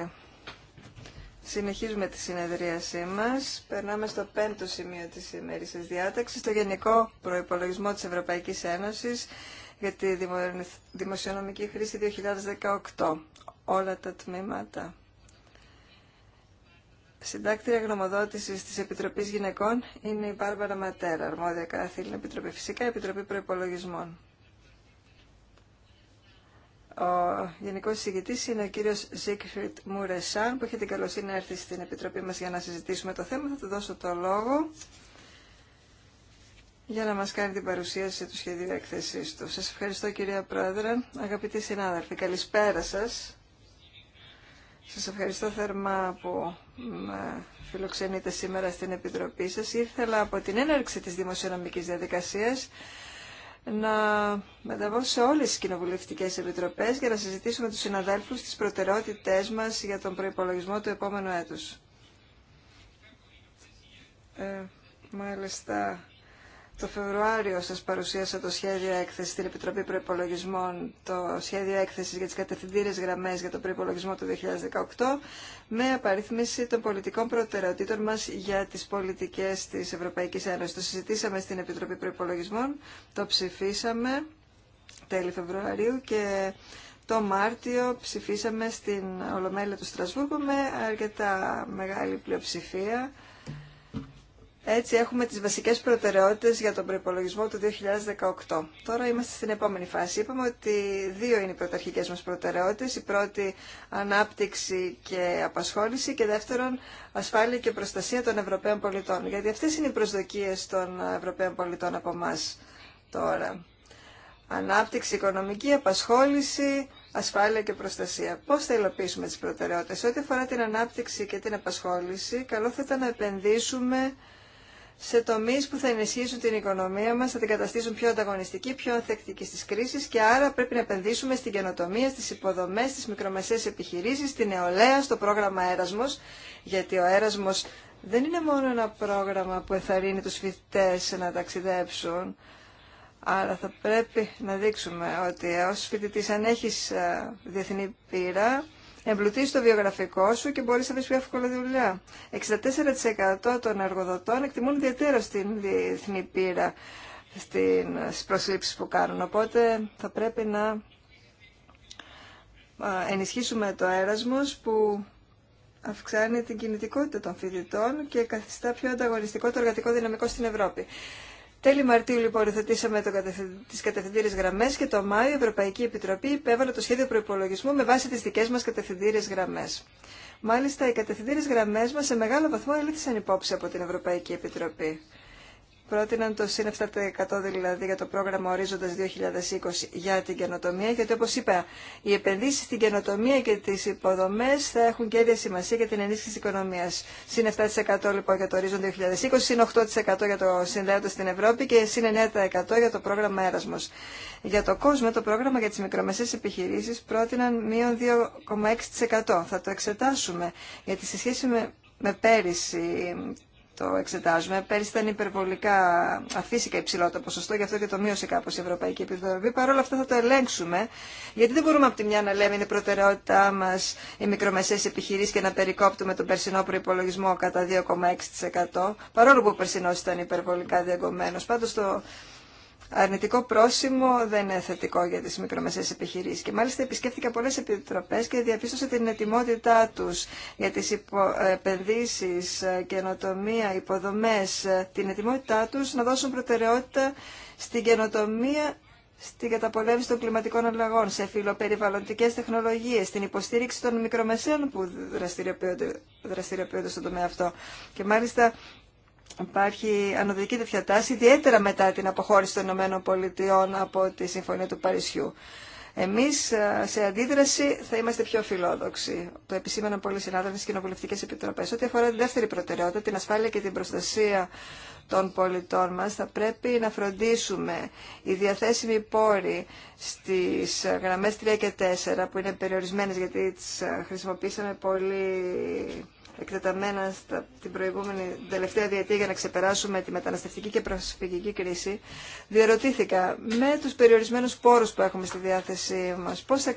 συνεχίζουμε τη συνεδρίασή μας. Περνάμε στο πέμπτο σημείο της ημέρησης διάταξης, το Γενικό Προϋπολογισμό της Ευρωπαϊκής Ένωσης για τη Δημοσιονομική Χρήση 2018. Όλα τα τμήματα. Συντάκτρια γνωμοδότηση τη Επιτροπή Γυναικών είναι η Μπάρμπαρα Ματέρα, αρμόδια καθήλυνα επιτροπή. Φυσικά, Επιτροπή Προπολογισμών. Γενικό Συγητή είναι ο κύριο Ζίκφρυντ Μουρεσάν, που έχει την καλοσύνη να έρθει στην Επιτροπή μα για να συζητήσουμε το θέμα. Θα του δώσω το λόγο για να μας κάνει την παρουσίαση του σχεδίου έκθεσή του. Σας ευχαριστώ κυρία Πρόεδρε, αγαπητοί συνάδελφοι, καλησπέρα σα. Σας ευχαριστώ θερμά που με φιλοξενείτε σήμερα στην Επιτροπή σα. Ήρθελα από την έναρξη τη δημοσιονομική διαδικασία να μεταβώ σε όλες τις κοινοβουλευτικές επιτροπές για να συζητήσουμε τους συναδέλφους τις προτεραιότητές μας για τον προϋπολογισμό του επόμενου έτους. Ε, μάλιστα, το Φεβρουάριο σας παρουσίασα το σχέδιο έκθεση στην Επιτροπή Προϋπολογισμών, το σχέδιο έκθεσης για τις κατευθυντήρες γραμμές για το προϋπολογισμό του 2018, με απαριθμίση των πολιτικών προτεραιοτήτων μας για τις πολιτικές της Ευρωπαϊκής Ένωσης. Το συζητήσαμε στην Επιτροπή Προϋπολογισμών, το ψηφίσαμε τέλη Φεβρουαρίου και το Μάρτιο ψηφίσαμε στην Ολομέλεια του Στρασβούργου με αρκετά μεγάλη πλειοψηφία έτσι έχουμε τις βασικές προτεραιότητες για τον προϋπολογισμό του 2018. Τώρα είμαστε στην επόμενη φάση. Είπαμε ότι δύο είναι οι πρωταρχικές μας προτεραιότητες. Η πρώτη ανάπτυξη και απασχόληση και δεύτερον ασφάλεια και προστασία των Ευρωπαίων πολιτών. Γιατί αυτές είναι οι προσδοκίες των Ευρωπαίων πολιτών από εμά τώρα. Ανάπτυξη, οικονομική, απασχόληση, ασφάλεια και προστασία. Πώς θα υλοποιήσουμε τις προτεραιότητες. Ό,τι αφορά την ανάπτυξη και την απασχόληση, καλό θα ήταν να επενδύσουμε σε τομεί που θα ενισχύσουν την οικονομία μας, θα την καταστήσουν πιο ανταγωνιστική, πιο ανθεκτική στις κρίσεις και άρα πρέπει να επενδύσουμε στην καινοτομία, στις υποδομές, στις μικρομεσαίες επιχειρήσεις, στην νεολαία, στο πρόγραμμα έρασμο, γιατί ο έρασμο δεν είναι μόνο ένα πρόγραμμα που εθαρρύνει του φοιτητέ να ταξιδέψουν, Άρα θα πρέπει να δείξουμε ότι ως φοιτητή αν έχεις ε, διεθνή πείρα Εμπλουτίζει το βιογραφικό σου και μπορεί να βρει πιο εύκολα δουλειά. 64% των εργοδοτών εκτιμούν ιδιαίτερα στην διεθνή πείρα στι προσλήψει που κάνουν. Οπότε θα πρέπει να ενισχύσουμε το έρασμος που αυξάνει την κινητικότητα των φοιτητών και καθιστά πιο ανταγωνιστικό το εργατικό δυναμικό στην Ευρώπη. Τέλη Μαρτίου λοιπόν υιοθετήσαμε τι κατευθυντήριε γραμμέ και το Μάιο η Ευρωπαϊκή Επιτροπή υπέβαλε το σχέδιο προπολογισμού με βάση τι δικέ μα κατευθυντήριε γραμμέ. Μάλιστα, οι κατευθυντήριε γραμμέ μα σε μεγάλο βαθμό ελήφθησαν υπόψη από την Ευρωπαϊκή Επιτροπή πρότειναν το συν 7% δηλαδή για το πρόγραμμα Ορίζοντας 2020 για την καινοτομία, γιατί όπως είπα, οι επενδύσεις στην καινοτομία και τις υποδομές θα έχουν κέρια σημασία για την ενίσχυση της οικονομίας. Συν 7% λοιπόν για το Ορίζοντα 2020, συν 8% για το Συνδέοντα στην Ευρώπη και συν 9% για το πρόγραμμα Έρασμος. Για το κόσμο, το πρόγραμμα για τις μικρομεσαίες επιχειρήσεις πρότειναν μείον 2,6%. Θα το εξετάσουμε, γιατί σε σχέση με με πέρυσι το εξετάζουμε. Πέρυσι ήταν υπερβολικά αφύσικα υψηλό το ποσοστό, γι' αυτό και το μείωσε κάπω η Ευρωπαϊκή Επιτροπή. Παρ' όλα αυτά θα το ελέγξουμε, γιατί δεν μπορούμε από τη μια να λέμε είναι προτεραιότητά μα οι μικρομεσαίε επιχειρήσει και να περικόπτουμε τον περσινό προπολογισμό κατά 2,6%. Παρόλο που ο περσινό ήταν υπερβολικά διαγκωμένο. Πάντω το αρνητικό πρόσημο δεν είναι θετικό για τις μικρομεσαίες επιχειρήσεις. Και μάλιστα επισκέφθηκα πολλές επιτροπές και διαπίστωσα την ετοιμότητά τους για τις υπο... επενδύσεις, ε, καινοτομία, υποδομές, ε, την ετοιμότητά τους να δώσουν προτεραιότητα στην καινοτομία στην καταπολέμηση των κλιματικών αλλαγών, σε φιλοπεριβαλλοντικές τεχνολογίες, στην υποστήριξη των μικρομεσαίων που δραστηριοποιούνται, δραστηριοποιούνται στον τομέα αυτό. Και μάλιστα Υπάρχει ανωδική τέτοια τάση, ιδιαίτερα μετά την αποχώρηση των ΗΠΑ από τη Συμφωνία του Παρισιού. Εμείς ε, σε αντίδραση θα είμαστε πιο φιλόδοξοι. Το επισήμαναν πολλοί συνάδελφοι στις κοινοβουλευτικές επιτροπές. Ό,τι αφορά τη δεύτερη προτεραιότητα, την ασφάλεια και την προστασία των πολιτών μας, θα πρέπει να φροντίσουμε οι διαθέσιμοι πόροι στις ε, γραμμές 3 και 4, που είναι περιορισμένες γιατί τις ε, χρησιμοποίησαμε πολύ εκτεταμένα στα, την προηγούμενη τελευταία διετία για να ξεπεράσουμε τη μεταναστευτική και προσφυγική κρίση, διερωτήθηκα με τους περιορισμένους πόρους που έχουμε στη διάθεσή μας, πώς θα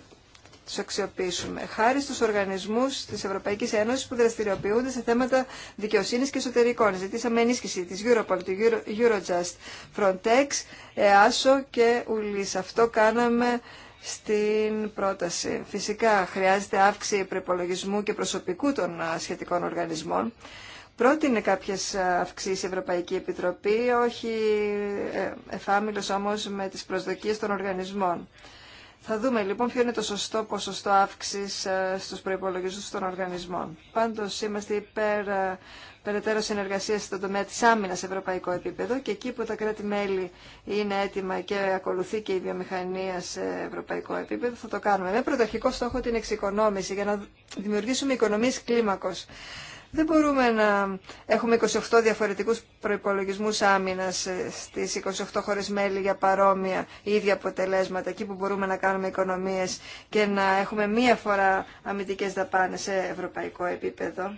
τους αξιοποιήσουμε. Χάρη στους οργανισμούς της Ευρωπαϊκής Ένωσης που δραστηριοποιούνται σε θέματα δικαιοσύνης και εσωτερικών. Ζητήσαμε ενίσχυση της Europol, του Eurojust, Frontex, EASO ε, και ULIS. Αυτό κάναμε στην πρόταση. Φυσικά χρειάζεται αύξηση προπολογισμού και προσωπικού των σχετικών οργανισμών. Πρότεινε κάποιε αυξήσει η Ευρωπαϊκή Επιτροπή, όχι ε, εφάμιλο όμως με τις προσδοκίε των οργανισμών. Θα δούμε λοιπόν ποιο είναι το σωστό ποσοστό αύξηση ε, στους προπολογισμού των οργανισμών. Πάντως είμαστε υπέρ ε, περαιτέρω συνεργασία στον τομέα της άμυνας σε ευρωπαϊκό επίπεδο και εκεί που τα κράτη-μέλη είναι έτοιμα και ακολουθεί και η βιομηχανία σε ευρωπαϊκό επίπεδο θα το κάνουμε. Με πρωταρχικό στόχο την εξοικονόμηση για να δημιουργήσουμε οικονομίες κλίμακος. Δεν μπορούμε να έχουμε 28 διαφορετικούς προϋπολογισμούς άμυνας ε, στις 28 χώρες μέλη για παρόμοια ή ίδια αποτελέσματα, εκεί που μπορούμε να κάνουμε οικονομίες και να έχουμε μία φορά αμυντικές δαπάνε σε ευρωπαϊκό επίπεδο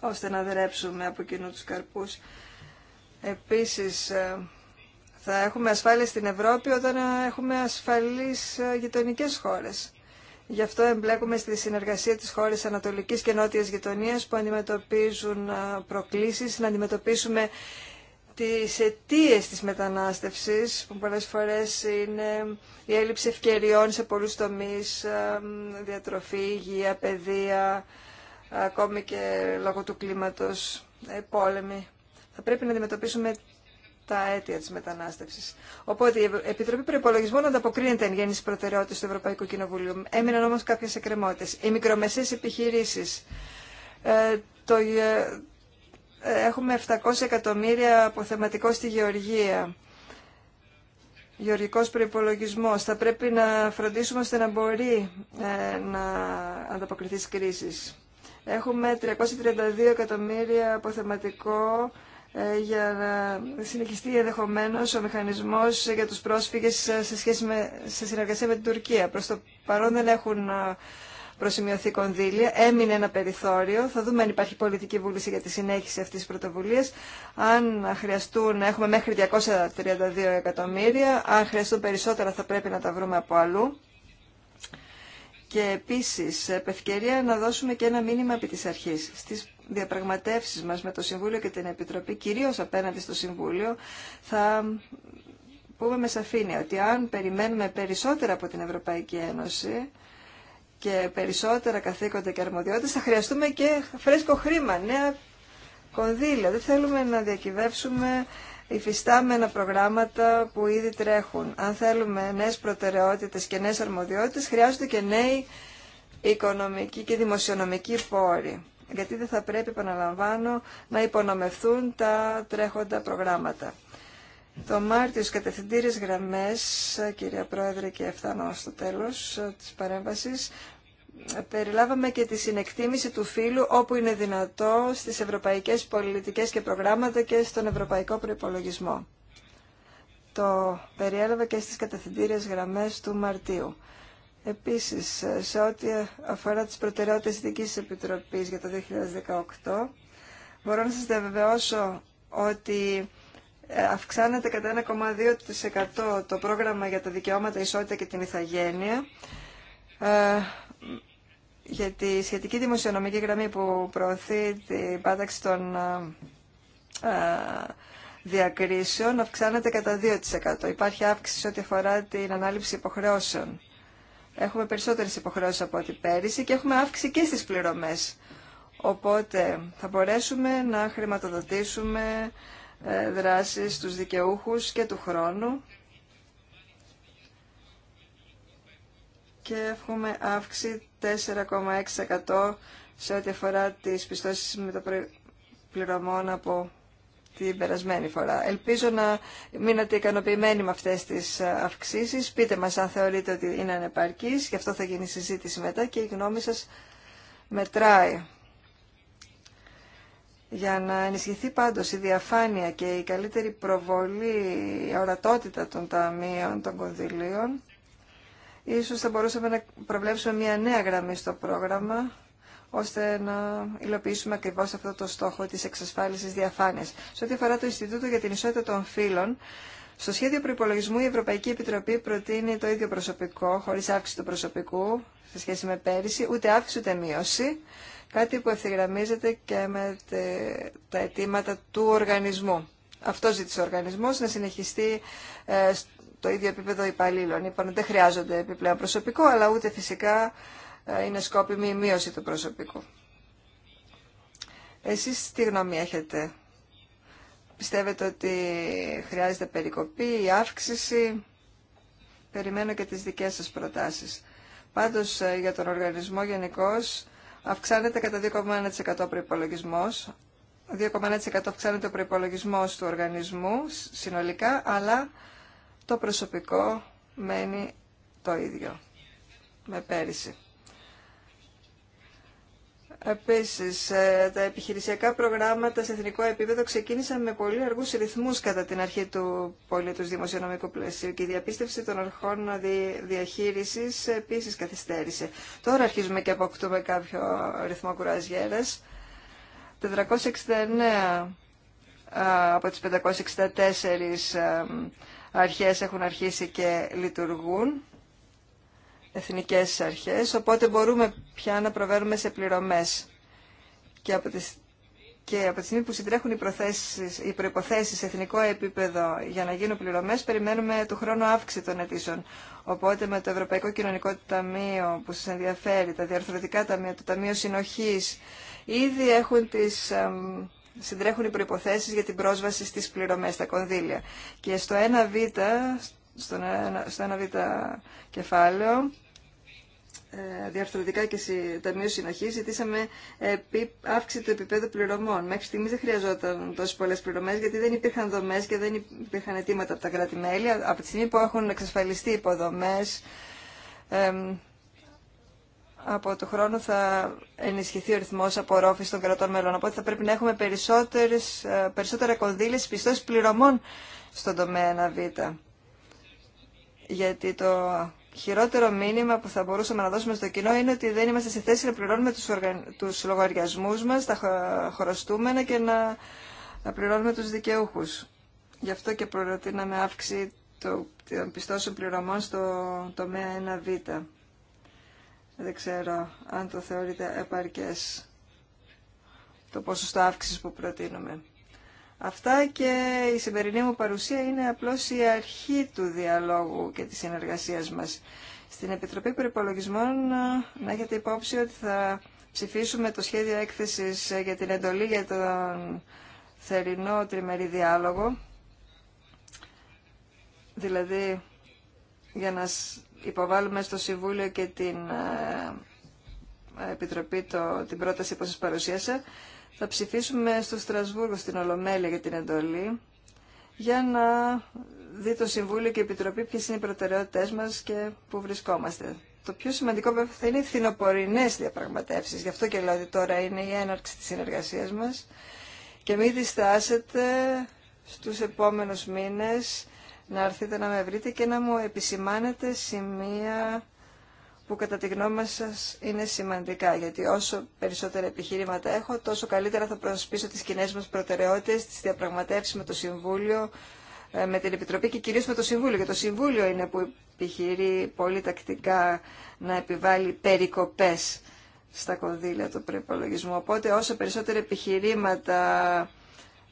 ώστε να δρέψουμε από κοινού τους καρπούς. Επίσης, ε, θα έχουμε ασφάλεια στην Ευρώπη όταν ε, έχουμε ασφαλείς ε, γειτονικές χώρες. Γι' αυτό εμπλέκουμε στη συνεργασία της χώρες Ανατολικής και Νότιας Γειτονίας που αντιμετωπίζουν προκλήσεις, να αντιμετωπίσουμε τις αιτίε της μετανάστευσης που πολλές φορές είναι η έλλειψη ευκαιριών σε πολλούς τομείς, διατροφή, υγεία, παιδεία, ακόμη και λόγω του κλίματος, ε, πόλεμοι. Θα πρέπει να αντιμετωπίσουμε τα αίτια της μετανάστευσης. Οπότε η Επιτροπή Προπολογισμών ανταποκρίνεται εν γέννη προτεραιότητας του Ευρωπαϊκού Κοινοβουλίου. Έμειναν όμως κάποιες εκκρεμότητες. Οι μικρομεσαίες επιχειρήσεις. Ε, το, ε, ε, έχουμε 700 εκατομμύρια αποθεματικό στη Γεωργία. Γεωργικός προπολογισμό. Θα πρέπει να φροντίσουμε ώστε να μπορεί να ανταποκριθεί στις κρίσεις. Έχουμε 332 εκατομμύρια αποθεματικό ε, για να συνεχιστεί ενδεχομένω ο μηχανισμό για του πρόσφυγε ε, σε, σχέση με, σε συνεργασία με την Τουρκία. Προ το παρόν δεν έχουν ε, προσημειωθεί κονδύλια. Έμεινε ένα περιθώριο. Θα δούμε αν υπάρχει πολιτική βούληση για τη συνέχιση αυτή τη πρωτοβουλία. Αν χρειαστούν, έχουμε μέχρι 232 εκατομμύρια. Αν χρειαστούν περισσότερα, θα πρέπει να τα βρούμε από αλλού. Και επίσης, επευκαιρία να δώσουμε και ένα μήνυμα επί της αρχής. Στις διαπραγματεύσεις μας με το Συμβούλιο και την Επιτροπή, κυρίως απέναντι στο Συμβούλιο, θα πούμε με σαφήνεια ότι αν περιμένουμε περισσότερα από την Ευρωπαϊκή Ένωση και περισσότερα καθήκοντα και αρμοδιότητες, θα χρειαστούμε και φρέσκο χρήμα, νέα κονδύλια. Δεν θέλουμε να διακυβεύσουμε υφιστάμενα προγράμματα που ήδη τρέχουν. Αν θέλουμε νέες προτεραιότητες και νέες αρμοδιότητες, χρειάζονται και νέοι οικονομικοί και δημοσιονομικοί πόροι. Γιατί δεν θα πρέπει, επαναλαμβάνω, να υπονομευθούν τα τρέχοντα προγράμματα. Το Μάρτιο στις κατευθυντήριες γραμμές, κυρία Πρόεδρε, και φτάνω στο τέλος ε, της παρέμβασης, περιλάβαμε και τη συνεκτίμηση του φίλου όπου είναι δυνατό στις ευρωπαϊκές πολιτικές και προγράμματα και στον ευρωπαϊκό προϋπολογισμό. Το περιέλαβα και στις κατευθυντήριες γραμμές του Μαρτίου. Επίσης, σε ό,τι αφορά τις προτεραιότητες δικής Επιτροπής για το 2018, μπορώ να σας διαβεβαιώσω ότι ε, αυξάνεται κατά 1,2% το πρόγραμμα για τα δικαιώματα, ισότητα και την ηθαγένεια ε, για τη σχετική δημοσιονομική γραμμή που προωθεί την πάταξη των ε, ε, διακρίσεων αυξάνεται κατά 2%. Υπάρχει αύξηση ό,τι αφορά την ανάληψη υποχρεώσεων. Έχουμε περισσότερες υποχρεώσεις από ό,τι πέρυσι και έχουμε αύξηση και στις πληρωμές. Οπότε θα μπορέσουμε να χρηματοδοτήσουμε ε, δράσεις στους δικαιούχους και του χρόνου και έχουμε αύξηση 4,6% σε ό,τι αφορά τις πιστώσεις μεταπληρωμών από την περασμένη φορά. Ελπίζω να μείνατε ικανοποιημένοι με αυτές τις ε, αυξήσεις. Πείτε μας αν θεωρείτε ότι είναι ανεπαρκής και αυτό θα γίνει συζήτηση μετά και η γνώμη σας μετράει. Για να ενισχυθεί πάντως η διαφάνεια και η καλύτερη προβολή, η ορατότητα των ταμείων, των κονδυλίων, Ίσως θα μπορούσαμε να προβλέψουμε μια νέα γραμμή στο πρόγραμμα, ώστε να υλοποιήσουμε ακριβώ αυτό το στόχο τη εξασφάλιση διαφάνεια. Σε ό,τι αφορά το Ινστιτούτο για την Ισότητα των Φύλων, στο σχέδιο προπολογισμού η Ευρωπαϊκή Επιτροπή προτείνει το ίδιο προσωπικό, χωρί αύξηση του προσωπικού σε σχέση με πέρυσι, ούτε αύξηση ούτε μείωση. Κάτι που ευθυγραμμίζεται και με τα αιτήματα του οργανισμού. Αυτό ζήτησε ο οργανισμό να συνεχιστεί ε, το ίδιο επίπεδο υπαλλήλων. Είπαν λοιπόν, ότι δεν χρειάζονται επιπλέον προσωπικό, αλλά ούτε φυσικά ε, είναι σκόπιμη η μείωση του προσωπικού. Εσείς τι γνώμη έχετε. Πιστεύετε ότι χρειάζεται περικοπή ή αύξηση. Περιμένω και τις δικές σας προτάσεις. Πάντως ε, για τον οργανισμό γενικώ αυξάνεται κατά 2,1% ο 2,1% αυξάνεται ο προπολογισμό του οργανισμού συνολικά, αλλά το προσωπικό μένει το ίδιο με πέρυσι. Επίσης, ε, τα επιχειρησιακά προγράμματα σε εθνικό επίπεδο ξεκίνησαν με πολύ αργούς ρυθμούς κατά την αρχή του πολίτους δημοσιονομικού πλαισίου και η διαπίστευση των αρχών διαχείρισης επίσης καθυστέρησε. Τώρα αρχίζουμε και αποκτούμε κάποιο ρυθμό κουραζιέρας. 469 από τις 564 αρχές έχουν αρχίσει και λειτουργούν, εθνικές αρχές, οπότε μπορούμε πια να προβαίνουμε σε πληρωμές. Και από τη, και από τη στιγμή που συντρέχουν οι, προθέσεις, οι προϋποθέσεις σε εθνικό επίπεδο για να γίνουν πληρωμές, περιμένουμε το χρόνο αύξηση των αιτήσεων. Οπότε με το Ευρωπαϊκό Κοινωνικό Ταμείο που σας ενδιαφέρει, τα διαρθρωτικά ταμεία, το Ταμείο Συνοχής, ήδη έχουν τις συντρέχουν οι προϋποθέσεις για την πρόσβαση στις πληρωμές, στα κονδύλια. Και στο 1β, στο 1β κεφάλαιο, ε, διαρθρωτικά και ταμείο συνοχή, ζητήσαμε αύξηση του επίπεδου πληρωμών. Μέχρι στιγμή δεν χρειαζόταν τόσε πολλέ πληρωμέ, γιατί δεν υπήρχαν δομέ και δεν υπήρχαν αιτήματα από τα κράτη-μέλη. Από τη στιγμή που έχουν εξασφαλιστεί υποδομέ, από το χρόνο θα ενισχυθεί ο ρυθμός απορρόφησης των κρατών μελών. Οπότε θα πρέπει να έχουμε περισσότερες, ε, περισσότερα κονδύλια πιστώσεις πληρωμών στον τομέα 1β. Γιατί το χειρότερο μήνυμα που θα μπορούσαμε να δώσουμε στο κοινό είναι ότι δεν είμαστε σε θέση να πληρώνουμε τους, οργαν... τους λογαριασμούς μας, τα χρωστούμενα και να... να πληρώνουμε τους δικαιούχους. Γι' αυτό και προτείναμε αύξηση των πιστώσεων πληρωμών στο τομέα 1β. Δεν ξέρω αν το θεωρείτε επαρκές το ποσοστό αύξηση που προτείνουμε. Αυτά και η σημερινή μου παρουσία είναι απλώς η αρχή του διαλόγου και της συνεργασίας μας. Στην Επιτροπή Προϋπολογισμών ε, να έχετε υπόψη ότι θα ψηφίσουμε το σχέδιο έκθεσης ε, για την εντολή για τον θερινό τριμερή διάλογο, δηλαδή για να Υποβάλλουμε στο Συμβούλιο και την ε, Επιτροπή το, την πρόταση που σας παρουσίασα, θα ψηφίσουμε στο Στρασβούργο στην Ολομέλεια για την εντολή για να δει το Συμβούλιο και η Επιτροπή ποιες είναι οι προτεραιότητες μας και πού βρισκόμαστε. Το πιο σημαντικό βέβαια θα είναι οι φθινοπορεινές διαπραγματεύσεις. Γι' αυτό και λέω ότι τώρα είναι η έναρξη της συνεργασίας μας. Και μην διστάσετε στους επόμενους μήνες να έρθετε να με βρείτε και να μου επισημάνετε σημεία που κατά τη γνώμη σας είναι σημαντικά, γιατί όσο περισσότερα επιχείρηματα έχω, τόσο καλύτερα θα προσπίσω τις κοινέ μας προτεραιότητες, τις διαπραγματεύσεις με το Συμβούλιο, ε, με την Επιτροπή και κυρίως με το Συμβούλιο. Και το Συμβούλιο είναι που επιχειρεί πολύ τακτικά να επιβάλλει περικοπές στα κονδύλια του προπολογισμού. Οπότε όσο περισσότερα επιχειρήματα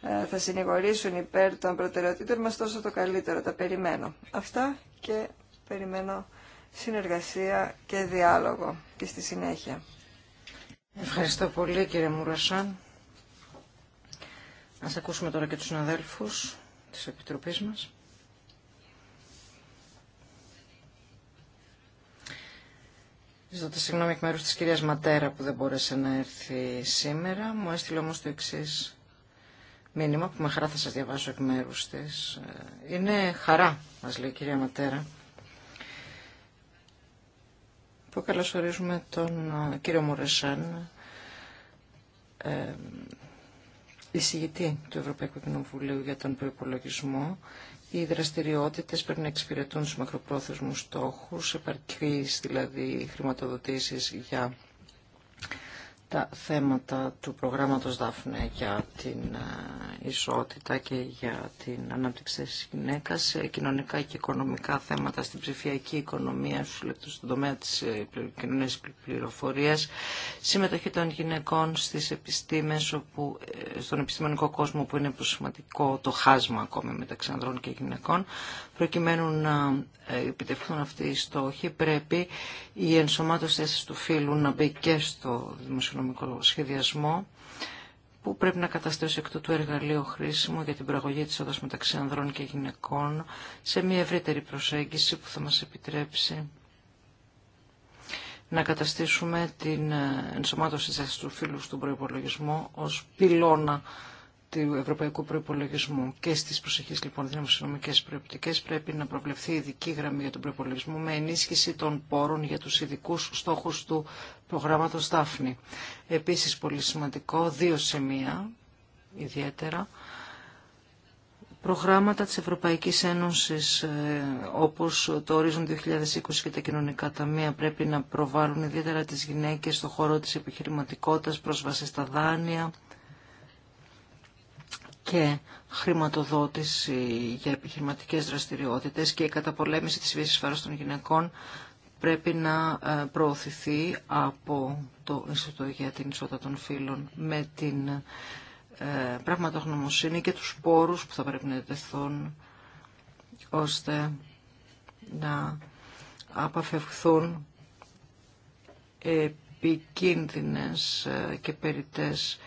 ε, θα συνηγορήσουν υπέρ των προτεραιοτήτων μας τόσο το καλύτερο. Τα περιμένω. Αυτά και περιμένω συνεργασία και διάλογο και στη συνέχεια. Ευχαριστώ πολύ κύριε Μουρασάν. Ας ακούσουμε τώρα και τους συναδέλφους της Επιτροπής μας. Ζητώ συγγνώμη εκ μέρους της κυρίας Ματέρα που δεν μπόρεσε να έρθει σήμερα. Μου έστειλε όμως το εξής μήνυμα που με χαρά θα σας διαβάσω εκ μέρους της. Είναι χαρά, μας λέει η κυρία Ματέρα, που καλωσορίζουμε τον κύριο Μουρεσάν, ε, εισηγητή του Ευρωπαϊκού Κοινοβουλίου για τον προϋπολογισμό. Οι δραστηριότητες πρέπει να εξυπηρετούν στους μακροπρόθεσμους στόχους, επαρκείς δηλαδή χρηματοδοτήσεις για τα θέματα του προγράμματος Δάφνε για την ε, ισότητα και για την ανάπτυξη της γυναίκας, ε, κοινωνικά και οικονομικά θέματα στην ψηφιακή οικονομία, στον τομέα της ε, κοινωνίας πληροφορίας, συμμετοχή των γυναικών στις επιστήμες, όπου, στον επιστημονικό κόσμο που είναι σημαντικό το χάσμα ακόμη μεταξύ ανδρών και γυναικών, προκειμένου να ε, επιτευχθούν αυτοί οι στόχοι πρέπει η ενσωμάτωση θέση του φύλου να μπει και στο δημοσιονομικό σχεδιασμό που πρέπει να καταστρέψει εκ τούτου εργαλείο χρήσιμο για την προαγωγή της όδο μεταξύ ανδρών και γυναικών σε μια ευρύτερη προσέγγιση που θα μας επιτρέψει να καταστήσουμε την ε, ενσωμάτωση της του φύλου στον προϋπολογισμό ως πυλώνα του Ευρωπαϊκού Προπολογισμού και στι προσεχεί λοιπόν δημοσιονομικέ προεπτικέ πρέπει να προβλεφθεί ειδική γραμμή για τον προπολογισμό με ενίσχυση των πόρων για του ειδικού στόχου του προγράμματο Δάφνη. Επίση, πολύ σημαντικό, δύο σημεία ιδιαίτερα. Προγράμματα της Ευρωπαϊκής Ένωσης ε, όπως το ορίζουν 2020 και τα κοινωνικά ταμεία πρέπει να προβάλλουν ιδιαίτερα τις γυναίκες στο χώρο της επιχειρηματικότητας, πρόσβαση στα δάνεια, και χρηματοδότηση για επιχειρηματικές δραστηριότητες και η καταπολέμηση της βίας φάρας των γυναικών πρέπει να ε, προωθηθεί από το Ινστιτούτο για την Ισότητα των Φύλων με την ε, πραγματογνωμοσύνη και τους πόρους που θα πρέπει να τεθούν ώστε να απαφευχθούν επικίνδυνες ε, και περιττές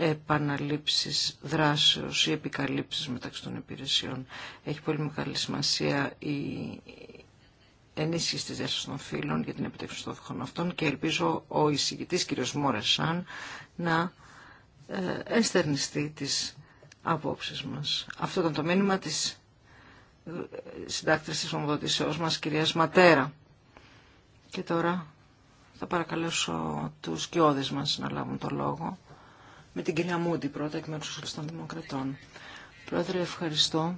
επαναλήψεις δράσεως ή επικαλύψεις μεταξύ των υπηρεσιών. Έχει πολύ μεγάλη σημασία η ενίσχυση της διάστασης των φύλων για την επιτεύξη των δοχών αυτών και ελπίζω ο εισηγητής κ. Μόρεσαν να εστερνιστεί τις απόψεις μας. Αυτό ήταν το μήνυμα της ε, συντάκτης της ομοδοτήσεώς μας, κυρίας Ματέρα. Και τώρα θα παρακαλέσω τους κοιόδες μας να λάβουν το λόγο με την κυρία Μούντι πρώτα εκ μέρους των Δημοκρατών. Πρόεδρε, ευχαριστώ.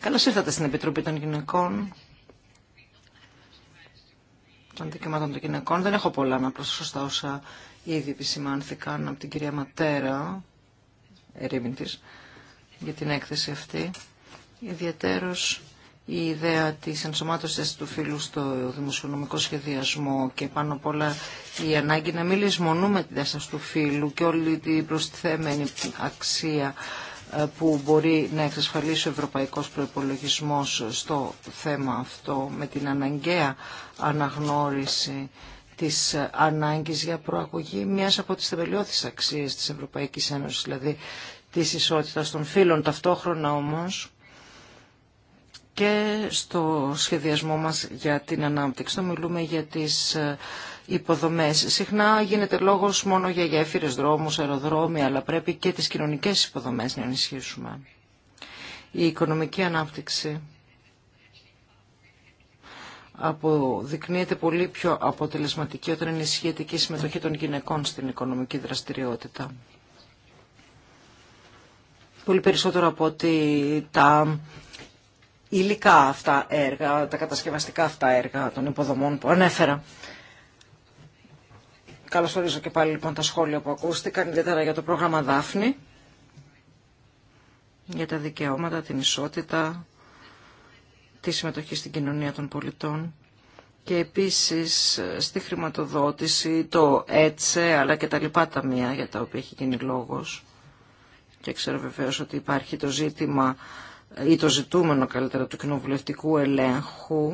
Καλώς ήρθατε στην Επιτροπή των Γυναικών των δικαιωμάτων των γυναικών. Δεν έχω πολλά να προσθέσω στα όσα ήδη επισημάνθηκαν από την κυρία Ματέρα, ερήμην για την έκθεση αυτή. Ιδιαίτερος η ιδέα της ενσωμάτωσης του φίλου στο δημοσιονομικό σχεδιασμό και πάνω απ' όλα η ανάγκη να μην λησμονούμε την τάσταση του φύλου και όλη την προστιθέμενη αξία ε, που μπορεί να εξασφαλίσει ο ευρωπαϊκός προϋπολογισμός στο θέμα αυτό με την αναγκαία αναγνώριση της ανάγκης για προαγωγή μιας από τις θεμελιώδεις αξίες της Ευρωπαϊκής Ένωσης, δηλαδή της ισότητας των φύλων. Ταυτόχρονα όμως και στο σχεδιασμό μας για την ανάπτυξη. Το μιλούμε για τις ε, υποδομές. Συχνά γίνεται λόγος μόνο για γέφυρες, δρόμους, αεροδρόμια, αλλά πρέπει και τις κοινωνικές υποδομές να ενισχύσουμε. Η οικονομική ανάπτυξη αποδεικνύεται πολύ πιο αποτελεσματική όταν ενισχύεται και η συμμετοχή των γυναικών στην οικονομική δραστηριότητα. Πολύ περισσότερο από ότι τα υλικά αυτά έργα, τα κατασκευαστικά αυτά έργα των υποδομών που ανέφερα. Καλωσορίζω και πάλι λοιπόν τα σχόλια που ακούστηκαν, ιδιαίτερα για το πρόγραμμα Δάφνη, για τα δικαιώματα, την ισότητα, τη συμμετοχή στην κοινωνία των πολιτών και επίσης ε, στη χρηματοδότηση, το έτσε αλλά και τα λοιπά ταμεία για τα οποία έχει γίνει λόγος. Και ξέρω βεβαίως ότι υπάρχει το ζήτημα ή το ζητούμενο καλύτερα του κοινοβουλευτικού ελέγχου,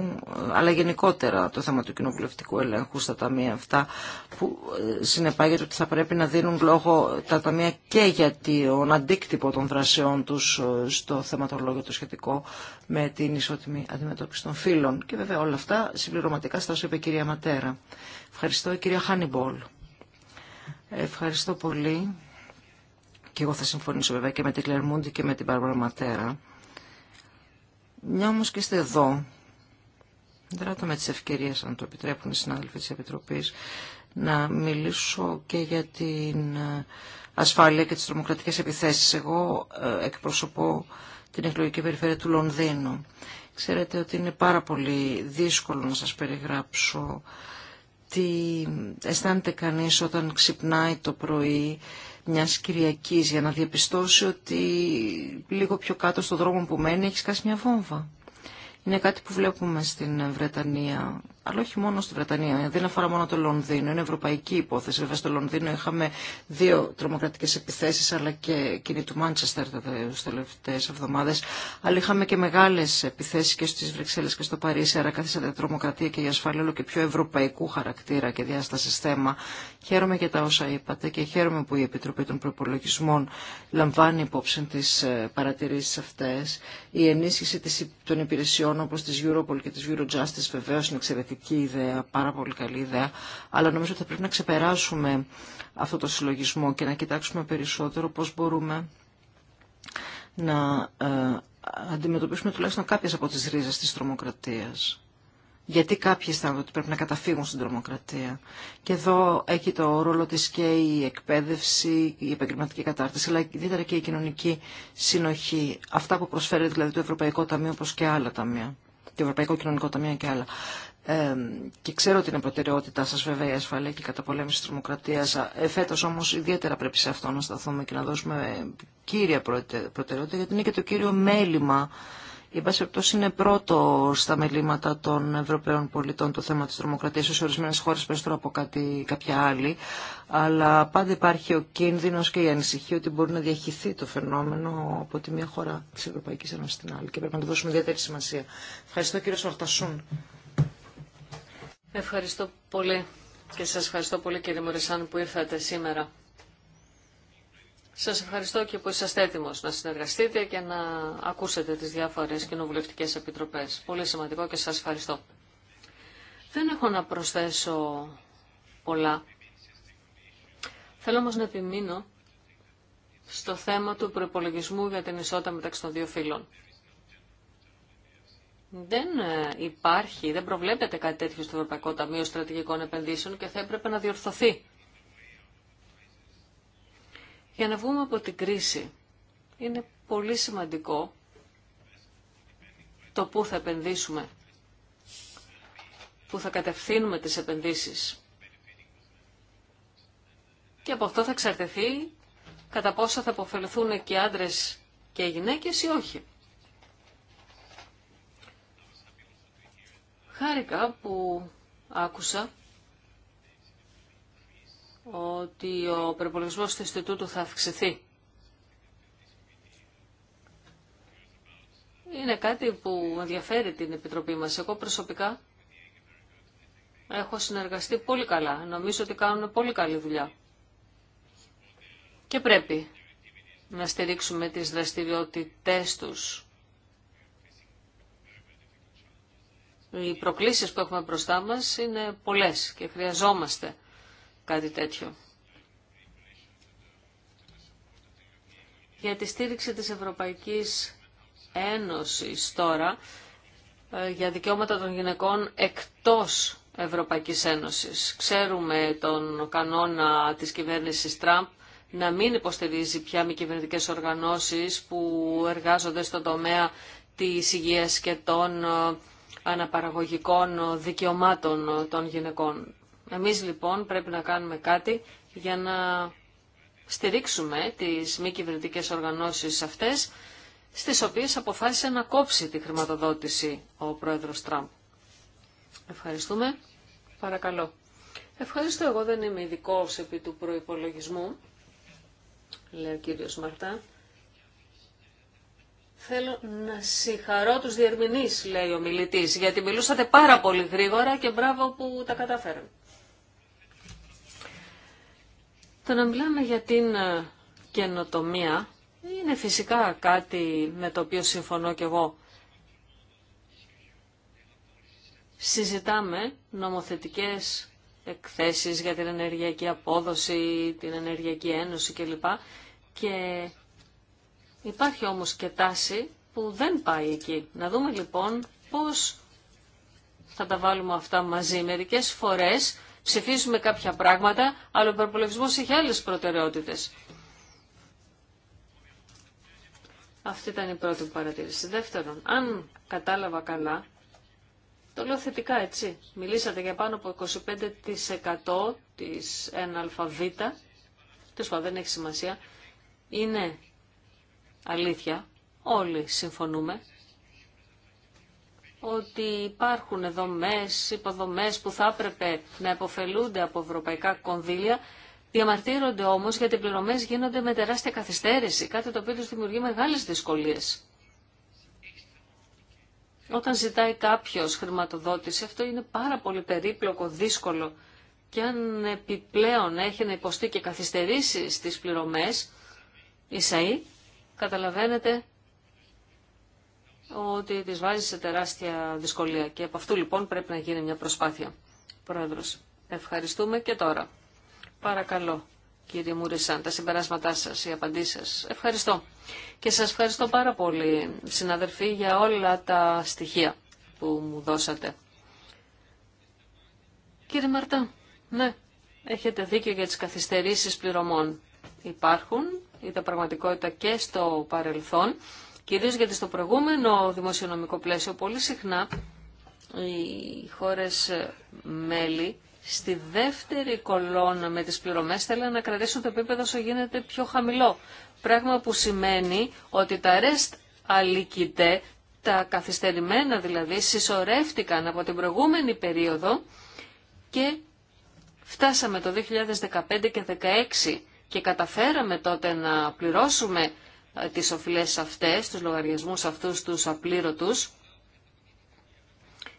αλλά γενικότερα το θέμα του κοινοβουλευτικού ελέγχου στα ταμεία αυτά, που ε, συνεπάγεται ότι θα πρέπει να δίνουν λόγο τα ταμεία και για τον αντίκτυπο των δρασεών τους ε, στο θεματολόγιο το σχετικό με την ισότιμη αντιμετώπιση των φύλων. Και βέβαια όλα αυτά συμπληρωματικά στα όσα είπε η κυρία Ματέρα. Ευχαριστώ η κυρία Χάνιμπολ. Ευχαριστώ πολύ. Και εγώ θα συμφωνήσω βέβαια και με την Κλερμούντι και με την Μπάρμπαρα Ματέρα μια όμως και είστε εδώ, δράτω με τις ευκαιρίες, αν το επιτρέπουν οι συνάδελφοι της Επιτροπής, να μιλήσω και για την ε, ασφάλεια και τις τρομοκρατικές επιθέσεις. Εγώ ε, εκπροσωπώ την εκλογική περιφέρεια του Λονδίνου. Ξέρετε ότι είναι πάρα πολύ δύσκολο να σας περιγράψω τι αισθάνεται κανείς όταν ξυπνάει το πρωί μιας Κυριακής για να διαπιστώσει ότι λίγο πιο κάτω στον δρόμο που μένει έχει σκάσει μια βόμβα. Είναι κάτι που βλέπουμε στην Βρετανία αλλά όχι μόνο στη Βρετανία. Δεν αφορά μόνο το Λονδίνο, είναι ευρωπαϊκή υπόθεση. Βέβαια στο Λονδίνο είχαμε δύο τρομοκρατικέ επιθέσει, αλλά και εκείνη του Μάντσεστερ τι τελευταίε εβδομάδε. Αλλά είχαμε και μεγάλε επιθέσει και στι Βρυξέλλε και στο Παρίσι. Άρα καθίσατε τρομοκρατία και η ασφάλεια όλο και πιο ευρωπαϊκού χαρακτήρα και διάσταση θέμα. Χαίρομαι για τα όσα είπατε και χαίρομαι που η Επιτροπή των Προπολογισμών λαμβάνει υπόψη τι ε, παρατηρήσει αυτέ. Η ενίσχυση των υπηρεσιών όπω τη Europol και τη Eurojustice βεβαίω είναι εξαιρετική εξαιρετική ιδέα, πάρα πολύ καλή ιδέα, αλλά νομίζω ότι θα πρέπει να ξεπεράσουμε αυτό το συλλογισμό και να κοιτάξουμε περισσότερο πώς μπορούμε να ε, αντιμετωπίσουμε τουλάχιστον κάποιες από τις ρίζες της τρομοκρατίας. Γιατί κάποιοι αισθάνονται ότι πρέπει να καταφύγουν στην τρομοκρατία. Και εδώ έχει το ρόλο της και η εκπαίδευση, η επαγγελματική κατάρτιση, αλλά ιδιαίτερα και η κοινωνική συνοχή. Αυτά που προσφέρει δηλαδή το Ευρωπαϊκό Ταμείο, όπως και άλλα ταμεία. Το Ευρωπαϊκό Κοινωνικό Ταμείο και άλλα και ξέρω ότι είναι προτεραιότητά σα βέβαια η ασφαλεία και η καταπολέμηση τη τρομοκρατία. Ε, όμως ιδιαίτερα πρέπει σε αυτό να σταθούμε και να δώσουμε κύρια προτεραιότητα γιατί είναι και το κύριο μέλημα η περιπτώσει είναι πρώτο στα μελήματα των Ευρωπαίων πολιτών το θέμα τη Τρομοκρατία, σε ορισμένε χώρε περισσότερο από κάτι, κάποια άλλη. Αλλά πάντα υπάρχει ο κίνδυνο και η ανησυχία ότι μπορεί να διαχυθεί το φαινόμενο από τη μία χώρα τη Ευρωπαϊκή Ένωση στην άλλη και πρέπει να του δώσουμε ιδιαίτερη σημασία. Ευχαριστώ κύριο Σαρτασούν. Ευχαριστώ πολύ και σας ευχαριστώ πολύ κύριε Μωρισάν που ήρθατε σήμερα. Σας ευχαριστώ και που είσαστε έτοιμος να συνεργαστείτε και να ακούσετε τις διάφορες κοινοβουλευτικέ επιτροπές. Πολύ σημαντικό και σας ευχαριστώ. Δεν έχω να προσθέσω πολλά. Θέλω όμως να επιμείνω στο θέμα του προπολογισμού για την ισότητα μεταξύ των δύο φύλων δεν ε, υπάρχει, δεν προβλέπεται κάτι τέτοιο στο Ευρωπαϊκό Ταμείο Στρατηγικών Επενδύσεων και θα έπρεπε να διορθωθεί. Για να βγούμε από την κρίση, είναι πολύ σημαντικό το πού θα επενδύσουμε, πού θα κατευθύνουμε τις επενδύσεις. Και από αυτό θα εξαρτηθεί κατά πόσο θα αποφελθούν και οι άντρες και οι γυναίκες ή όχι. Χάρηκα που άκουσα ότι ο προπολογισμό του Ινστιτούτου θα αυξηθεί. Είναι κάτι που ενδιαφέρει την Επιτροπή μας. Εγώ προσωπικά έχω συνεργαστεί πολύ καλά. Νομίζω ότι κάνουν πολύ καλή δουλειά. Και πρέπει να στηρίξουμε τις δραστηριότητές τους Οι προκλήσεις που έχουμε μπροστά μας είναι πολλές και χρειαζόμαστε κάτι τέτοιο. Για τη στήριξη της Ευρωπαϊκής Ένωσης τώρα, ε, για δικαιώματα των γυναικών εκτός Ευρωπαϊκής Ένωσης. Ξέρουμε τον κανόνα της κυβέρνησης Τραμπ να μην υποστηρίζει πια μη κυβερνητικέ οργανώσεις που εργάζονται στον τομέα της υγείας και των ε, αναπαραγωγικών δικαιωμάτων των γυναικών. Εμείς λοιπόν πρέπει να κάνουμε κάτι για να στηρίξουμε τις μη κυβερνητικέ οργανώσεις αυτές, στις οποίες αποφάσισε να κόψει τη χρηματοδότηση ο πρόεδρος Τραμπ. Ευχαριστούμε. Παρακαλώ. Ευχαριστώ. Εγώ δεν είμαι ειδικό επί του προϋπολογισμού, λέει ο κύριος Μαρτά. Θέλω να συγχαρώ τους διερμηνείς, λέει ο μιλητής, γιατί μιλούσατε πάρα πολύ γρήγορα και μπράβο που τα κατάφεραν. Το να μιλάμε για την ε, καινοτομία είναι φυσικά κάτι με το οποίο συμφωνώ κι εγώ. Συζητάμε νομοθετικές εκθέσεις για την ενεργειακή απόδοση, την ενεργειακή ένωση κλπ. Και Υπάρχει όμως και τάση που δεν πάει εκεί. Να δούμε λοιπόν πώς θα τα βάλουμε αυτά μαζί. Μερικές φορές ψηφίζουμε κάποια πράγματα, αλλά ο προπολογισμό έχει άλλες προτεραιότητες. Αυτή ήταν η πρώτη παρατήρηση. Δεύτερον, αν κατάλαβα καλά, το λέω θετικά έτσι, μιλήσατε για πάνω από 25% της 1αβ, δεν έχει σημασία, είναι αλήθεια, όλοι συμφωνούμε ότι υπάρχουν δομές, υποδομές που θα έπρεπε να υποφελούνται από ευρωπαϊκά κονδύλια, διαμαρτύρονται όμως γιατί οι πληρωμές γίνονται με τεράστια καθυστέρηση, κάτι το οποίο τους δημιουργεί μεγάλες δυσκολίες. Όταν ζητάει κάποιος χρηματοδότηση, αυτό είναι πάρα πολύ περίπλοκο, δύσκολο και αν επιπλέον έχει να υποστεί και καθυστερήσει στις πληρωμές, ίσα καταλαβαίνετε ότι τις βάζει σε τεράστια δυσκολία και από αυτού λοιπόν πρέπει να γίνει μια προσπάθεια. Πρόεδρος, ευχαριστούμε και τώρα. Παρακαλώ, κύριε Μούρισαν τα συμπεράσματά σας, οι απαντήσεις σας. Ευχαριστώ. Και σας ευχαριστώ πάρα πολύ, συναδελφοί, για όλα τα στοιχεία που μου δώσατε. Κύριε Μαρτά, ναι, έχετε δίκιο για τις καθυστερήσεις πληρωμών. Υπάρχουν ήταν πραγματικότητα και στο παρελθόν, κυρίως γιατί στο προηγούμενο δημοσιονομικό πλαίσιο πολύ συχνά οι χώρες μέλη στη δεύτερη κολόνα με τις πληρωμές θέλουν να κρατήσουν το επίπεδο όσο γίνεται πιο χαμηλό. Πράγμα που σημαίνει ότι τα rest αλικητέ, τα καθυστερημένα δηλαδή, συσσωρεύτηκαν από την προηγούμενη περίοδο και φτάσαμε το 2015 και 2016 και καταφέραμε τότε να πληρώσουμε ε, τις οφειλές αυτές, τους λογαριασμούς αυτούς τους απλήρωτους.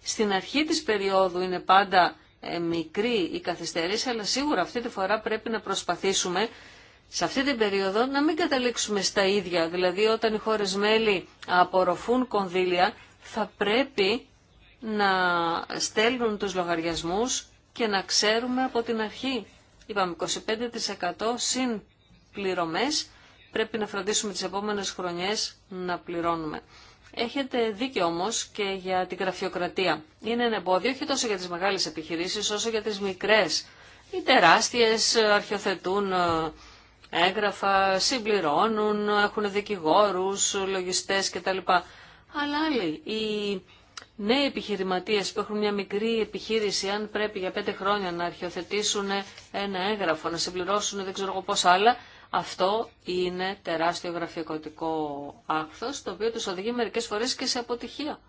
Στην αρχή της περίοδου είναι πάντα ε, μικρή η καθυστέρηση, αλλά σίγουρα αυτή τη φορά πρέπει να προσπαθήσουμε σε αυτή την περίοδο να μην καταλήξουμε στα ίδια. Δηλαδή όταν οι χώρες μέλη απορροφούν κονδύλια θα πρέπει να στέλνουν τους λογαριασμούς και να ξέρουμε από την αρχή Είπαμε 25% συν πληρωμές πρέπει να φροντίσουμε τις επόμενες χρονιές να πληρώνουμε. Έχετε δίκιο όμω και για την γραφειοκρατία. Είναι ένα εμπόδιο όχι τόσο για τις μεγάλες επιχειρήσεις όσο για τις μικρές. Οι τεράστιε ε, αρχιοθετούν ε, έγγραφα, συμπληρώνουν, έχουν δικηγόρου, λογιστές κτλ. Αλλά άλλοι, οι νέοι επιχειρηματίες που έχουν μια μικρή επιχείρηση, αν πρέπει για πέντε χρόνια να αρχιοθετήσουν ένα έγγραφο, να συμπληρώσουν δεν ξέρω άλλα, αυτό είναι τεράστιο γραφειοκρατικό άκθος, το οποίο τους οδηγεί μερικές φορές και σε αποτυχία.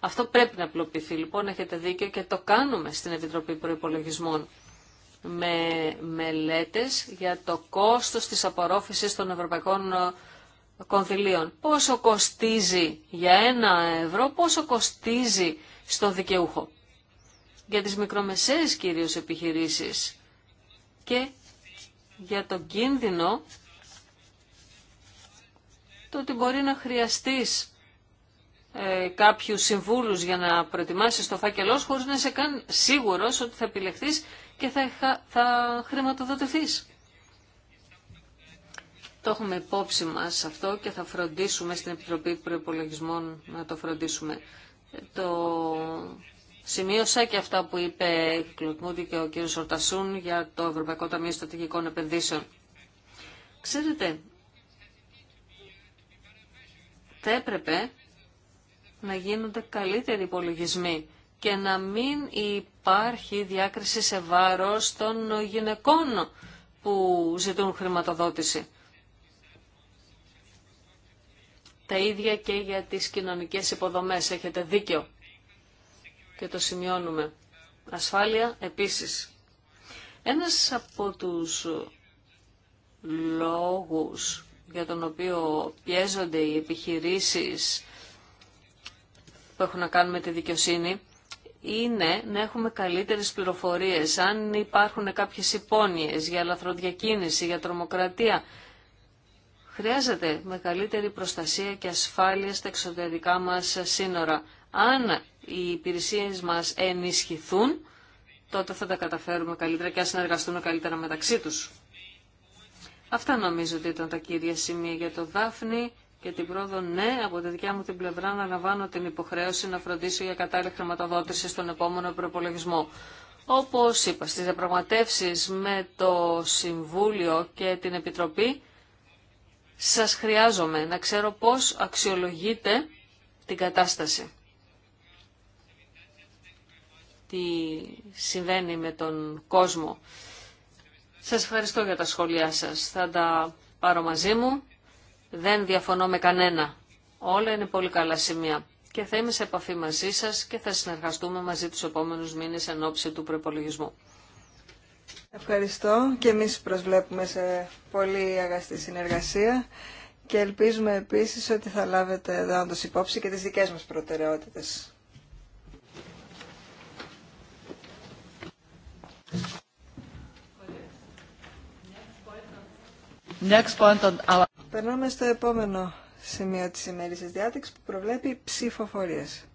Αυτό πρέπει να απλοποιηθεί λοιπόν, έχετε δίκιο και το κάνουμε στην Επιτροπή Προϋπολογισμών με μελέτες για το κόστος της απορρόφησης των ευρωπαϊκών κονδυλίων. Πόσο κοστίζει για ένα ευρώ, πόσο κοστίζει στον δικαιούχο. Για τις μικρομεσαίες κυρίως επιχειρήσεις και για τον κίνδυνο το ότι μπορεί να χρειαστείς ε, κάποιους συμβούλους για να προετοιμάσεις το φάκελό χωρίς να είσαι καν σίγουρος ότι θα επιλεχθείς και θα, θα χρηματοδοτηθείς. Το έχουμε υπόψη μας αυτό και θα φροντίσουμε στην Επιτροπή Προϋπολογισμών να το φροντίσουμε. Το σημείωσα και αυτά που είπε κλωτμούδη και ο κ. Σορτασούν για το Ευρωπαϊκό Ταμείο Στατικικών Επενδύσεων. Ξέρετε, θα έπρεπε να γίνονται καλύτεροι υπολογισμοί και να μην υπάρχει διάκριση σε βάρος των γυναικών που ζητούν χρηματοδότηση. Τα ίδια και για τις κοινωνικές υποδομές. Έχετε δίκιο και το σημειώνουμε. Ασφάλεια επίσης. Ένας από τους λόγους για τον οποίο πιέζονται οι επιχειρήσεις που έχουν να κάνουν με τη δικαιοσύνη είναι να έχουμε καλύτερες πληροφορίες. Αν υπάρχουν κάποιες υπόνοιες για λαθροδιακίνηση, για τρομοκρατία, Χρειάζεται μεγαλύτερη προστασία και ασφάλεια στα εξωτερικά μας σύνορα. Αν οι υπηρεσίες μας ενισχυθούν, τότε θα τα καταφέρουμε καλύτερα και αν συνεργαστούν καλύτερα μεταξύ τους. Αυτά νομίζω ότι ήταν τα κύρια σημεία για το Δάφνη και την πρόοδο ναι, από τη δικιά μου την πλευρά να λαμβάνω την υποχρέωση να φροντίσω για κατάλληλη χρηματοδότηση στον επόμενο προπολογισμό. Όπως είπα, στις διαπραγματεύσει με το Συμβούλιο και την Επιτροπή σας χρειάζομαι, να ξέρω πώς αξιολογείτε την κατάσταση. Τι συμβαίνει με τον κόσμο. Σας ευχαριστώ για τα σχόλιά σας. Θα τα πάρω μαζί μου. Δεν διαφωνώ με κανένα. Όλα είναι πολύ καλά σημεία. Και θα είμαι σε επαφή μαζί σας και θα συνεργαστούμε μαζί τους επόμενους μήνες εν ώψη του προπολογισμού. Ευχαριστώ και εμείς προσβλέπουμε σε πολύ αγαστή συνεργασία και ελπίζουμε επίσης ότι θα λάβετε εδώ υπόψη και τις δικές μας προτεραιότητες. Next point on Περνάμε στο επόμενο σημείο της ημέρης της που προβλέπει ψηφοφορίες.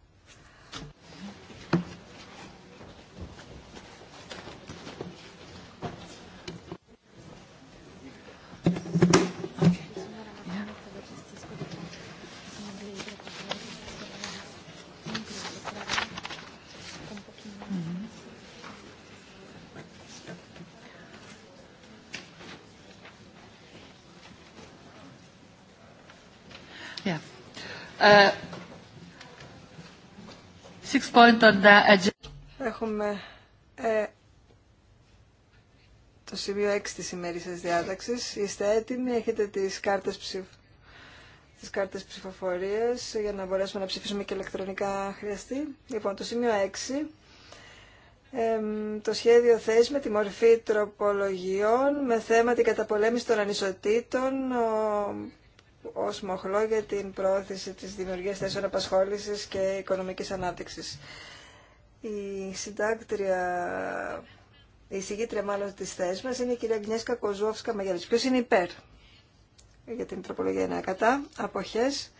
Έχουμε ε, το σημείο 6 της ημέρησης διάταξης. Είστε έτοιμοι, έχετε τις κάρτες, ψηφ... τις κάρτες ψηφοφορίας για να μπορέσουμε να ψηφίσουμε και ηλεκτρονικά χρειαστεί. Λοιπόν, το σημείο 6. το σχέδιο θέση με τη μορφή τροπολογιών με θέμα την καταπολέμηση των ανισοτήτων, ως μοχλό για την προώθηση της δημιουργίας θέσεων απασχόλησης και οικονομικής ανάπτυξης. Η συντάκτρια, η συγκήτρια μάλλον της θέσης μας είναι η κυρία Γνιέσκα Κοζόφσκα Μαγιάννης. Ποιος είναι υπέρ για την τροπολογία 9 κατά, αποχές.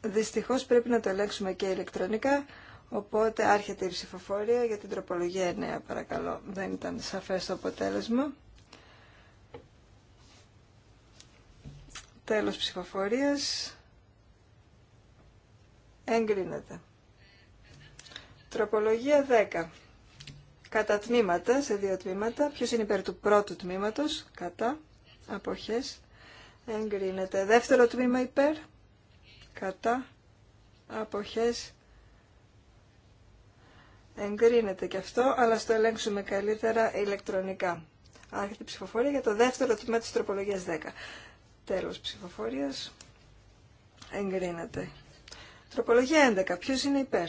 Δυστυχώς πρέπει να το ελέγξουμε και ηλεκτρονικά, οπότε άρχεται η ψηφοφορία για την τροπολογία 9, παρακαλώ. Δεν ήταν σαφές το αποτέλεσμα. Τέλος ψηφοφορίας. Εγκρίνεται. Τροπολογία 10. Κατά τμήματα, σε δύο τμήματα. Ποιος είναι υπέρ του πρώτου τμήματος. Κατά. Αποχές. Εγκρίνεται. Δεύτερο τμήμα υπέρ. Κατά. Αποχές. Εγκρίνεται και αυτό, αλλά στο ελέγξουμε καλύτερα ηλεκτρονικά. Άρχεται η ψηφοφορία για το δεύτερο τμήμα της τροπολογίας 10. Τέλος ψηφοφορίας. Εγκρίνεται. Τροπολογία 11. Ποιος είναι υπέρ.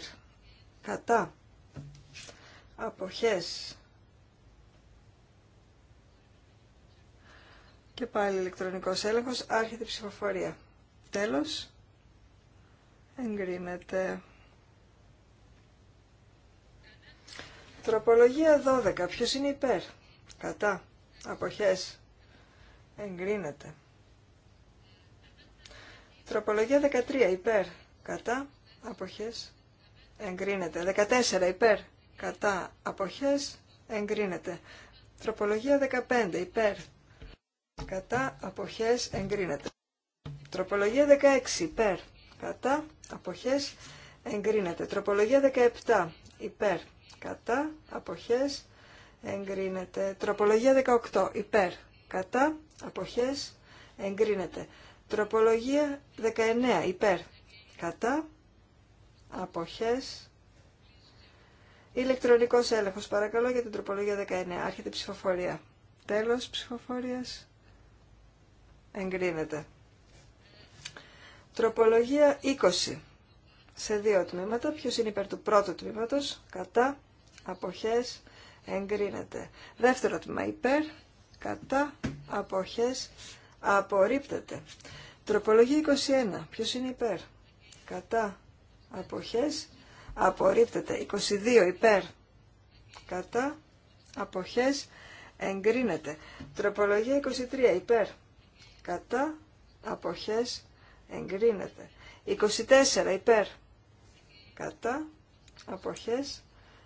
Κατά. Αποχές. Και πάλι ηλεκτρονικός έλεγχος. Άρχεται ψηφοφορία. Τέλος. Εγκρίνεται. Τροπολογία 12. Ποιος είναι υπέρ. Κατά. Αποχές. Εγκρίνεται. Τροπολογία 13 υπέρ κατά αποχές εγκρίνεται. 14 υπέρ κατά αποχές εγκρίνεται. Τροπολογία 15 υπέρ κατά αποχές εγκρίνεται. Τροπολογία 16 υπέρ κατά αποχές εγκρίνεται. Τροπολογία 17 υπέρ κατά αποχές εγκρίνεται. Τροπολογία 18 υπέρ κατά αποχές εγκρίνεται. Τροπολογία 19 υπέρ. Κατά. Αποχές. Ηλεκτρονικός έλεγχος παρακαλώ για την τροπολογία 19. Άρχεται η ψηφοφορία. Τέλος ψηφοφορίας. Εγκρίνεται. Τροπολογία 20. Σε δύο τμήματα. Ποιος είναι υπέρ του πρώτου τμήματος. Κατά. Αποχές. Εγκρίνεται. Δεύτερο τμήμα υπέρ. Κατά. Αποχές. Απορρίπτεται. Τροπολογία 21. Ποιος είναι υπέρ. Κατά. Αποχές. Απορρίπτεται. 22. Υπέρ. Κατά. Αποχές. Εγκρίνεται. Τροπολογία 23. Υπέρ. Κατά. Αποχές. Εγκρίνεται. 24. Υπέρ. Κατά. Αποχές.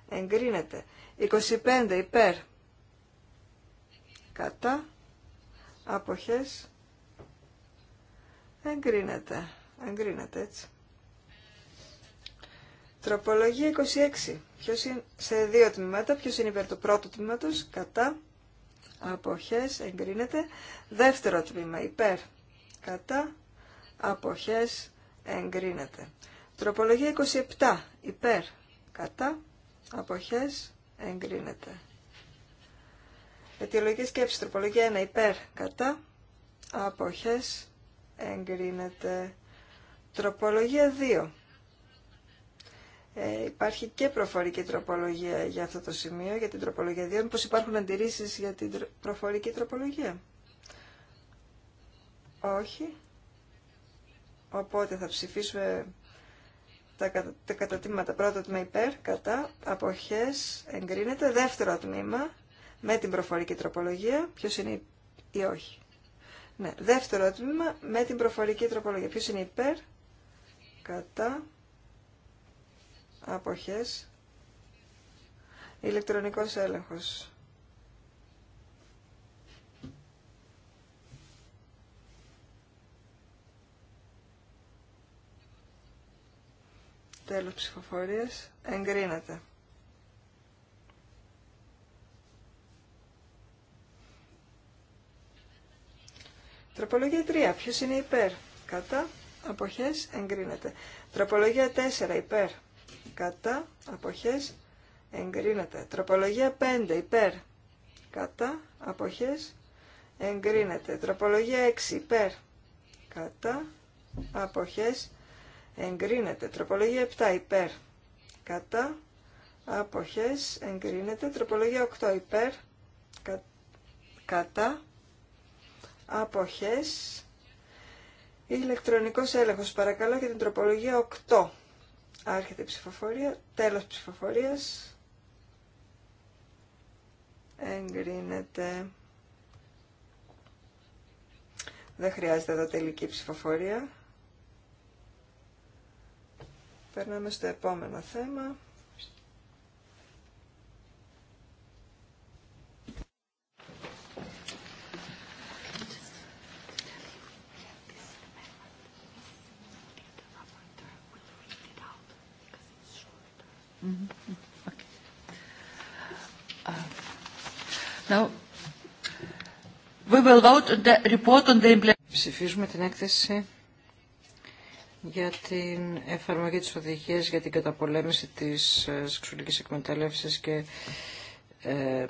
Εγκρίνεται. 25. Υπέρ. Κατά. Αποχές. Εγκρίνεται. Εγκρίνεται έτσι. Τροπολογία 26. Ποιος είναι, σε δύο τμήματα. Ποιος είναι υπέρ του πρώτου τμήματος. Κατά. Αποχές. Εγκρίνεται. Δεύτερο τμήμα. Υπέρ. Κατά. Αποχές. Εγκρίνεται. Τροπολογία 27. Υπέρ. Κατά. Αποχές. Εγκρίνεται. Αιτιολογική σκέψη, τροπολογία 1 υπέρ, κατά, αποχές, εγκρίνεται. Τροπολογία 2. Ε, υπάρχει και προφορική τροπολογία για αυτό το σημείο, για την τροπολογία 2. Μήπως υπάρχουν αντιρρήσεις για την προφορική τροπολογία. Όχι. Οπότε θα ψηφίσουμε τα, κατα, τα κατατήματα. Πρώτο τμήμα υπέρ, κατά, αποχές, εγκρίνεται. Δεύτερο τμήμα με την προφορική τροπολογία. ποιο είναι ή όχι. Ναι. Δεύτερο τμήμα με την προφορική τροπολογία. Ποιο είναι υπέρ, κατά, αποχές, ηλεκτρονικός έλεγχος. Τέλος ψηφοφορίας. Εγκρίνεται. Τροπολογία 3. Ποιο είναι υπέρ. Κατά. απόχέ, Εγκρίνεται. Τροπολογία 4. Υπέρ. Κατά. Αποχές. Εγκρίνεται. Τροπολογία 5. Υπέρ. Κατά. Αποχές. Εγκρίνεται. Τροπολογία 6. Υπέρ. Κατά. Αποχές. Εγκρίνεται. Τροπολογία 7. Υπέρ. Κατά. Αποχές. Εγκρίνεται. Τροπολογία 8. Υπέρ. κατά αποχές. Ηλεκτρονικός έλεγχος παρακαλώ για την τροπολογία 8. Άρχεται η ψηφοφορία, τέλος ψηφοφορίας. Εγκρίνεται. Δεν χρειάζεται εδώ τελική ψηφοφορία. Περνάμε στο επόμενο θέμα. Mm-hmm. Uh, now, we will vote on the report Ψηφίζουμε την έκθεση για την εφαρμογή της οδηγίας για την καταπολέμηση της ε, σεξουαλικής εκμεταλλεύσης και ε,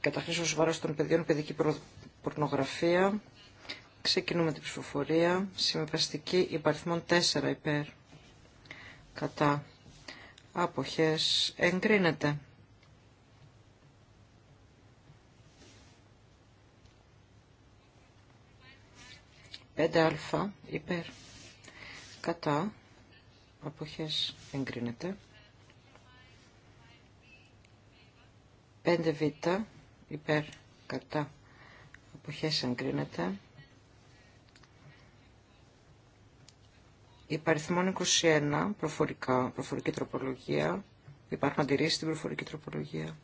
καταχρήσεως βάρος των παιδιών παιδική πορνογραφία. Ξεκινούμε την ψηφοφορία. Συμβαστική υπαριθμών 4 υπέρ. Κατά αποχές εγκρίνεται. Πέντε αλφα υπέρ κατά αποχές εγκρίνεται. Πέντε β υπέρ κατά αποχές εγκρίνεται. Υπαριθμόν 21, προφορικά, προφορική τροπολογία. Υπάρχουν αντιρρήσεις στην προφορική τροπολογία.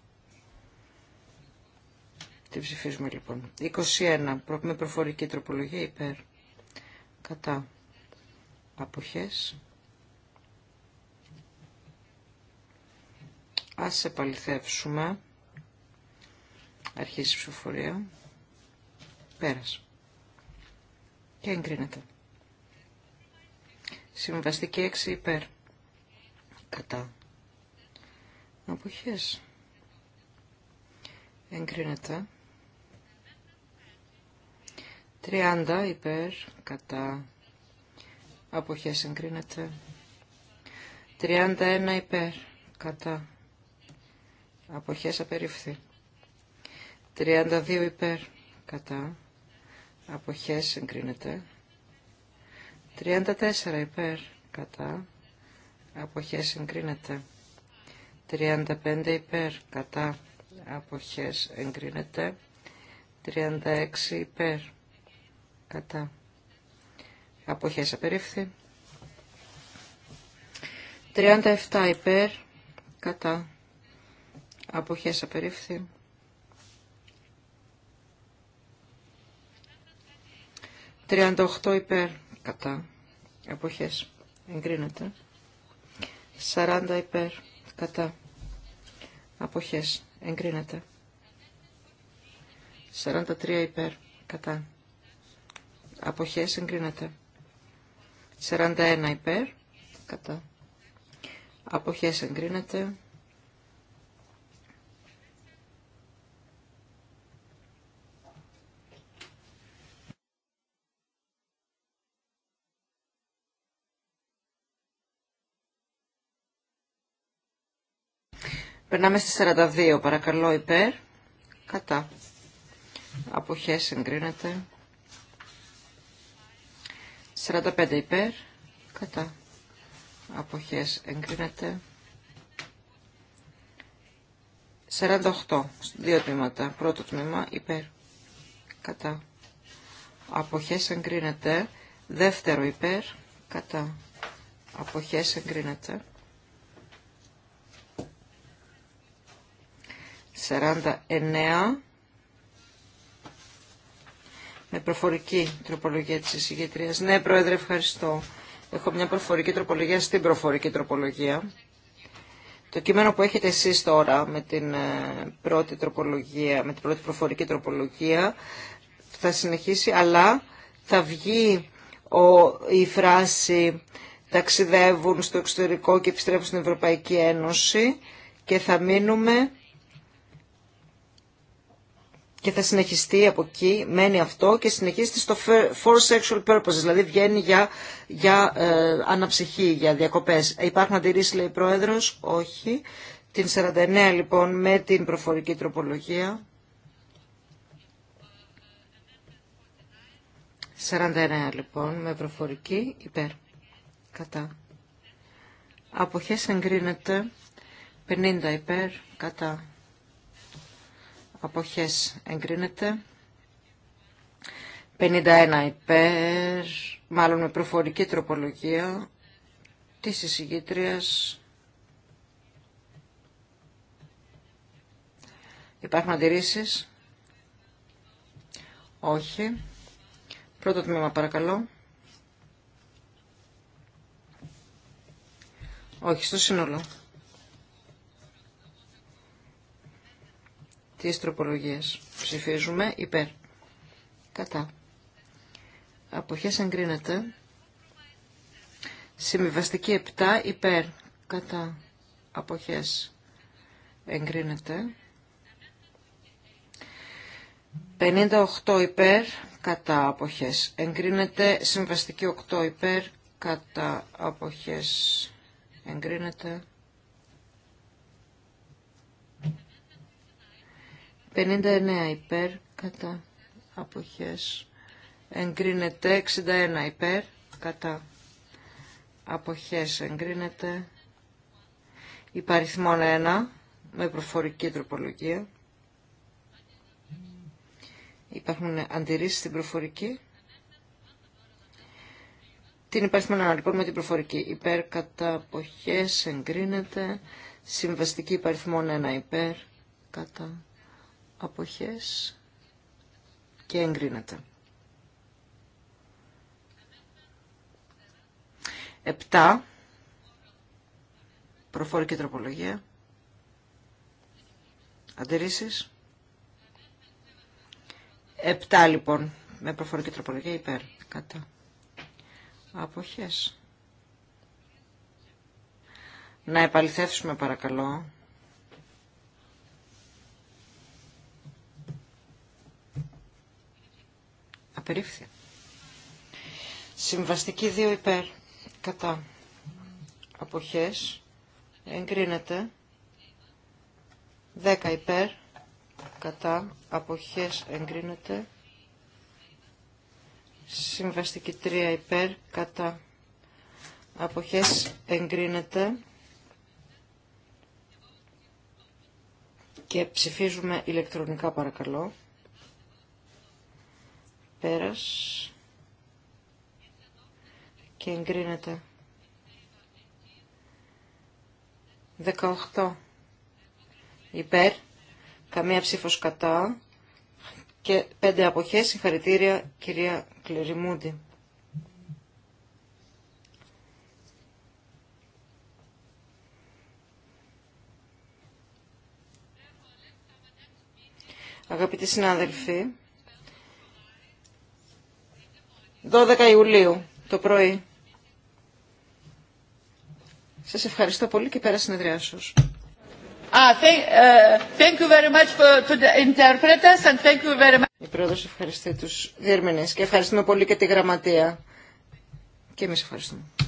Την ψηφίζουμε λοιπόν. 21, με προφορική τροπολογία υπέρ. Κατά. Αποχές. Ας επαληθεύσουμε. Αρχίζει η ψηφοφορία. πέρασε Και εγκρίνεται. Συμβαστική 6 υπέρ. Κατά. Αποχές. Εγκρίνεται. 30 υπέρ. Κατά. Αποχές εγκρίνεται. 31 υπέρ. Κατά. Αποχές απερίφθη. 32 υπέρ. Κατά. Αποχές εγκρίνεται. 34 υπέρ κατά αποχές εγκρίνεται. 35 υπέρ κατά αποχές εγκρίνεται. 36 υπέρ κατά αποχές απερίφθη. 37 υπέρ κατά αποχές απερίφθη. 38 υπέρ κατά αποχές εγκρίνεται 40 υπέρ κατά αποχές εγκρίνεται 43 υπέρ κατά αποχές εγκρίνεται 41 υπέρ κατά αποχές εγκρίνεται Περνάμε στη 42 παρακαλώ υπέρ. Κατά. Αποχές εγκρίνεται. 45 υπέρ. Κατά. Αποχές εγκρίνεται. 48. Δύο τμήματα. Πρώτο τμήμα υπέρ. Κατά. Αποχές εγκρίνεται. Δεύτερο υπέρ. Κατά. Αποχές εγκρίνεται. 49 με προφορική τροπολογία της εισηγητρίας. Ναι, Πρόεδρε, ευχαριστώ. Έχω μια προφορική τροπολογία στην προφορική τροπολογία. Το κείμενο που έχετε εσείς τώρα με την ε, πρώτη, τροπολογία, με την πρώτη προφορική τροπολογία θα συνεχίσει, αλλά θα βγει ο, η φράση «ταξιδεύουν στο εξωτερικό και επιστρέφουν στην Ευρωπαϊκή Ένωση» και θα μείνουμε και θα συνεχιστεί από εκεί, μένει αυτό και συνεχίζεται στο for sexual purposes, δηλαδή βγαίνει για, για ε, αναψυχή, για διακοπές. Ε, υπάρχουν αντιρρήσεις, λέει η Πρόεδρος, όχι. Την 49 λοιπόν με την προφορική τροπολογία. 49 λοιπόν με προφορική υπέρ. Κατά. Αποχές εγκρίνεται 50 υπέρ. Κατά αποχές εγκρίνεται. 51 υπέρ, μάλλον με προφορική τροπολογία της εισηγήτριας. Υπάρχουν αντιρρήσεις. Όχι. Πρώτο τμήμα παρακαλώ. Όχι, στο σύνολο. της τροπολογίας. Ψηφίζουμε υπέρ. Κατά. Αποχές εγκρίνεται. Συμβιβαστική 7 υπέρ. Κατά. Αποχές εγκρίνεται. 58 υπέρ. Κατά αποχές. Εγκρίνεται συμβαστική 8 υπέρ. Κατά αποχές εγκρίνεται. 59 υπέρ κατά αποχές εγκρίνεται 61 υπέρ κατά αποχές εγκρίνεται υπαριθμόν 1 με προφορική τροπολογία υπάρχουν αντιρρήσεις στην προφορική την υπαριθμόν 1 λοιπόν με την προφορική υπέρ κατά αποχές εγκρίνεται συμβαστική υπαριθμόν 1 υπέρ κατά αποχές και εγκρίνεται. Επτά. Προφόρικη τροπολογία. Αντιρρήσεις. Επτά, λοιπόν. Με προφορική τροπολογία υπέρ. Κατά. Αποχές. Να επαληθεύσουμε παρακαλώ. Συμβαστική 2 υπέρ. Κατά. Αποχές. Εγκρίνεται. 10 υπέρ. Κατά. Αποχές. Εγκρίνεται. Συμβαστική 3 υπέρ. Κατά. Αποχές. Εγκρίνεται. Και ψηφίζουμε ηλεκτρονικά παρακαλώ. Πέρας. Και εγκρίνεται. 18. Υπέρ. Καμία ψήφος κατά. Και πέντε αποχές. Συγχαρητήρια κυρία Κλεριμούντι. Αγαπητοί συνάδελφοι, 12 Ιουλίου το πρωί. Σας ευχαριστώ πολύ και πέρα συνεδριά σας. Ah, uh, thank, you very much for, the interpreters and thank you very much. Η πρόεδρος ευχαριστεί τους διερμηνές και ευχαριστούμε πολύ και τη γραμματεία. Και εμείς ευχαριστούμε.